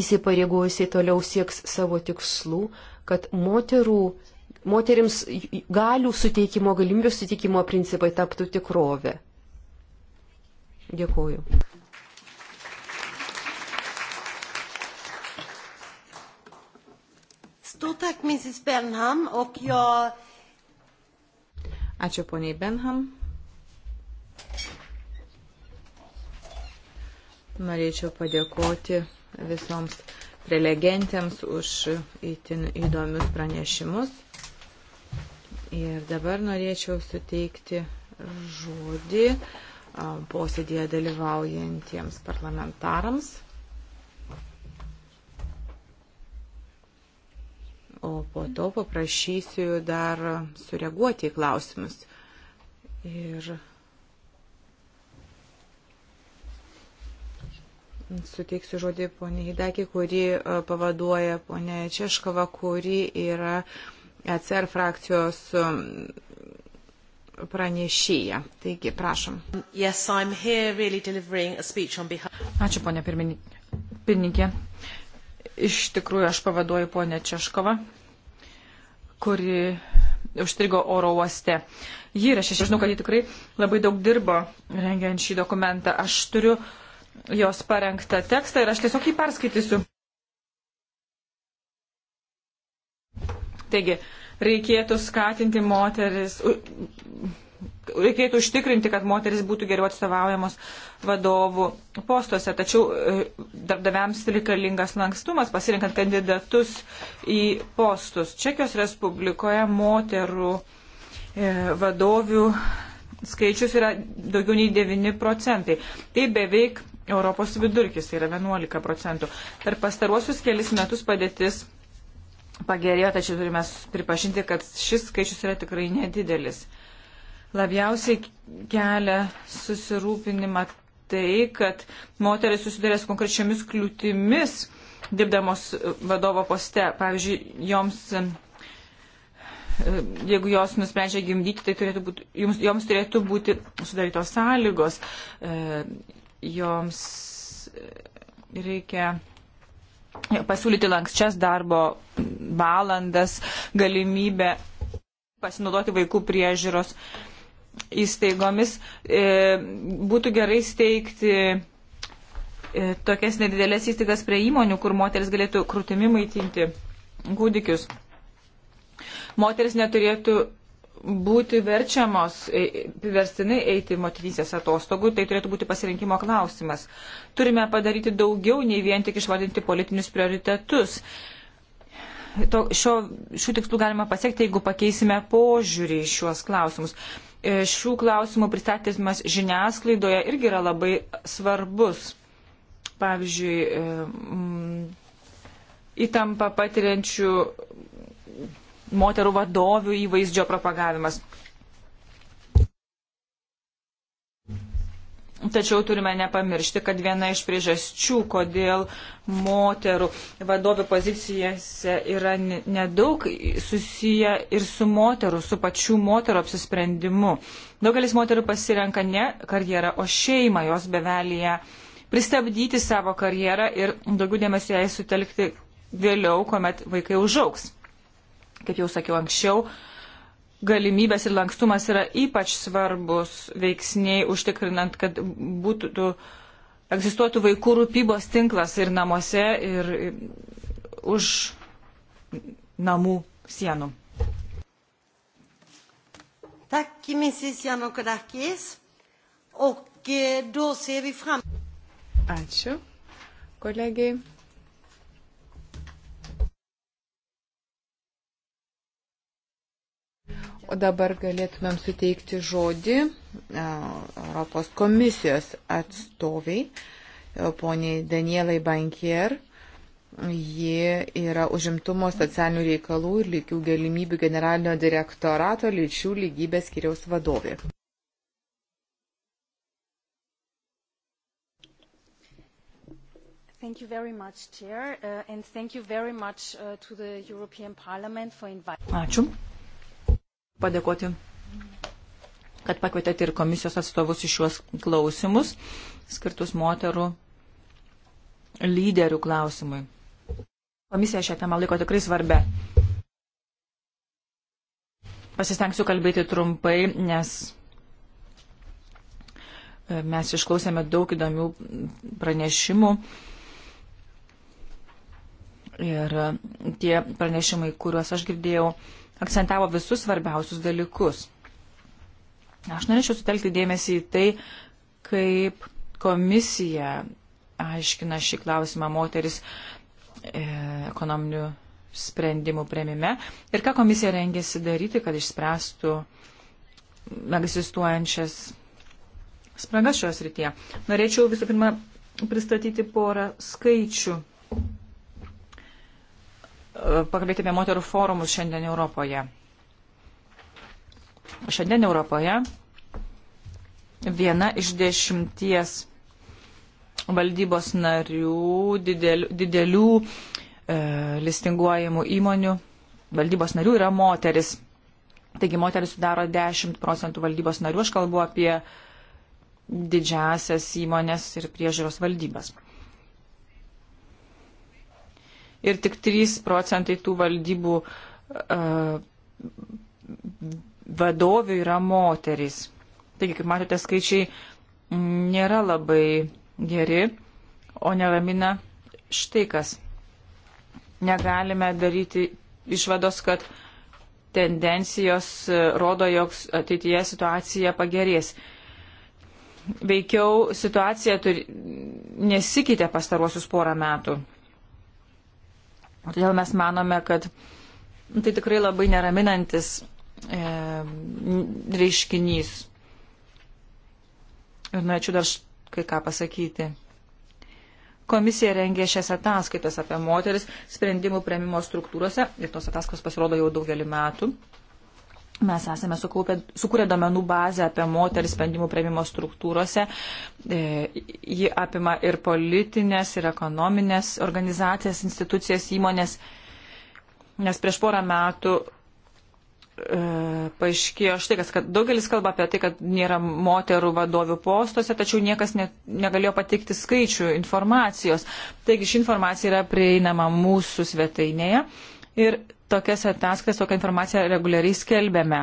įsipareigojusiai toliau sieks savo tikslų, kad moterų, moterims galių suteikimo, galimybių suteikimo principai taptų tikrovę. Dėkuoju. Stort tack, Mrs. Benham. Och jag Ačiū poniai Benham. Norėčiau padėkoti visoms prelegentėms už įtin įdomius pranešimus. Ir dabar norėčiau suteikti žodį posėdėje dalyvaujantiems parlamentarams. o po to paprašysiu dar sureaguoti į klausimus. Ir suteiksiu žodį ponė Hidaki, kuri e, pavaduoja ponė Češkova, kuri yra ECR frakcijos pranešėja. Taigi, prašom. Yes, really Ačiū, ponė pirmininkė. Iš tikrųjų, aš pavaduoju ponę Češkovą, kuri užstrigo oro uoste. Ji ir aš, aš žinau, kad ji tikrai labai daug dirbo rengiant šį dokumentą. Aš turiu jos parengtą tekstą ir aš tiesiog jį perskaitysiu. Taigi, reikėtų skatinti moteris, reikėtų užtikrinti, kad moteris būtų geriau atstovaujamos vadovų postuose. Tačiau e, darbdaviams reikalingas lankstumas pasirinkant kandidatus į postus. Čekijos Respublikoje moterų e, vadovių skaičius yra daugiau nei 9 procentai. Tai beveik Europos vidurkis, tai yra 11 procentų. Per pastaruosius kelis metus padėtis pagerėjo, tačiau turime pripažinti, kad šis skaičius yra tikrai nedidelis. Labiausiai kelia susirūpinimą tai, kad moteris susiduria su konkrečiomis kliūtimis dirbdamos vadovo poste. Pavyzdžiui, joms, jeigu jos nusprendžia gimdyti, tai turėtų būti, joms, joms turėtų būti sudarytos sąlygos, joms reikia pasiūlyti lankščias darbo valandas, galimybę pasinaudoti vaikų priežiūros. Uh, įstaigomis e, būtų gerai steigti e, tokias nedidelės įstaigas prie įmonių, kur moteris galėtų krūtimi maitinti kūdikius. Moteris neturėtų būti verčiamos e, priverstinai eiti motinysės atostogų, tai turėtų būti pasirinkimo klausimas. Turime padaryti daugiau nei vien tik išvardinti politinius prioritetus. To, šio, šių tikslų galima pasiekti, jeigu pakeisime požiūrį į šiuos klausimus. E, šių klausimų pristatymas žiniasklaidoje irgi yra labai svarbus. Pavyzdžiui, e, įtampa patiriančių moterų vadovių įvaizdžio propagavimas. Tačiau turime nepamiršti, kad viena iš priežasčių, kodėl moterų vadovių pozicijose yra nedaug susiję ir su moterų, su pačių moterų apsisprendimu. Daugelis moterų pasirenka ne karjerą, o šeimą jos bevelyje pristabdyti savo karjerą ir daugiau dėmesio jai sutelkti vėliau, kuomet vaikai užauks. Kaip jau sakiau anksčiau, uh, galimybės ir lankstumas yra ypač svarbus veiksniai užtikrinant, kad būtų, egzistuotų vaikų rūpybos tinklas ir namuose, ir už namų sienų. Tack Mrs Janokadakis. Och eh, då ser vi fram Ačiū, kolegiai. O dabar galėtumėm suteikti žodį Europos komisijos atstoviai, poniai Danielai Bankier. Ji yra užimtumo socialinių reikalų ir lygių galimybių generalinio direktorato lyčių lygybės skiriaus vadovė. Thank you very much, Chair, uh, and thank you very much uh, to the European Parliament for inviting. Ačiū padėkoti, kad pakvietėte ir komisijos atstovus į šiuos klausimus, skirtus moterų lyderių klausimui. Komisija šią temą laiko tikrai svarbę. Pasistengsiu kalbėti trumpai, nes e, mes išklausėme daug įdomių pranešimų. Ir e, tie pranešimai, kuriuos aš girdėjau, akcentavo visus svarbiausius dalykus. Aš norėčiau sutelkti dėmesį į tai, kaip komisija aiškina šį klausimą moteris e, ekonominių sprendimų prieimime ir ką komisija rengėsi daryti, kad išspręstų egzistuojančias spragas šios rytyje. Norėčiau visų pirma pristatyti porą skaičių pakalbėti apie moterų forumus šiandien Europoje. Šiandien Europoje viena iš dešimties valdybos narių, didelių, didelių e, listinguojamų įmonių, valdybos narių yra moteris. Taigi moteris sudaro 10 procentų valdybos narių, aš kalbu apie didžiasias įmonės ir priežiūros valdybas ir tik 3 procentai tų valdybų uh, vadovių yra moterys. Taigi, kaip matote, skaičiai nėra labai geri, o neramina štai kas. Negalime daryti išvados, kad tendencijos e, rodo, jog ateityje situacija pagerės. Veikiau situacija turi, nesikeitė pastaruosius porą metų. Todėl mes manome, kad tai tikrai labai neraminantis e, reiškinys. Ir norėčiau dar kai ką pasakyti. Komisija rengė šias ataskaitas apie moteris sprendimų prieimimo struktūrose ir tos ataskaitos pasirodo jau daugelį metų. Mes esame sukaupę, sukūrę domenų bazę apie moterį sprendimų prieimimo struktūrose. E, ji apima ir politinės, ir ekonominės organizacijas, institucijas, įmonės. Nes prieš porą metų e, paaiškėjo štai kas, kad daugelis kalba apie tai, kad nėra moterų vadovių postuose, tačiau niekas ne, negalėjo patikti skaičių informacijos. Taigi ši informacija yra prieinama mūsų svetainėje. Ir tokias ataskaitas, tokią informaciją reguliariai skelbėme.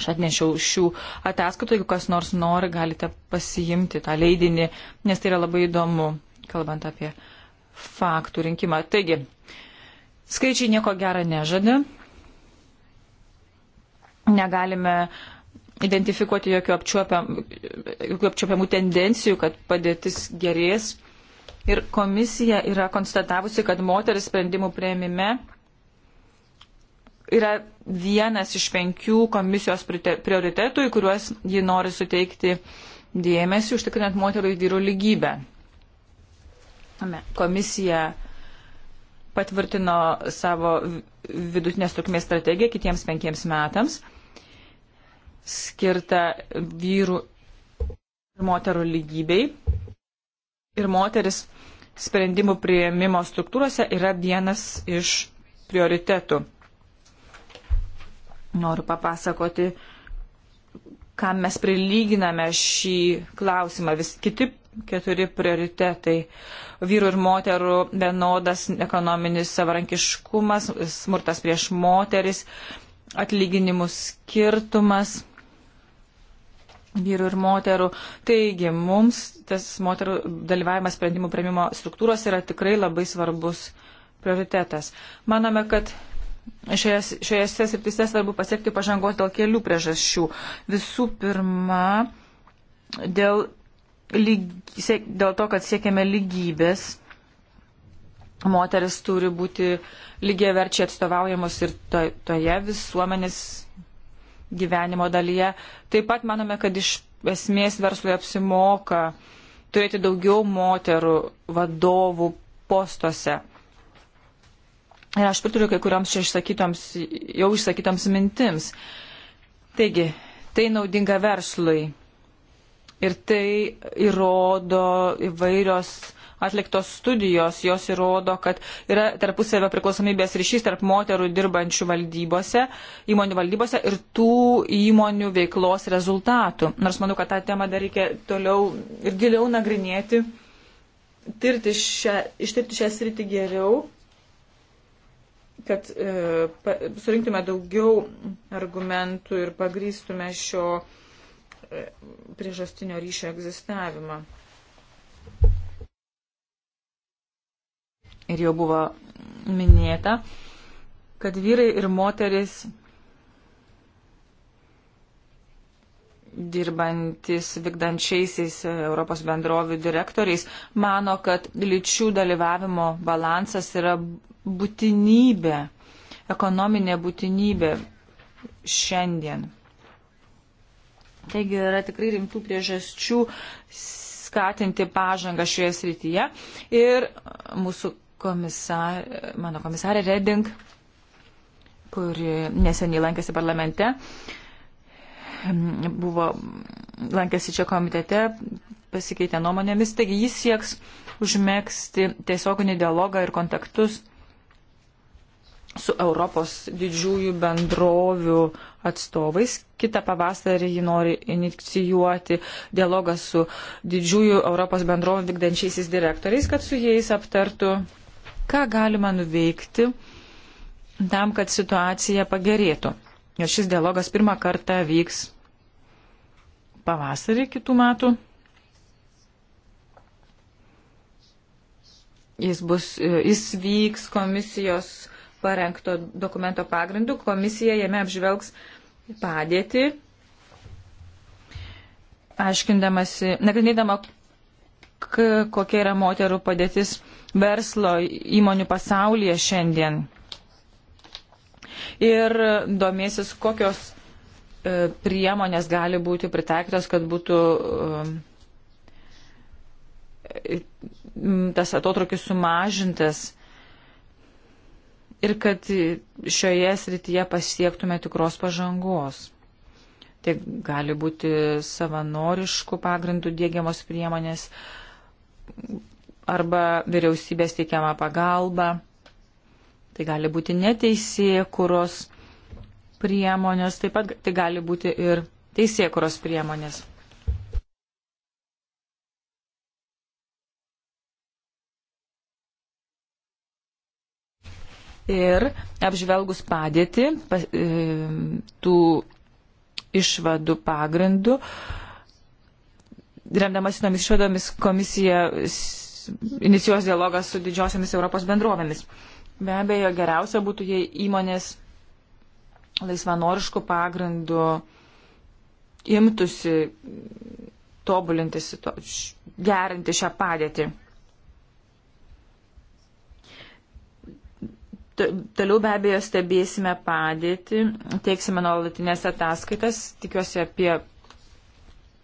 Aš atnešiau šių ataskaitų, jeigu kas nors nori, galite pasiimti tą leidinį, nes tai yra labai įdomu, kalbant apie faktų rinkimą. Taigi, skaičiai nieko gero nežada. Negalime identifikuoti jokių, apčiuopiam, jokių apčiuopiamų tendencijų, kad padėtis gerės. Ir komisija yra konstatavusi, kad moteris sprendimų prieimime yra vienas iš penkių komisijos prioritetų, į kuriuos ji nori suteikti dėmesį, užtikrinant moterų ir vyrų lygybę. Komisija patvirtino savo vidutinės trukmės strategiją kitiems penkiems metams, skirtą vyrų ir moterų lygybei. Ir moteris sprendimų prieimimo struktūrose yra vienas iš prioritetų. Noriu papasakoti, kam mes prilyginame šį klausimą. Vis kiti keturi prioritetai - vyrų ir moterų vienodas ekonominis savarankiškumas, smurtas prieš moteris, atlyginimų skirtumas vyrų ir moterų. Taigi, mums tas moterų dalyvavimas sprendimų prieimimo struktūros yra tikrai labai svarbus prioritetas. Manome, kad Šioje, šioje srityse svarbu pasiekti pažangos dėl kelių priežasčių. Visų pirma, dėl, lyg, dėl to, kad siekiame lygybės moteris turi būti lygiai verčiai atstovaujamos ir to, toje visuomenės gyvenimo dalyje. Taip pat manome, kad iš esmės verslui apsimoka turėti daugiau moterų vadovų postuose. Ir aš pritariu kai kurioms čia išsakytoms, jau išsakytoms mintims. Taigi, tai naudinga verslui. Ir tai įrodo įvairios atliktos studijos, jos įrodo, kad yra tarpusavio priklausomybės ryšys tarp moterų dirbančių valdybose, įmonių valdybose ir tų įmonių veiklos rezultatų. Nors manau, kad tą temą dar reikia toliau ir giliau nagrinėti, tirti šią, ištirti šią sritį geriau kad e, pa, surinktume daugiau argumentų ir pagrystume šio e, priežastinio ryšio egzistavimą. Ir jau buvo minėta, kad vyrai ir moteris dirbantis vykdančiaisiais Europos bendrovių direktoriais mano, kad lyčių dalyvavimo balansas yra būtinybė, ekonominė būtinybė šiandien. Taigi yra tikrai rimtų priežasčių skatinti pažangą šioje srityje ir mūsų komisar, mano komisarė Reding, kuri neseniai lankėsi parlamente, buvo lankėsi čia komitete, pasikeitė nuomonėmis, taigi jis sieks užmėgsti tiesioginį dialogą ir kontaktus su Europos didžiųjų bendrovių atstovais. Kita pavasarį ji nori inicijuoti dialogą su didžiųjų Europos bendrovių vykdančiaisiais direktoriais, kad su jais aptartų, ką galima nuveikti tam, kad situacija pagerėtų. Ir šis dialogas pirmą kartą vyks pavasarį kitų metų. Jis, bus, e, jis vyks komisijos parengto dokumento pagrindu. Komisija jame apžvelgs padėtį, aiškindamasi, nagrinėdama, kokia yra moterų padėtis verslo įmonių pasaulyje šiandien. Ir domėsis, kokios e, priemonės gali būti pritaikytos, kad būtų e, tas atotrukis sumažintas ir kad šioje srityje pasiektume tikros pažangos. Tai gali būti savanoriškų pagrindų dėgiamos priemonės arba vyriausybės teikiama pagalba. Tai gali būti neteisėkuros priemonės, taip pat tai gali būti ir teisėkuros priemonės. ir apžvelgus padėtį pas, e, tų išvadų pagrindų, remdamas tomis išvadomis, komisija inicijuos dialogą su didžiosiamis Europos bendrovėmis. Be abejo, geriausia būtų, jei įmonės laisvanoriškų pagrindų imtųsi tobulinti, gerinti šią padėtį. Toliau be abejo stebėsime padėtį, teiksime nuolatinės ataskaitas, tikiuosi apie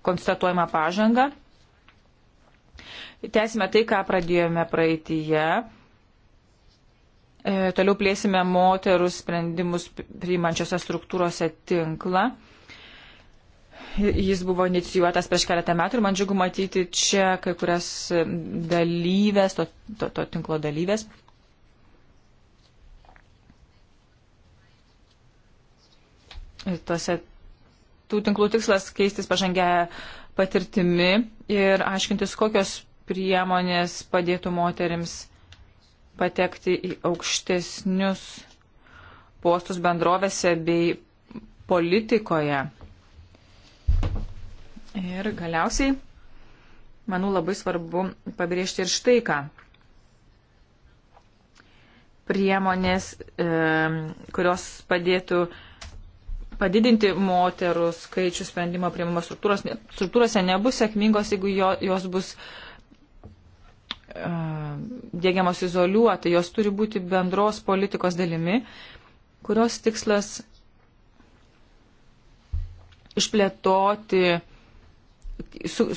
konstatuojamą pažangą. Tęsime tai, ką pradėjome praeitįje. E, toliau plėsime moterų sprendimus priimančiose struktūrose tinklą. Jis buvo inicijuotas prieš keletą metų ir man džiugu matyti čia kai kurias dalyvės, to, to, to tinklo dalyvės, Tuose tų tinklų tikslas keistis pažangę patirtimi ir aiškintis, kokios priemonės padėtų moterims patekti į aukštesnius postus bendrovėse bei politikoje. Ir galiausiai, manau, labai svarbu pabrėžti ir štai ką. Priemonės, e, kurios padėtų e, padidinti moterų skaičių sprendimo prieimimo struktūros, struktūrose nebus sėkmingos, jeigu jo, jos bus uh, dėgiamos izoliuotai, jos turi būti bendros politikos dalimi, kurios tikslas išplėtoti, su,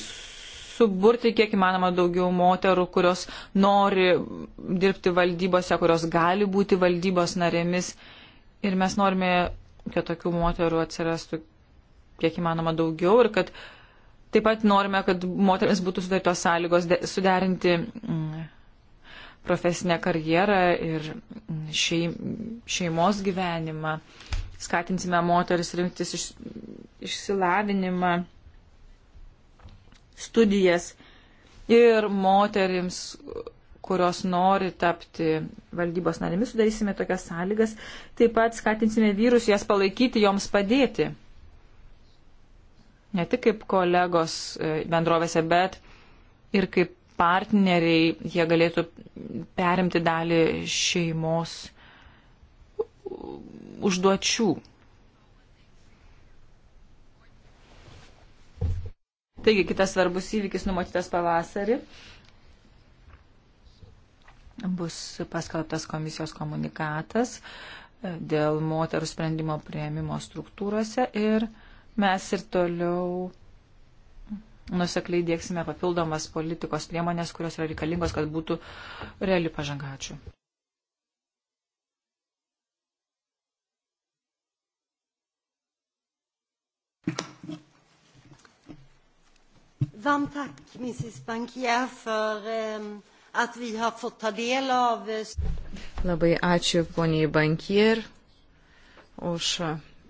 suburti kiek įmanoma daugiau moterų, kurios nori dirbti valdybose, kurios gali būti valdybos narėmis. Ir mes norime kad tokių moterų atsirastų kiek įmanoma daugiau ir kad taip pat norime, kad moteriams būtų sudarytos sąlygos de, suderinti mm, profesinę karjerą ir mm, šeim, šeimos gyvenimą. Skatinsime moteris rinktis iš, išsilavinimą, studijas ir moterims kurios nori tapti valdybos narėmis, sudarysime tokias sąlygas, taip pat skatinsime vyrus jas palaikyti, joms padėti. Ne tik kaip kolegos e, bendrovėse, bet ir kaip partneriai jie galėtų perimti dalį šeimos užduočių. Taigi kitas svarbus įvykis numatytas pavasarį bus paskelbtas komisijos komunikatas e, dėl moterų sprendimo prieimimo struktūrose ir mes ir toliau nusekliai dėksime papildomas politikos priemonės, kurios yra reikalingos, kad būtų reali pažangačių. Varmt tack, Mrs. Bankia, för um, Eh, labai ačiū poniai Bankier už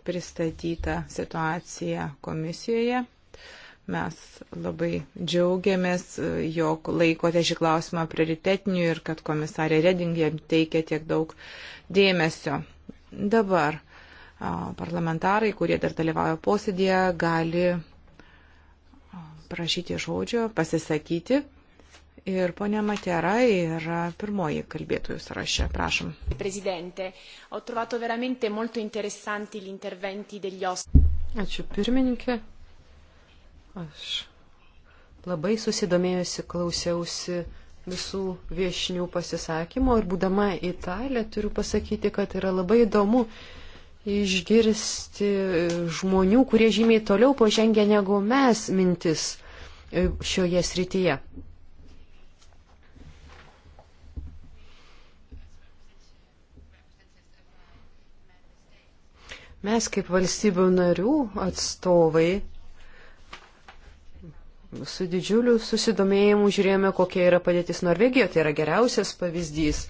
pristatytą situaciją komisijoje. Mes labai džiaugiamės, eh, jog laikote šį klausimą prioritetiniu ir kad komisarė Reding jam teikia tiek daug dėmesio. Dabar parlamentarai, kurie dar dalyvauja posėdėje, gali prašyti žodžio, pasisakyti. Ir ponia Matera yra pirmoji kalbėtojų sąraše. Prašom. Prezidente, ho trovato veramente molto interessanti gli interventi degli ospiti. Ačiū pirmininkė. Aš labai susidomėjusi klausiausi visų viešnių pasisakymų ir būdama Italė turiu pasakyti, kad yra labai įdomu išgirsti žmonių, kurie žymiai toliau pažengė negu mes mintis šioje srityje. Mes kaip valstybių narių atstovai su didžiuliu susidomėjimu žiūrėjome, kokia yra padėtis Norvegijoje. Tai yra geriausias pavyzdys.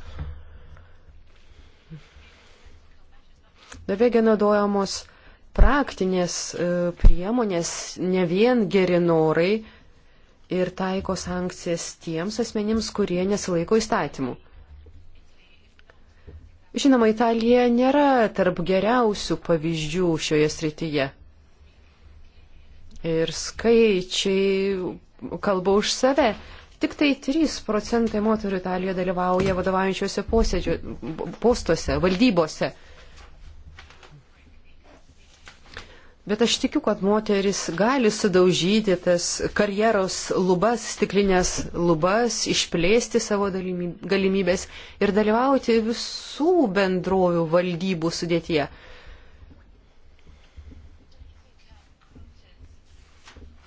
Norvegija naudojamos praktinės e, priemonės, ne vien geri norai ir taiko sankcijas tiems asmenims, kurie nesilaiko įstatymų. Žinoma, Italija nėra tarp geriausių pavyzdžių šioje srityje. Ir skaičiai kalba už save. Tik tai 3 procentai moterų Italijoje dalyvauja vadovaujančiuose posėdžių, postuose, valdybose. Bet aš tikiu, kad moteris gali sudaužyti tas karjeros lubas, stiklinės lubas, išplėsti savo galimybės ir dalyvauti visų bendrovių valdybų sudėtyje.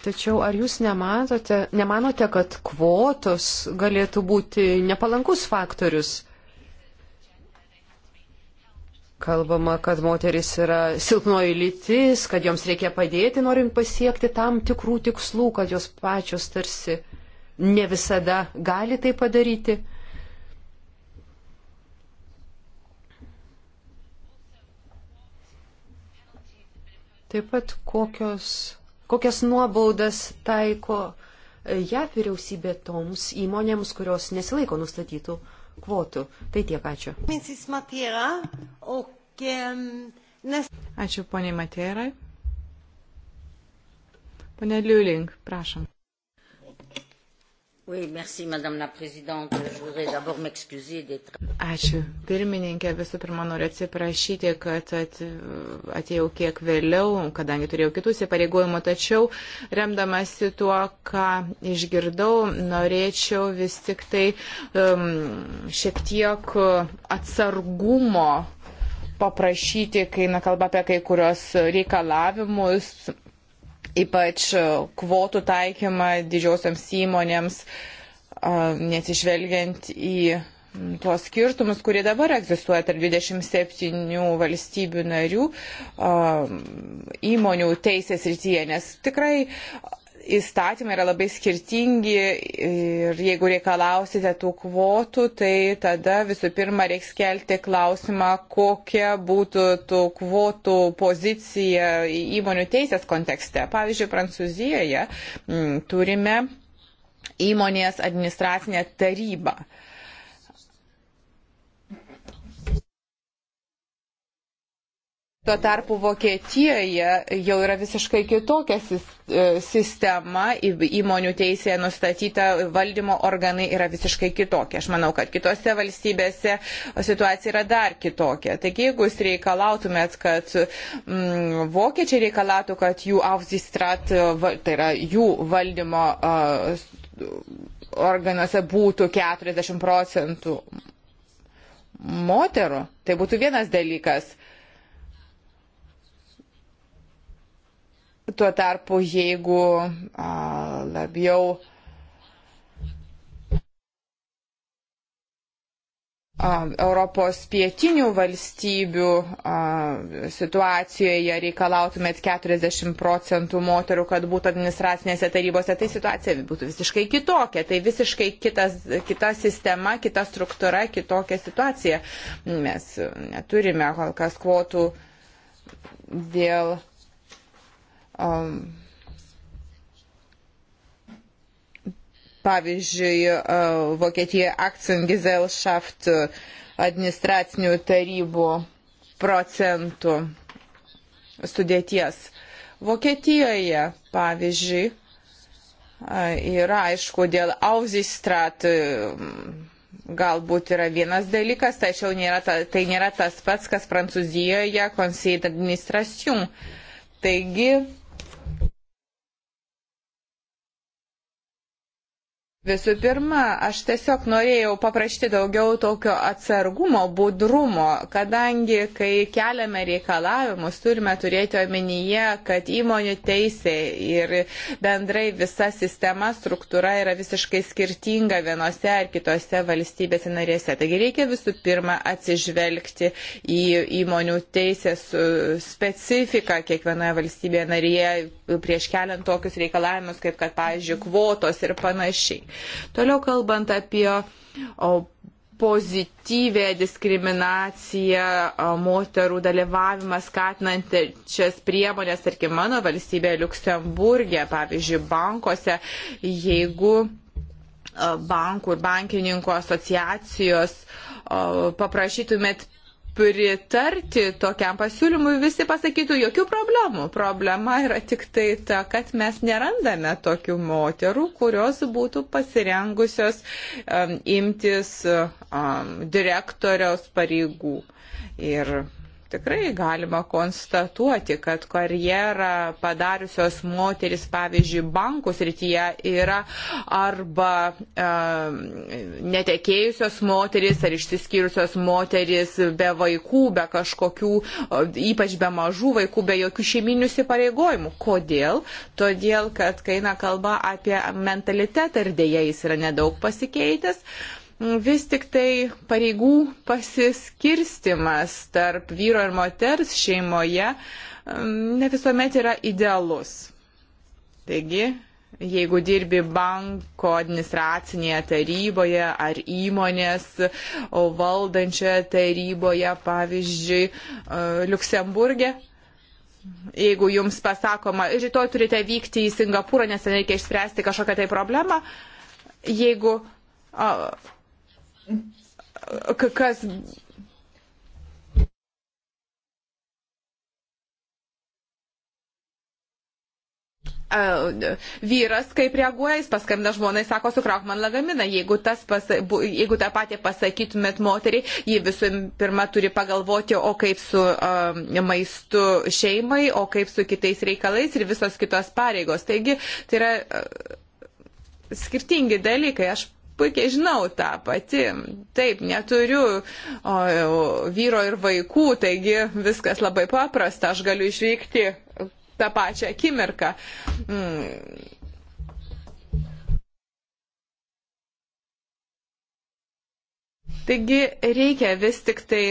Tačiau ar jūs nematote, nemanote, kad kvotos galėtų būti nepalankus faktorius? Kalbama, kad moteris yra silpnoji lytis, kad joms reikia padėti, norint pasiekti tam tikrų tikslų, kad jos pačios tarsi ne visada gali tai padaryti. Taip pat kokios, kokias nuobaudas taiko JAV vyriausybė toms įmonėms, kurios nesilaiko nustatytų kvotų. Tai tiek, ačiū. Ačiū poniai Matėrai. Pone Liulink, prašom. Oui, merci, Madame la Présidente. Je voudrais d'abord m'excuser d'être. Ačiū. Pirmininkė, visų pirma, noriu atsiprašyti, kad atėjau kiek vėliau, kadangi turėjau kitus įpareigojimų, tačiau remdamasi tuo, ką išgirdau, norėčiau vis tik tai um, šiek tiek atsargumo paprašyti, kai na, kalba apie kai kurios reikalavimus ypač e, kvotų taikymą didžiosiams įmonėms, e, nesižvelgiant į tuos skirtumus, kurie dabar egzistuoja tarp 27 valstybių narių e, įmonių teisės rytyje, nes tikrai įstatymai yra labai skirtingi ir jeigu reikalausite tų kvotų, tai tada visų pirma reiks kelti klausimą, kokia būtų tų kvotų pozicija įmonių teisės kontekste. Pavyzdžiui, Prancūzijoje m, mm, turime įmonės administracinę tarybą. Uh, Tuo tarpu Vokietijoje jau yra visiškai kitokia e, sistema, įmonių teisėje nustatyta valdymo organai yra visiškai kitokia. Aš manau, kad kitose valstybėse situacija yra dar kitokia. Taigi, jeigu jūs reikalautumėt, kad mm, vokiečiai reikalautų, kad jų Aufsistrat, e, tai yra jų valdymo uh, organuose būtų 40 procentų moterų, tai būtų vienas dalykas. Tuo tarpu, jeigu a, labiau Europos pietinių valstybių situacijoje reikalautumėt 40 procentų moterų, kad būtų administracinėse tarybose, tai situacija būtų visiškai kitokia. Tai visiškai kitas, kita sistema, kita struktūra, kitokia situacija. Mes neturime kol kas kvotų dėl Um, pavyzdžiui, Vokietijoje Akcengesellschaft administracinių tarybų procentų sudėties. Vokietijoje, pavyzdžiui, yra aišku dėl Ausistraat galbūt yra vienas dalykas, tačiau nėra ta, tai nėra tas pats, kas Prancūzijoje Conseil d'administration. Taigi, Visų pirma, aš tiesiog norėjau paprašyti daugiau tokio atsargumo, budrumo, kadangi, kai keliame reikalavimus, turime turėti omenyje, kad įmonių teisė ir bendrai visa sistema, struktūra yra visiškai skirtinga vienose ar kitose valstybėse narėse. Taigi reikia visų pirma atsižvelgti į įmonių teisės specifiką kiekvienoje valstybėje narėje, prieš keliant tokius reikalavimus, kaip kad, pavyzdžiui, kvotos ir panašiai. Toliau kalbant apie o, pozityvę diskriminaciją, moterų dalyvavimą skatinant šias priemonės, tarkim, mano valstybėje Luksemburgė, pavyzdžiui, bankuose, jeigu bankų ir bankininkų asociacijos paprašytumėt pritarti tokiam pasiūlymui, visi pasakytų jokių problemų. Problema yra tik tai ta, kad mes nerandame tokių moterų, kurios būtų pasirengusios um, imtis um, direktoriaus pareigų. Ir tikrai galima konstatuoti, kad karjerą padariusios moteris, pavyzdžiui, bankų srityje yra arba e, netekėjusios moteris ar išsiskyrusios moteris be vaikų, be kažkokių, ypač be mažų vaikų, be jokių šeiminių įsipareigojimų. Kodėl? Todėl, kad kai eina kalba apie mentalitetą ir dėja jis yra nedaug pasikeitęs. E, vis tik tai pareigų pasiskirstimas tarp vyro ir moters šeimoje ne visuomet yra idealus. Taigi, jeigu dirbi banko administracinėje taryboje ar įmonės valdančioje taryboje, pavyzdžiui, e, Luksemburgė, jeigu jums pasakoma, rytoj turite vykti į Singapūrą, nes ten reikia išspręsti kažkokią tai problemą, jeigu kas vyras, kaip reaguoja, jis paskambina žmonai, sako, sukrauk man lagaminą. Jeigu, pas, jeigu tą patį pasakytumėt moteriai, ji visų pirma turi pagalvoti, o kaip su um, maistu šeimai, o kaip su kitais reikalais ir visos kitos pareigos. Taigi, tai yra uh, skirtingi dalykai. Aš puikiai žinau tą pati. Taip, neturiu o, vyro ir vaikų, taigi viskas labai paprasta, aš galiu išvykti tą pačią akimirką. Mm. Taigi reikia vis tik tai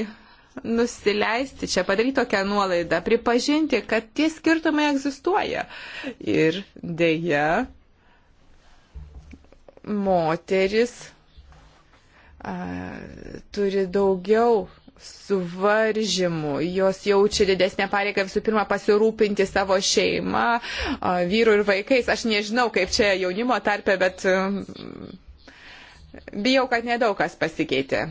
nusileisti čia, padaryti tokią nuolaidą, pripažinti, kad tie skirtumai egzistuoja. Ir dėja, moteris a, turi daugiau suvaržymų, jos jaučia didesnę pareigą visų pirma pasirūpinti savo šeimą, vyru ir vaikais. Aš nežinau, kaip čia jaunimo tarpe, bet mm, bijau, kad nedaug kas pasikeitė.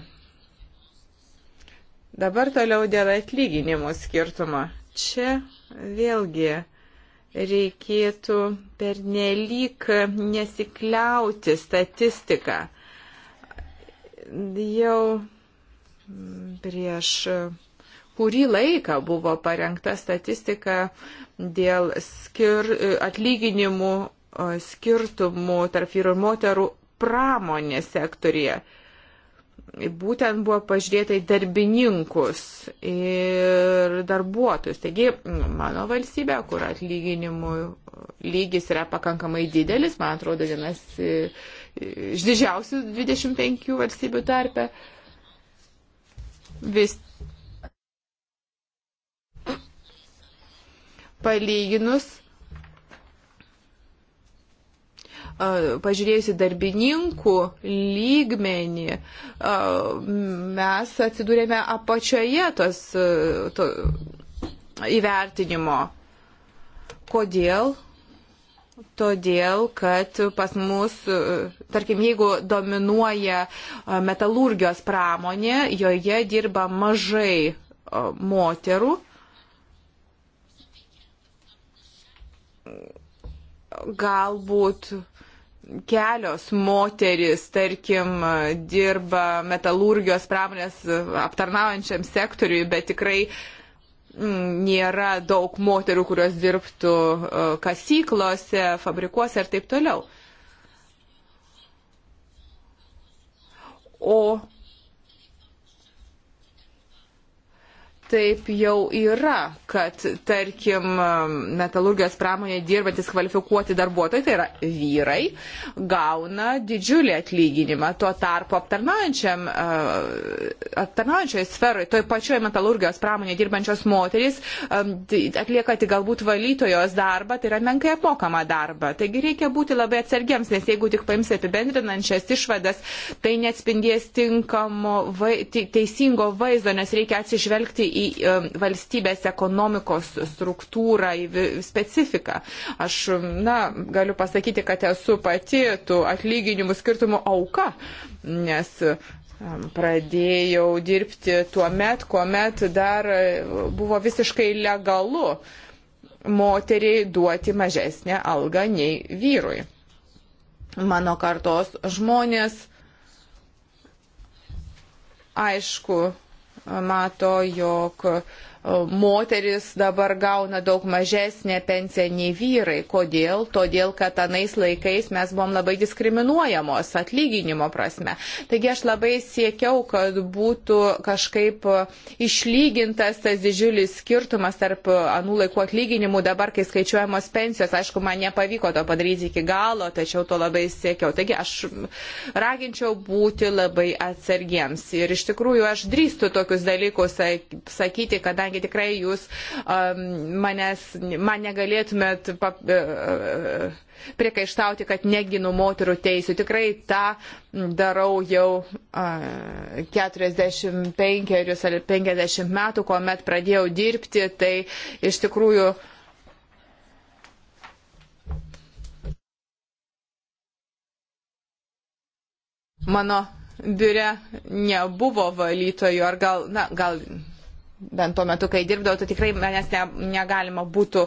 Dabar toliau dėl atlyginimų skirtumo. Čia vėlgi reikėtų pernelyk nesikliauti statistiką. Jau prieš kurį laiką buvo parengta statistika dėl skir, atlyginimų skirtumų tarp vyrų ir moterų pramonės sektorija būtent buvo pažiūrėta į darbininkus ir darbuotojus. Taigi mano valstybė, kur atlyginimų lygis yra pakankamai didelis, man atrodo, vienas iš didžiausių 25 valstybių tarpe, vis palyginus pažiūrėjusi darbininkų lygmenį, mes atsidūrėme apačioje tos to, įvertinimo. Kodėl? Todėl, kad pas mus, tarkim, jeigu dominuoja metalurgijos pramonė, joje dirba mažai moterų, galbūt kelios moteris, tarkim, dirba metalurgijos pramonės aptarnaujančiam sektoriui, bet tikrai mm, nėra daug moterų, kurios dirbtų e, kasyklose, fabrikuose ir taip toliau. O taip jau yra, kad tarkim metalurgijos pramonėje dirbantis kvalifikuoti darbuotojai, tai yra vyrai, gauna didžiulį atlyginimą. Tuo tarpu e, aptarnaujančioje sferoje, toj pačioje metalurgijos pramonėje dirbančios moteris e, tai atlieka tik galbūt valytojos darbą, tai yra menkai apmokama darbą. Taigi reikia būti labai atsargiams, nes jeigu tik paims apibendrinančias išvadas, tai neatspindės tinkamo, teisingo vaizdo, nes reikia atsižvelgti į valstybės ekonomikos struktūrą, į specifiką. Aš, na, galiu pasakyti, kad esu pati tų atlyginimų skirtumų auka, nes pradėjau dirbti tuo met, kuomet dar e, buvo visiškai legalu moteriai duoti mažesnę algą nei vyrui. Mano kartos žmonės, aišku, mato, jog moteris dabar gauna daug mažesnę pensiją nei vyrai. Kodėl? Todėl, kad anais laikais mes buvom labai diskriminuojamos atlyginimo prasme. Taigi aš labai siekiau, kad būtų kažkaip išlygintas tas didžiulis skirtumas tarp anų laikų atlyginimų dabar, kai skaičiuojamos pensijos. Aišku, man nepavyko to padaryti iki galo, tačiau to labai siekiau. Taigi aš raginčiau būti labai atsargiems. Ir iš tikrųjų aš drįstu tokius dalykus sakyti, kadangi sakė, tikrai jūs um, manęs, man negalėtumėt pap, uh, priekaištauti, kad neginu moterų teisų. Tikrai tą darau jau uh, 45 ar 50 metų, kuomet pradėjau dirbti. Tai iš tikrųjų. Mano biure nebuvo valytojų, ar gal, na, gal bent tuo metu, kai dirbdavau, tai tikrai manęs ne, negalima būtų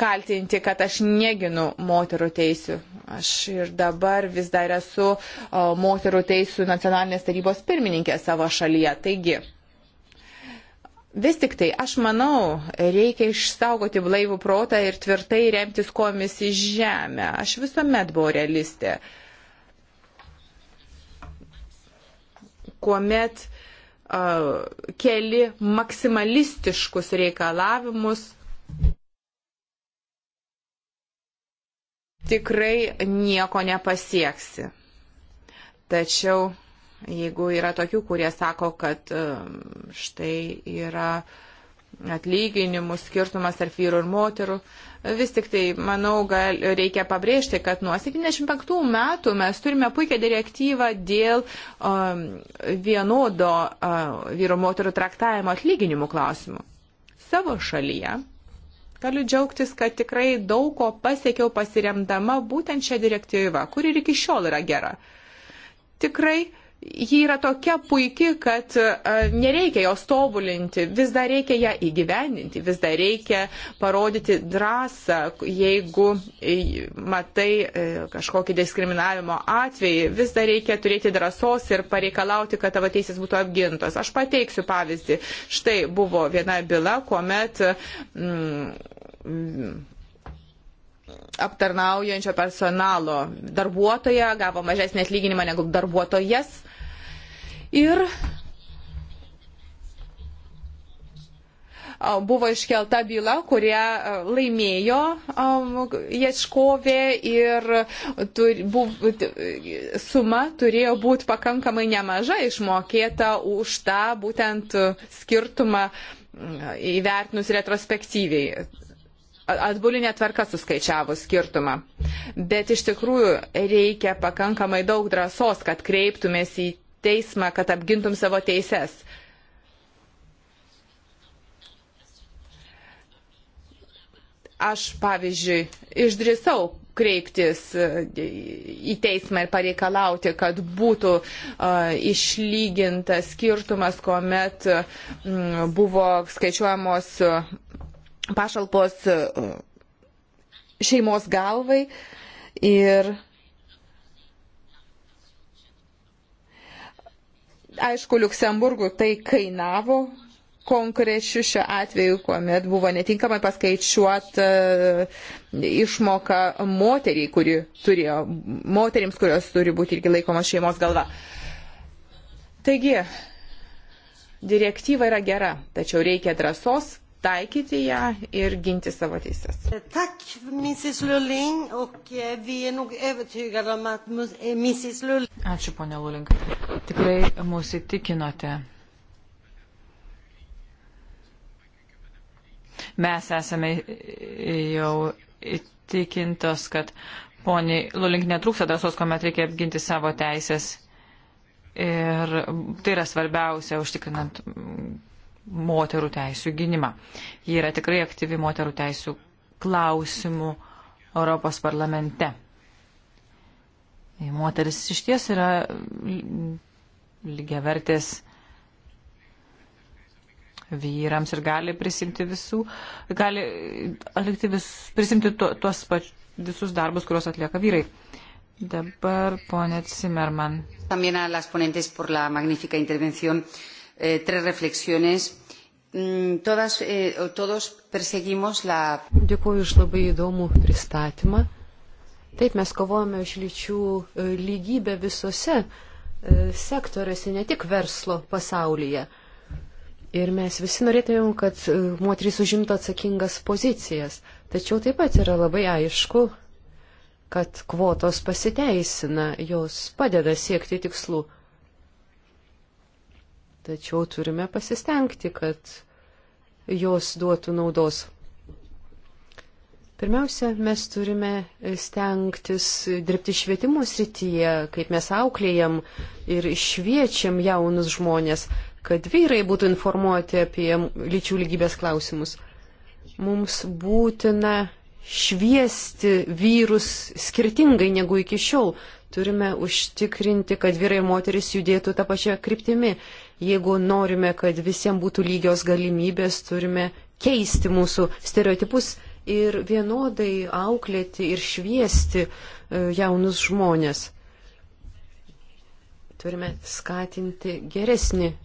kaltinti, kad aš neginu moterų teisų. Aš ir dabar vis dar esu o, moterų teisų nacionalinės tarybos pirmininkė savo šalyje. Taigi, vis tik tai, aš manau, reikia išsaugoti blaivų protą ir tvirtai remtis komis į žemę. Aš visuomet buvau realistė. Kuomet keli maksimalistiškus reikalavimus. Tikrai nieko nepasieksi. Tačiau jeigu yra tokių, kurie sako, kad štai yra atlyginimų skirtumas tarp vyrų ir moterų, Vis tik tai, manau, gal, reikia pabrėžti, kad nuo 75 metų mes turime puikią direktyvą dėl um, vienodo uh, vyro moterų traktavimo atlyginimų klausimų. Savo šalyje galiu džiaugtis, kad tikrai daug ko pasiekiau pasiremdama būtent šią direktyvą, kuri ir iki šiol yra gera. Tikrai ji yra tokia puikia, kad e, nereikia jos tobulinti, vis dar reikia ją įgyvendinti, vis dar reikia parodyti drąsą, jeigu e, matai e, kažkokį diskriminavimo atvejį, vis dar reikia turėti drąsos ir pareikalauti, kad tavo teisės būtų apgintos. Aš pateiksiu pavyzdį. Štai buvo viena byla, kuomet. Mm, aptarnaujančio personalo darbuotoja gavo mažesnį atlyginimą negu darbuotojas Ir buvo iškelta byla, kurią laimėjo ieškovė ir turi, buv, suma turėjo būti pakankamai nemaža išmokėta už tą būtent skirtumą įvertinus retrospektyviai. Atbulinė tvarka suskaičiavo skirtumą. Bet iš tikrųjų reikia pakankamai daug drąsos, kad kreiptumės į teismą, kad apgintum savo teises. Aš, pavyzdžiui, išdrisau kreiptis e, į teismą ir pareikalauti, kad būtų e, išlygintas skirtumas, kuomet buvo skaičiuojamos e, pašalpos šeimos galvai ir Aišku, Luksemburgų tai kainavo konkrečiu šiuo atveju, kuomet buvo netinkamai paskaičiuota e, išmoka moteriai, kuri turėjo, moterims, kurios turi būti irgi laikoma šeimos galva. Taigi, direktyva yra gera, tačiau reikia drąsos taikyti ją ir ginti savo teises. Eh, eh, Ačiū, ponė Lulink. Tikrai mūsų įtikinote. Mes esame e, jau įtikintos, kad poniai Lulink netrūksta drąsos, kuomet reikia apginti savo teisės. Ir tai yra svarbiausia, užtikrinant moterų teisų gynimą. Ji yra tikrai aktyvi moterų teisų klausimų Europos parlamente. Moteris iš ties yra lygiavertės vyrams ir gali prisimti visų, gali atlikti vis, prisimti to, tuos pač, visus darbus, kuriuos atlieka vyrai. Dabar ponė Cimerman. También a las ponentes por la magnífica intervención. Uh, eh, tres reflexiones. Mm, todas, eh, todos perseguimos la. Dėkuoju už labai įdomų pristatymą. Taip, mes kovojame už lyčių e, lygybę visose e, sektoriuose, ne tik verslo pasaulyje. Ir mes visi norėtumėm, kad e, moterys užimtų atsakingas pozicijas. Tačiau taip pat yra labai aišku, kad kvotos pasiteisina, jos padeda siekti tikslų. Tačiau turime pasistengti, kad jos duotų naudos. Pirmiausia, mes turime stengtis dirbti švietimo srityje, kaip mes auklėjam ir šviečiam jaunus žmonės, kad vyrai būtų informuoti apie lyčių lygybės klausimus. Mums būtina šviesti vyrus skirtingai negu iki šiol. Turime užtikrinti, kad vyrai ir moteris judėtų tą pačią kryptimį. Jeigu norime, kad visiems būtų lygios galimybės, turime keisti mūsų stereotipus ir vienodai auklėti ir šviesti e, jaunus žmonės. Turime skatinti geresnį e,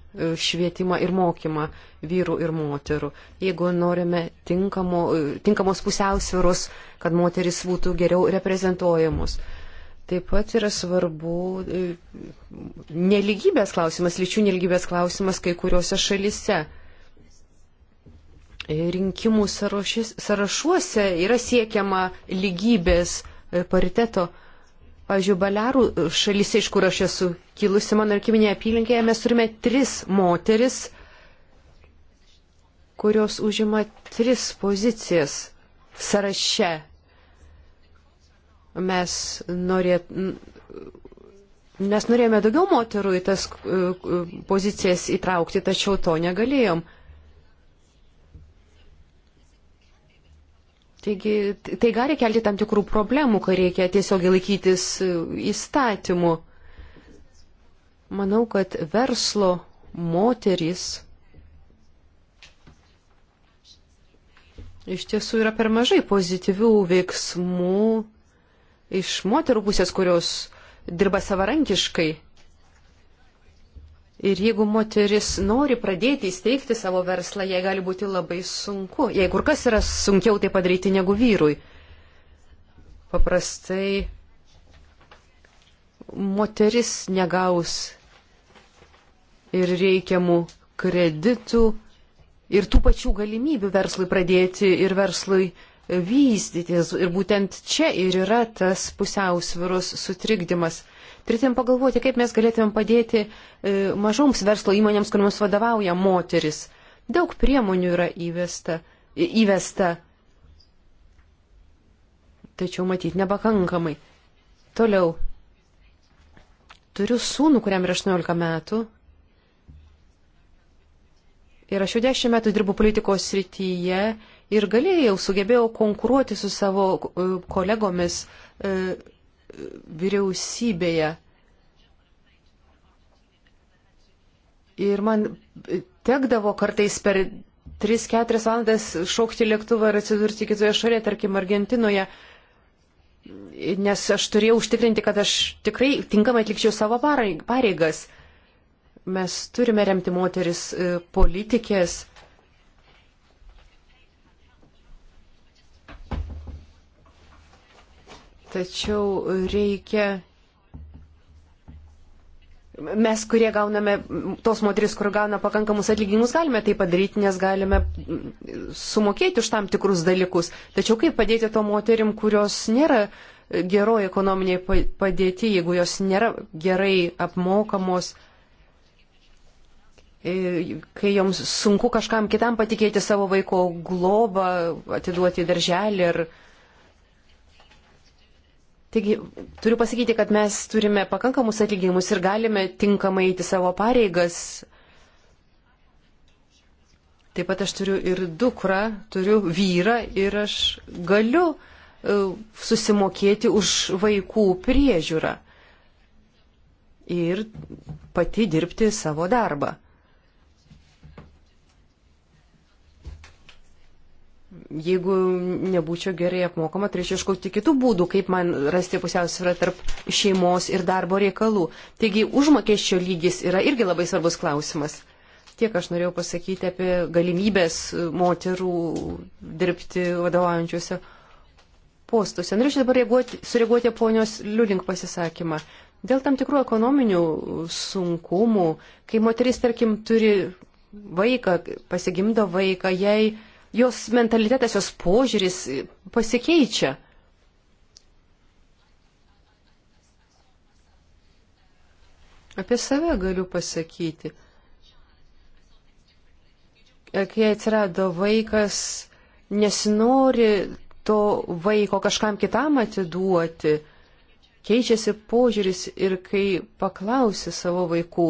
švietimą ir mokymą vyrų ir moterų. Jeigu norime tinkamo, e, tinkamos pusiausvėros, kad moteris būtų geriau reprezentuojamos. Taip pat yra svarbu e, neligybės klausimas, lyčių neligybės klausimas kai kuriuose šalise. E, rinkimų sąrašis, sąrašuose yra siekiama lygybės e, pariteto. Pavyzdžiui, Balearų šalyse, iš kur aš esu kilusi, mano arkiminėje apylinkėje, mes turime tris moteris, kurios užima tris pozicijas sąraše Mes, norėt, mes norėjome daugiau moterų į tas e, e, pozicijas įtraukti, tačiau to negalėjom. Taigi tai gali kelti tam tikrų problemų, kai reikia tiesiog laikytis e, įstatymų. Manau, kad verslo moterys iš tiesų yra per mažai pozityvių veiksmų iš moterų pusės, kurios dirba savarankiškai. Ir jeigu moteris nori pradėti įsteigti savo verslą, jai gali būti labai sunku. Jei kur kas yra sunkiau tai padaryti negu vyrui. Paprastai moteris negaus ir reikiamų kreditų ir tų pačių galimybių verslui pradėti ir verslui uh, vystytis. Ir būtent čia ir yra tas pusiausvirus sutrikdymas. Turėtum pagalvoti, kaip mes galėtumėm padėti e, mažoms verslo įmonėms, kuriams vadovauja moteris. Daug priemonių yra įvesta. įvesta. Tačiau matyt nepakankamai. Toliau. Turiu sūnų, kuriam yra 18 metų. Ir aš jau 10 metų dirbu politikos srityje ir galėjau, sugebėjau konkuruoti su savo e, kolegomis e, vyriausybėje. Ir man tekdavo kartais per 3-4 valandas šaukti lėktuvą ir atsidurti kitoje šalyje, tarkim Argentinoje, nes aš turėjau užtikrinti, kad aš tikrai tinkamai atlikčiau savo pareigas. Mes turime remti moteris e, politikės Tačiau reikia mes, kurie gauname, tos moteris, kur gauna pakankamus atlyginimus, galime tai padaryti, nes galime sumokėti už tam tikrus dalykus. Tačiau kaip padėti to moterim, kurios nėra geroje ekonominėje padėti, jeigu jos nėra gerai apmokamos, e, kai joms sunku kažkam kitam patikėti savo vaiko globą, atiduoti darželį ar. Ar Taigi turiu pasakyti, kad mes turime pakankamus atlyginimus ir galime tinkamai eiti savo pareigas. Taip pat aš turiu ir dukrą, turiu vyrą ir aš galiu e, susimokėti už vaikų priežiūrą ir pati dirbti savo darbą. jeigu nebūčiau gerai apmokama, turėčiau tai iškoti kitų būdų, kaip man rasti pusiausvyrą tarp šeimos ir darbo reikalų. Taigi užmokesčio lygis yra irgi labai svarbus klausimas. Tiek aš norėjau pasakyti apie galimybės moterų dirbti vadovaujančiuose postuose. Norėčiau dabar reaguoti, sureaguoti ponios Liulink pasisakymą. Dėl tam tikrų ekonominių sunkumų, kai moteris, tarkim, turi vaiką, pasigimdo vaiką, jai jos mentalitetas, jos požiūris pasikeičia. Apie save galiu pasakyti. Kai atsirado vaikas, nesinori to vaiko kažkam kitam atiduoti. Keičiasi požiūris ir kai paklausi savo vaikų,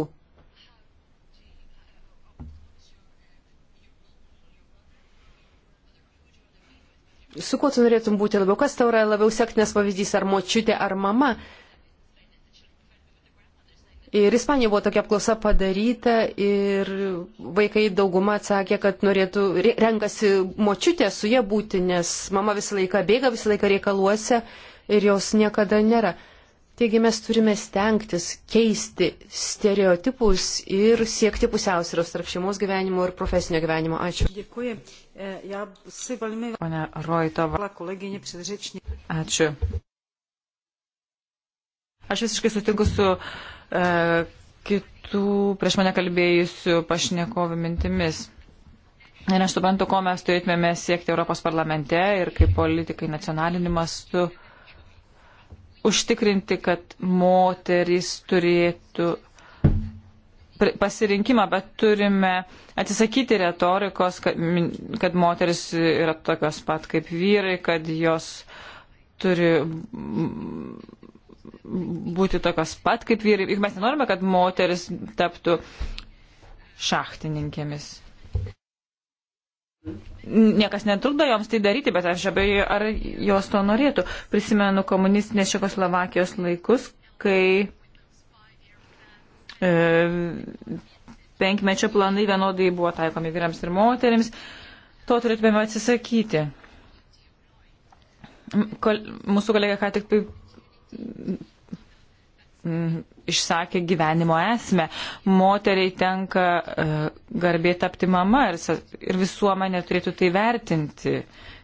su kuo tu norėtum būti labiau, kas tau yra labiau sektinas pavyzdys, ar močiutė, ar mama. Ir Ispanijoje buvo tokia apklausa padaryta ir vaikai dauguma atsakė, kad norėtų, renkasi močiutė su jie būti, nes mama visą laiką bėga, visą laiką reikaluose ir jos niekada nėra. Uh, Taigi mes turime stengtis keisti stereotipus ir siekti pusiausvėros tarp šeimos gyvenimo ir profesinio gyvenimo. Ačiū. E, Pone Roitova. Ačiū. Aš visiškai sutinku su e, kitų prieš mane kalbėjusių pašnekovų mintimis. Ir aš suprantu, ko mes turėtume siekti Europos parlamente ir kaip politikai nacionaliniu mastu. Tu užtikrinti, kad moterys turėtų pasirinkimą, bet turime atsisakyti retorikos, kad, kad moteris yra tokios pat kaip vyrai, kad jos turi būti tokios pat kaip vyrai. Juk mes nenorime, kad moteris taptų šachtininkėmis. Niekas netrukdo joms tai daryti, bet aš abejoju, ar jos to norėtų. Prisimenu komunistinės Čekoslovakijos laikus, kai e, penkmečio planai vienodai buvo taikomi vyrams ir moteriams. To turėtume atsisakyti. Kol, mūsų kolega ką tik išsakė gyvenimo esmę. Moteriai tenka e, garbė tapti mama ir visuomenė turėtų tai vertinti.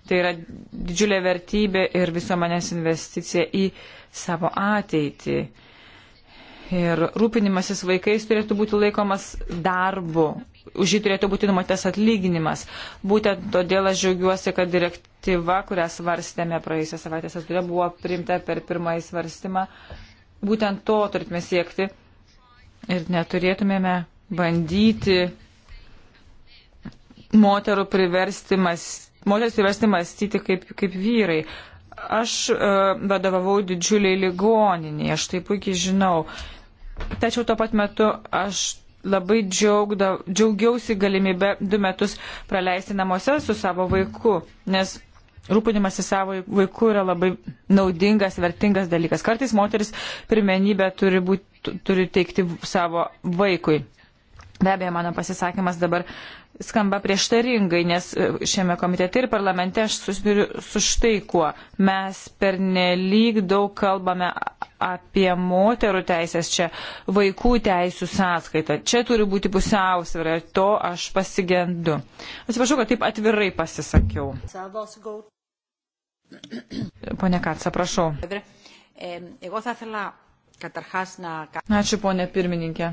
Tai yra didžiulė vertybė ir visuomenės investicija į savo ateitį. Ir rūpinimasis vaikais turėtų būti laikomas darbu, už jį turėtų būti numatytas atlyginimas. Būtent todėl aš džiaugiuosi, kad direktyva, kurią svarstėme praėjusią savaitę, buvo priimta per pirmąjį svarstymą būtent to turėtume siekti ir neturėtumėme bandyti moterų priversti, mas, moteris priversti mąstyti kaip, kaip vyrai. Aš uh, vadovavau didžiuliai ligoniniai, aš tai puikiai žinau. Tačiau tuo pat metu aš labai džiaugda, džiaugiausi galimybę du metus praleisti namuose su savo vaiku, nes rūpinimas į savo vaikų yra labai naudingas, vertingas dalykas. Kartais moteris pirmenybę turi, būti, turi teikti savo vaikui. Be abejo, mano pasisakymas dabar skamba prieštaringai, nes e, šiame komitete ir parlamente aš susiduriu su štai kuo. Mes pernelyg daug kalbame apie moterų teisės čia, vaikų teisų sąskaitą. Čia turi būti pusiausvėra ir to aš pasigendu. Atsiprašau, kad taip atvirai pasisakiau. Pone Katsa, prašau. Ačiū, ponė pirmininkė.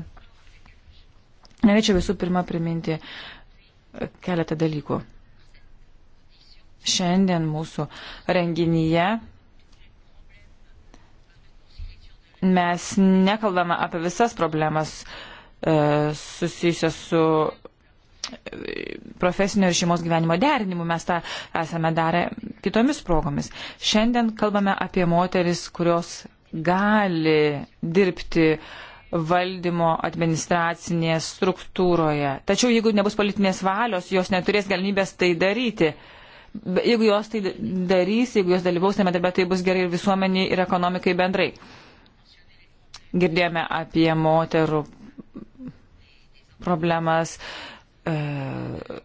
Norėčiau visų pirma priminti e, keletą dalykų. Šiandien mūsų renginyje mes nekalbame apie visas problemas e, susijusias su profesinio ir šeimos gyvenimo derinimu. Mes tą esame darę kitomis progomis. Šiandien kalbame apie moteris, kurios gali dirbti valdymo administracinėje struktūroje. Tačiau jeigu nebus politinės valios, jos neturės galimybės tai daryti. Jeigu jos tai darys, jeigu jos dalyvaus tame darbe, tai bus gerai ir visuomeniai, ir ekonomikai bendrai. Girdėjome apie moterų problemas, E,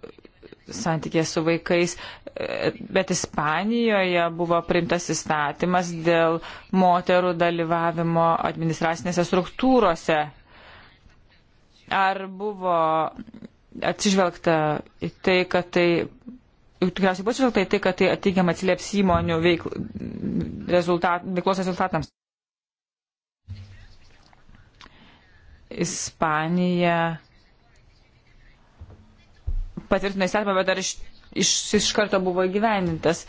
santykė su vaikais, e, bet Ispanijoje buvo primtas įstatymas dėl moterų dalyvavimo administracinėse struktūrose. Ar buvo atsižvelgta į tai, kad tai, tikriausiai buvo atsižvelgta į tai, kad tai ateigiam atsilieps įmonių veikl, rezultat, veiklos rezultatams? Ispanija patvirtino įstatymą, bet dar iš, iš, iš karto buvo įgyvendintas.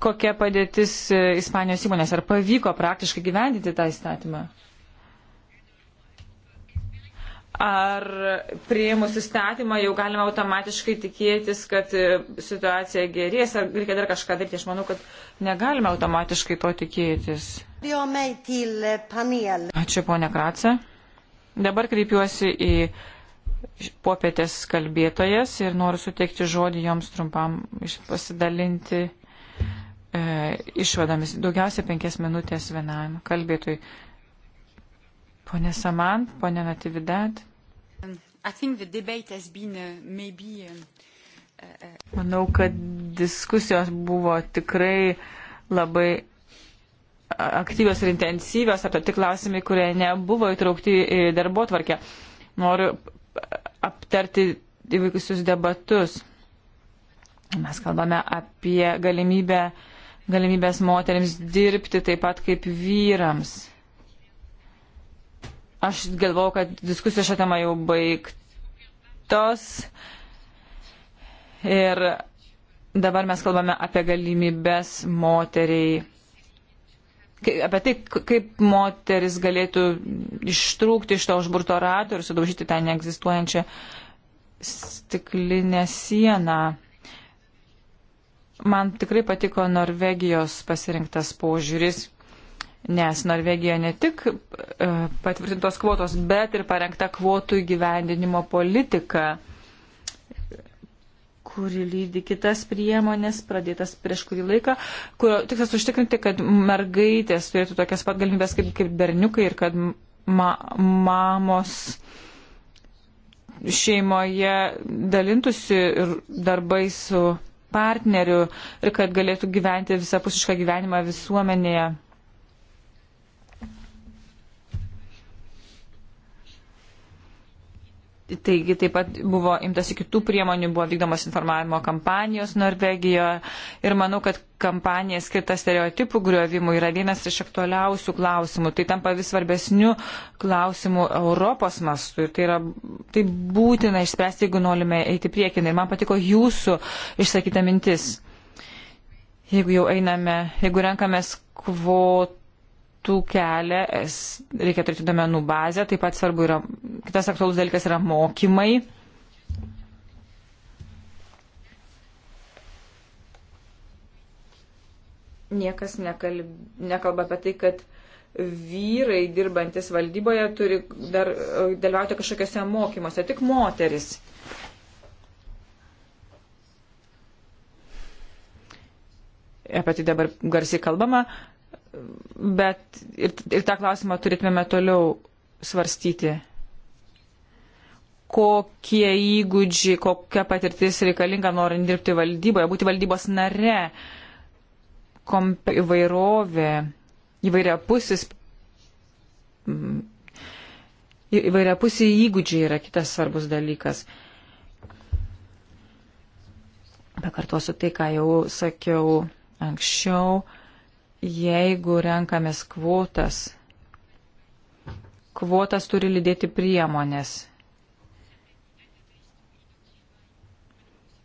Kokia padėtis e, Ispanijos įmonės? Ar pavyko praktiškai gyvendinti tą įstatymą? Ar prieimus įstatymą jau galima automatiškai tikėtis, kad e, situacija gerės, ar reikia dar kažką daryti? Aš manau, kad negalime automatiškai to tikėtis. Ačiū, ponia Kratse. Dabar kreipiuosi į popietės kalbėtojas ir noriu suteikti žodį joms trumpam pasidalinti e, išvadomis. Daugiausia penkias minutės vienam kalbėtojui. Pone Saman, pone Natividat. Uh, uh, uh, Manau, kad diskusijos buvo tikrai labai aktyvios ir intensyvios, apie tai klausimai, kurie nebuvo įtraukti į darbo tvarkę. Noriu aptarti įvykusius debatus. Mes kalbame apie galimybę, galimybės moteriams dirbti taip pat kaip vyrams. Aš galvau, kad diskusija šią temą jau baigtos. Ir dabar mes kalbame apie galimybės moteriai apie tai, kaip moteris galėtų ištrūkti iš to užburto rato ir sudaužyti tą neegzistuojančią stiklinę sieną. Man tikrai patiko Norvegijos pasirinktas požiūris, nes Norvegija ne tik e, patvirtintos kvotos, bet ir parengta kvotų įgyvendinimo politika kuri lydi kitas priemonės, pradėtas prieš kurį laiką, kurio tikslas užtikrinti, kad mergaitės turėtų tokias pat galimybės kaip, kaip berniukai ir kad ma mamos šeimoje dalintųsi ir darbai su partneriu ir kad galėtų gyventi visapusišką gyvenimą visuomenėje. Taigi taip pat buvo imtasi kitų priemonių, buvo vykdomos informavimo kampanijos Norvegijoje ir manau, kad kampanija skirta stereotipų griovimui yra vienas iš aktualiausių klausimų. Tai tampa vis svarbesnių klausimų Europos mastu ir tai, yra, tai būtina išspręsti, jeigu norime eiti priekin. Ir man patiko jūsų išsakyta mintis. Jeigu jau einame, jeigu renkamės kvotą tų kelią reikia turėti domenų bazę, taip pat svarbu yra, kitas aktualus dalykas yra mokymai. Niekas nekalb, nekalba apie tai, kad vyrai dirbantis valdyboje turi dar e, dalyvauti kažkokiuose mokymuose, tik moteris. Apie tai dabar garsiai kalbama, bet ir, ir tą klausimą turėtume toliau svarstyti. Kokie įgūdžiai, kokia patirtis reikalinga norint dirbti valdyboje, būti valdybos nare, komp, įvairovė, įvairiapusis įvairiapusiai įgūdžiai yra kitas svarbus dalykas. Pakartosiu tai, ką jau sakiau anksčiau jeigu renkamės kvotas, kvotas turi lydėti priemonės.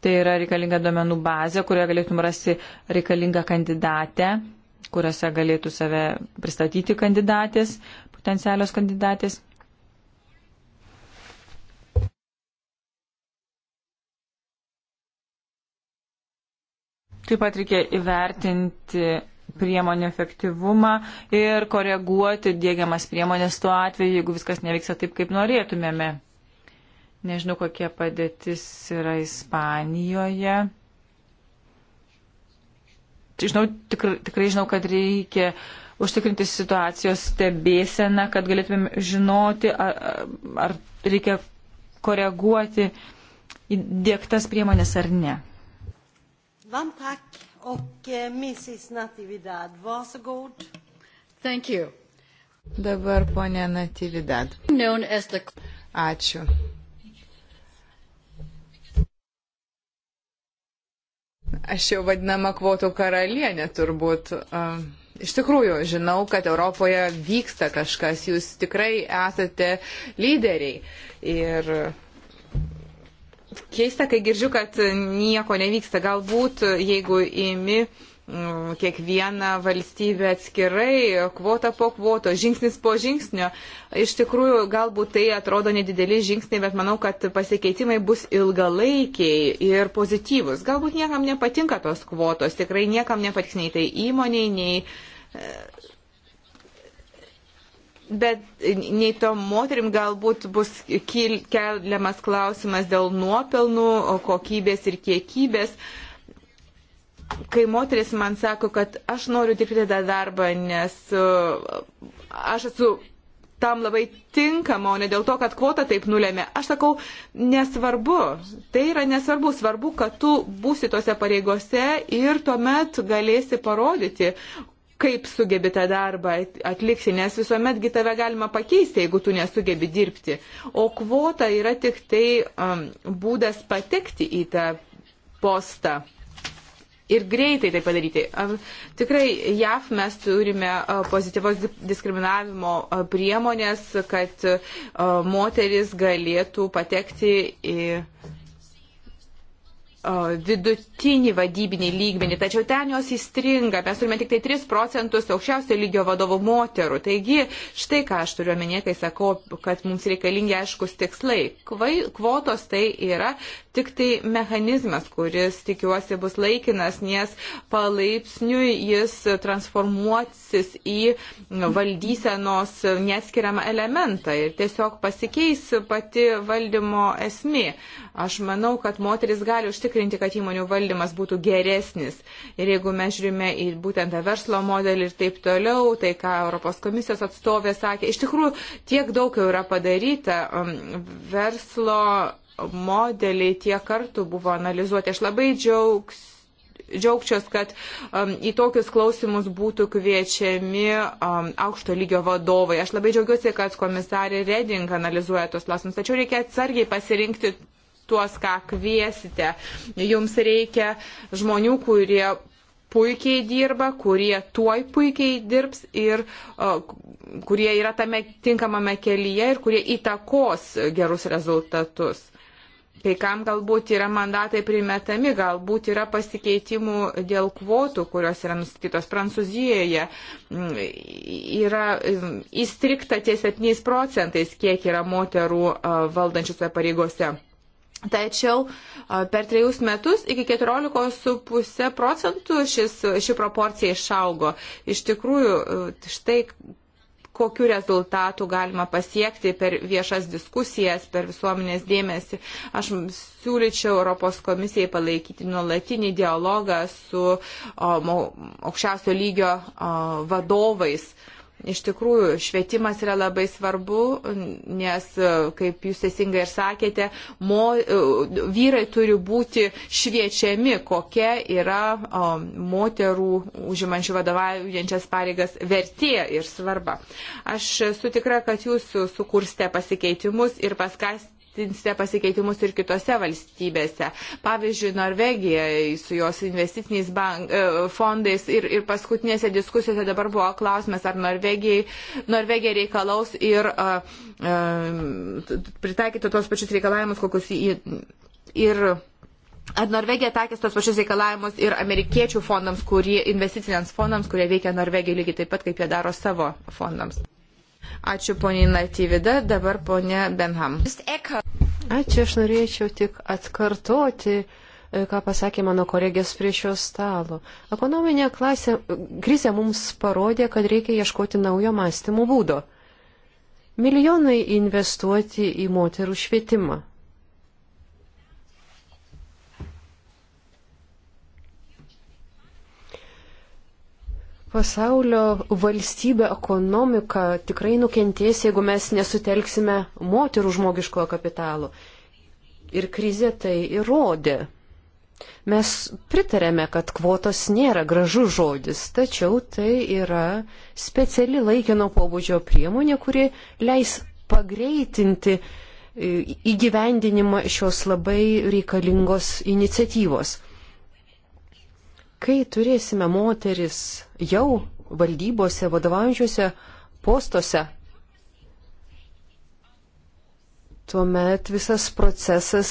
Tai yra reikalinga domenų bazė, kurioje galėtum rasti reikalingą kandidatę, kuriuose galėtų save pristatyti kandidatės, potencialios kandidatės. Taip pat reikia įvertinti priemonių efektyvumą ir koreguoti dėgiamas priemonės tuo atveju, jeigu viskas nevyksta taip, kaip norėtumėme. Nežinau, kokia padėtis yra Ispanijoje. Žinau, tikrai, tikrai žinau, kad reikia užtikrinti situacijos stebėseną, kad galėtumėm žinoti, ar, ar reikia koreguoti įdėktas priemonės ar ne. Vam pak Och eh, Mrs Natividad, varsågod. Thank you. Dabar ponė Natividad. Known as the... Ačiū. Aš jau vadinama kvotų karalienė turbūt. Iš tikrųjų, žinau, kad Europoje vyksta kažkas, jūs tikrai esate lyderiai. Ir keista, kai girdžiu, kad nieko nevyksta. Galbūt, jeigu imi mm, kiekvieną valstybę atskirai, kvota po kvoto, žingsnis po žingsnio. Iš tikrųjų, galbūt tai atrodo nedideli žingsniai, bet manau, kad pasikeitimai bus ilgalaikiai ir pozityvus. Galbūt niekam nepatinka tos kvotos, tikrai niekam nepatiks nei tai įmoniai, nei Bet nei to moterim galbūt bus keliamas klausimas dėl nuopelnų, kokybės ir kiekybės. Kai moteris man sako, kad aš noriu dirbti tą darbą, nes uh, aš esu tam labai tinkama, o ne dėl to, kad kvota taip nulėmė. Aš sakau, nesvarbu, tai yra nesvarbu, svarbu, kad tu būsi tose pareigose ir tuomet galėsi parodyti, kaip sugebi tą darbą atlikti, nes visuometgi tave galima pakeisti, jeigu tu nesugebi dirbti. O kvota yra tik tai um, būdas patekti į tą postą. Ir greitai tai padaryti. Tikrai JAV mes turime uh, pozityvos diskriminavimo uh, priemonės, kad uh, moteris galėtų patekti į vidutinį vadybinį lygmenį, tačiau ten jos įstringa. Mes turime tik tai 3 procentus aukščiausio lygio vadovų moterų. Taigi, štai ką aš turiu omenyje, kai sakau, kad mums reikalingi aiškus tikslai. Kvai, kvotos tai yra tik tai mechanizmas, kuris tikiuosi bus laikinas, nes palaipsniui jis transformuosis į valdysenos neskiriamą elementą ir tiesiog pasikeis pati valdymo esmė. Aš manau, kad moteris gali užtikrinti užtikrinti, kad įmonių valdymas būtų geresnis. Ir jeigu mes žiūrime į būtent tą verslo modelį ir taip toliau, tai ką Europos komisijos atstovė sakė, iš tikrųjų tiek daug jau yra padaryta um, verslo modeliai tiek kartų buvo analizuoti. Aš labai džiaugs, džiaugčios, kad um, į tokius klausimus būtų kviečiami um, aukšto lygio vadovai. Aš labai džiaugiuosi, kad komisarė Reding analizuoja tos klausimus, tačiau reikia atsargiai pasirinkti tuos, ką kviesite. Jums reikia žmonių, kurie puikiai dirba, kurie tuoj puikiai dirbs ir uh, kurie yra tame tinkamame kelyje ir kurie įtakos gerus rezultatus. Kai kam galbūt yra mandatai primetami, galbūt yra pasikeitimų dėl kvotų, kurios yra nustatytos Prancūzijoje. Mm, yra mm, įstrikta ties 7 procentais, kiek yra moterų valdančiose pareigose. Tačiau per trejus metus iki 14,5 procentų šis, ši proporcija išaugo. Iš tikrųjų, štai kokiu rezultatu galima pasiekti per viešas diskusijas, per visuomenės dėmesį. Aš siūlyčiau Europos komisijai palaikyti nuolatinį dialogą su o, aukščiausio lygio o, vadovais. O, Iš tikrųjų, švietimas yra labai svarbu, nes, e, kaip jūs teisingai ir sakėte, mo, e, vyrai turi būti šviečiami, kokia yra o, moterų užimančių vadovaujančias pareigas vertė ir svarba. Aš esu tikra, kad jūs sukursite pasikeitimus ir paskasite vertinsite pasikeitimus ir kitose valstybėse. Pavyzdžiui, Norvegija su jos investiciniais bank, e, fondais ir, ir paskutinėse diskusijose dabar buvo klausimas, ar Norvegija reikalaus ir uh, uh, pritaikytų tos pačius reikalavimus, kokius į. Ir Ar Norvegija takės tos pačius reikalavimus ir amerikiečių fondams, kurie, investiciniams fondams, kurie veikia Norvegijoje lygiai taip pat, kaip jie daro savo fondams? Ačiū poniai Natyvida, dabar ponia Benham. Ačiū, aš norėčiau tik atkartoti, e, ką pasakė mano kolegės prie šio stalo. Ekonominė klasė, krizė mums parodė, kad reikia ieškoti naujo mąstymo būdo. Milijonai investuoti į moterų švietimą. pasaulio valstybė ekonomika tikrai nukentės, jeigu mes nesutelksime moterų žmogiškojo kapitalo. Ir krizė tai įrodė. Mes pritarėme, kad kvotos nėra gražus žodis, tačiau tai yra speciali laikino pobūdžio priemonė, kuri leis pagreitinti e, įgyvendinimą šios labai reikalingos iniciatyvos. Kai turėsime moteris jau valdybose, vadovaujančiuose postuose, tuomet visas procesas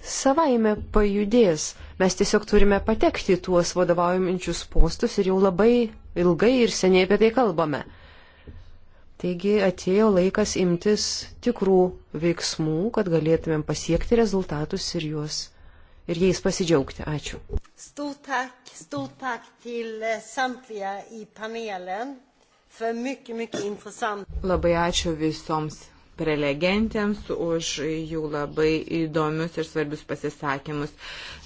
savaime pajudės. Mes tiesiog turime patekti tuos vadovaujančius postus ir jau labai ilgai ir seniai apie tai kalbame. Taigi atėjo laikas imtis tikrų veiksmų, kad galėtumėm pasiekti rezultatus ir juos ir jais pasidžiaugti. Ačiū. Stultak, stultak eh, mycket, mycket labai ačiū visoms prelegentėms už jų labai įdomius ir svarbius pasisakymus.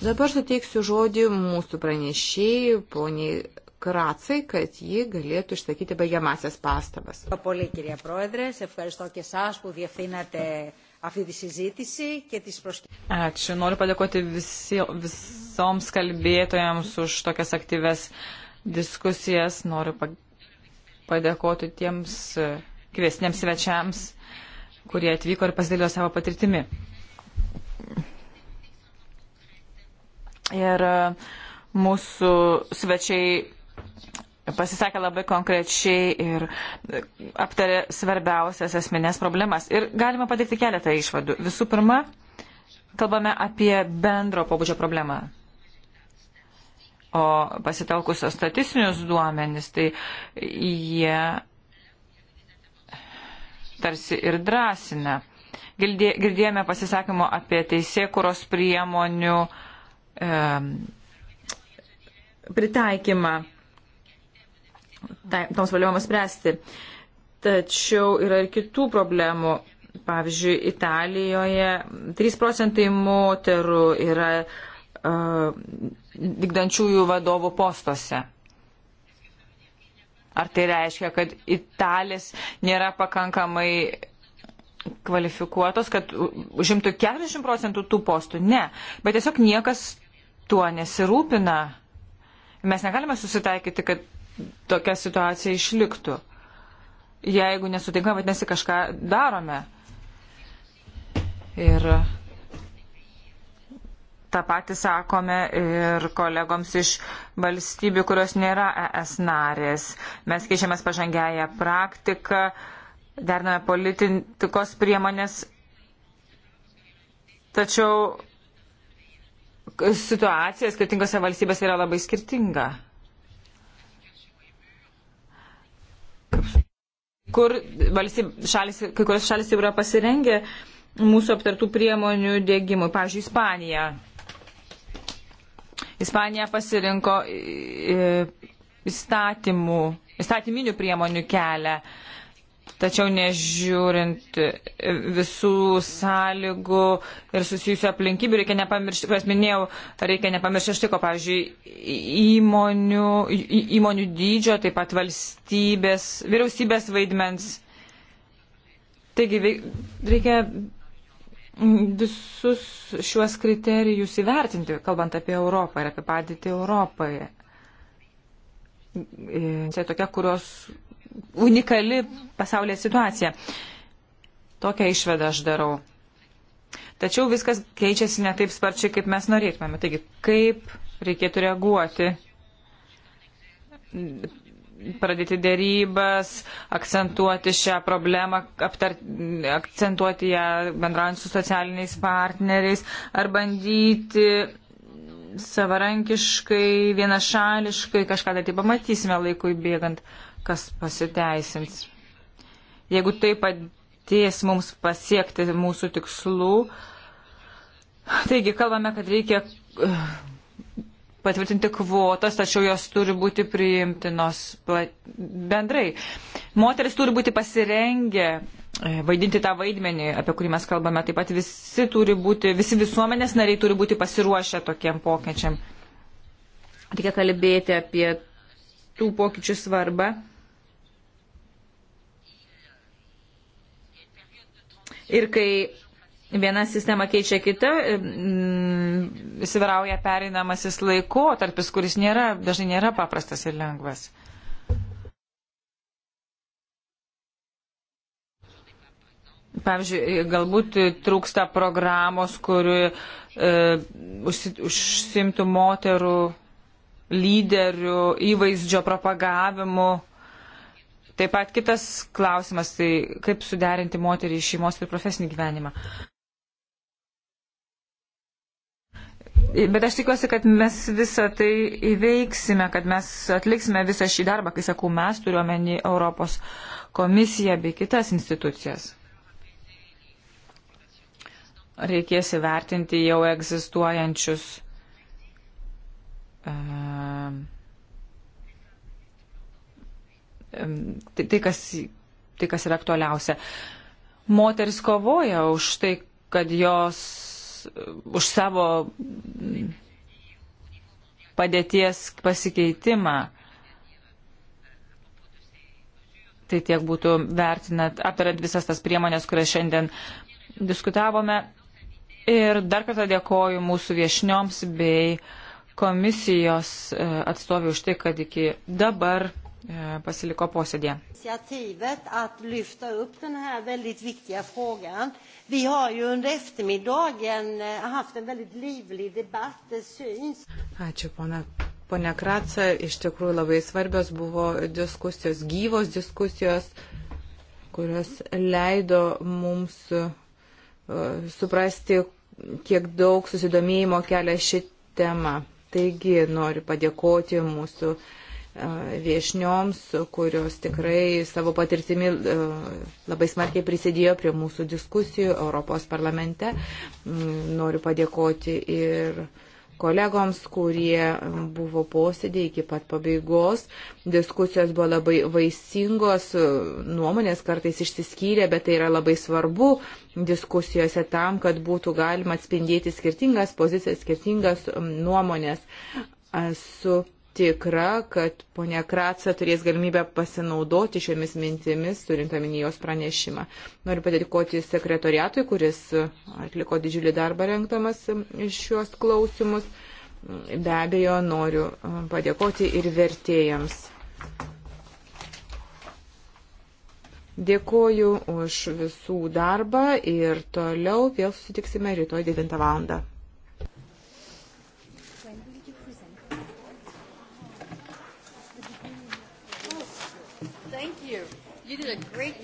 Dabar suteiksiu žodį mūsų pranešėjai, poniai Κράτσε, kad ji galėtų išsakyti baigiamasias pastabas. Πολύ, κυρία Πρόεδρε, σε ευχαριστώ και εσάς που διευθύνατε αυτή τη συζήτηση και τις προσκεκλήσεις. Ačiū. Noriu padėkoti visi, visoms kalbėtojams už tokias aktyves diskusijas. Noriu padėkoti tiems kviesniems svečiams, kurie atvyko ir pasidalijo savo patirtimi. Ir e, mūsų svečiai pasisakė labai konkrečiai ir aptarė svarbiausias esminės problemas. Ir galima padaryti keletą išvadų. Visų pirma, kalbame apie bendro pobūdžio problemą. O pasitelkusios statistinius duomenys, tai jie tarsi ir drąsina. Girdėjome pasisakymo apie teisėkuros priemonių e, pritaikymą Tai, toms problemams spręsti. Tačiau yra ir kitų problemų. Pavyzdžiui, Italijoje 3 procentai moterų yra uh, vykdančiųjų vadovų postuose. Ar tai reiškia, kad italės nėra pakankamai kvalifikuotos, kad užimtų 40 procentų tų postų? Ne. Bet tiesiog niekas tuo nesirūpina. Mes negalime susitaikyti, kad tokia situacija išliktų. Jeigu nesutinkam, vadinasi, kažką darome. Ir tą patį sakome ir kolegoms iš valstybių, kurios nėra ES narės. Mes keičiamės pažangiają praktiką, dername politikos priemonės, tačiau situacija skirtingose valstybėse yra labai skirtinga. kur valstyb, šalis, kai kurios šalis jau yra pasirengę mūsų aptartų priemonių dėgymui. Pavyzdžiui, Ispanija. Ispanija pasirinko e, e, įstatymų, įstatyminių priemonių kelią. E, Tačiau nežiūrint visų sąlygų ir susijusių aplinkybių, reikia nepamiršti, kurias minėjau, reikia nepamiršti štai ko, pavyzdžiui, įmonių, įmonių dydžio, taip pat valstybės, vyriausybės vaidmens. Taigi reikia visus šiuos kriterijus įvertinti, kalbant apie Europą ir apie padėtį Europoje. Čia tokia, kurios unikali pasaulyje situacija. Tokią išvedą aš darau. Tačiau viskas keičiasi ne taip sparčiai, kaip mes norėtumėme. Taigi, kaip reikėtų reaguoti, pradėti dėrybas, akcentuoti šią problemą, aptart, akcentuoti ją bendraujant su socialiniais partneriais, ar bandyti savarankiškai, vienašališkai kažką daryti. Pamatysime laikui bėgant. Uh, kas pasiteisins. Jeigu tai padės mums pasiekti mūsų tikslų, taigi kalbame, kad reikia uh, patvirtinti kvotas, tačiau jos turi būti priimtinos bendrai. Moteris turi būti pasirengę uh, vaidinti tą vaidmenį, apie kurį mes kalbame. Taip pat visi, būti, visi visuomenės nariai turi būti pasiruošę tokiem pokyčiam. Reikia kalbėti apie tų pokyčių svarbą. Ir kai viena sistema keičia kitą, įsivyrauja pereinamasis laikotarpis, kuris nėra, dažnai nėra paprastas ir lengvas. Pavyzdžiui, galbūt trūksta programos, kuri e, užsimtų moterų lyderių įvaizdžio propagavimu Taip pat kitas klausimas, tai kaip suderinti moterį į šeimos ir profesinį gyvenimą. Bet aš tikiuosi, kad mes visą tai įveiksime, kad mes atliksime visą šį darbą, kai sakau, mes turiuomenį Europos komisiją bei kitas institucijas. Reikės įvertinti jau egzistuojančius. Uh, tai, tai, kas, tai, kas yra aktualiausia. Moteris kovoja už tai, kad jos už savo padėties pasikeitimą. Tai tiek būtų vertinat, aptarant visas tas priemonės, kurias šiandien diskutavome. Ir dar kartą dėkoju mūsų viešnioms bei komisijos e, atstovė už tai, kad iki dabar E, pasiliko posėdė. Eh, Ačiū, pana. Pone Kratsa, iš tikrųjų labai svarbios buvo diskusijos, gyvos diskusijos, kurios leido mums e, suprasti, kiek daug susidomėjimo kelia ši tema. Taigi noriu padėkoti mūsų uh, viešnioms, kurios tikrai savo patirtimi labai smarkiai prisidėjo prie mūsų diskusijų Europos parlamente. Mm, noriu padėkoti ir kolegoms, kurie buvo posėdė iki pat pabaigos. Diskusijos buvo labai vaisingos, nuomonės kartais išsiskyrė, bet tai yra labai svarbu diskusijose tam, kad būtų galima atspindėti skirtingas pozicijas, skirtingas mm, nuomonės. Esu tikra, kad ponia Kratsa turės galimybę pasinaudoti šiomis mintimis, turint omeny jos pranešimą. Noriu padėkoti sekretoriatui, kuris atliko didžiulį darbą renkdamas šios klausimus. Be abejo, noriu padėkoti ir vertėjams. Dėkoju už visų darbą ir toliau vėl susitiksime rytoj 9 val. a great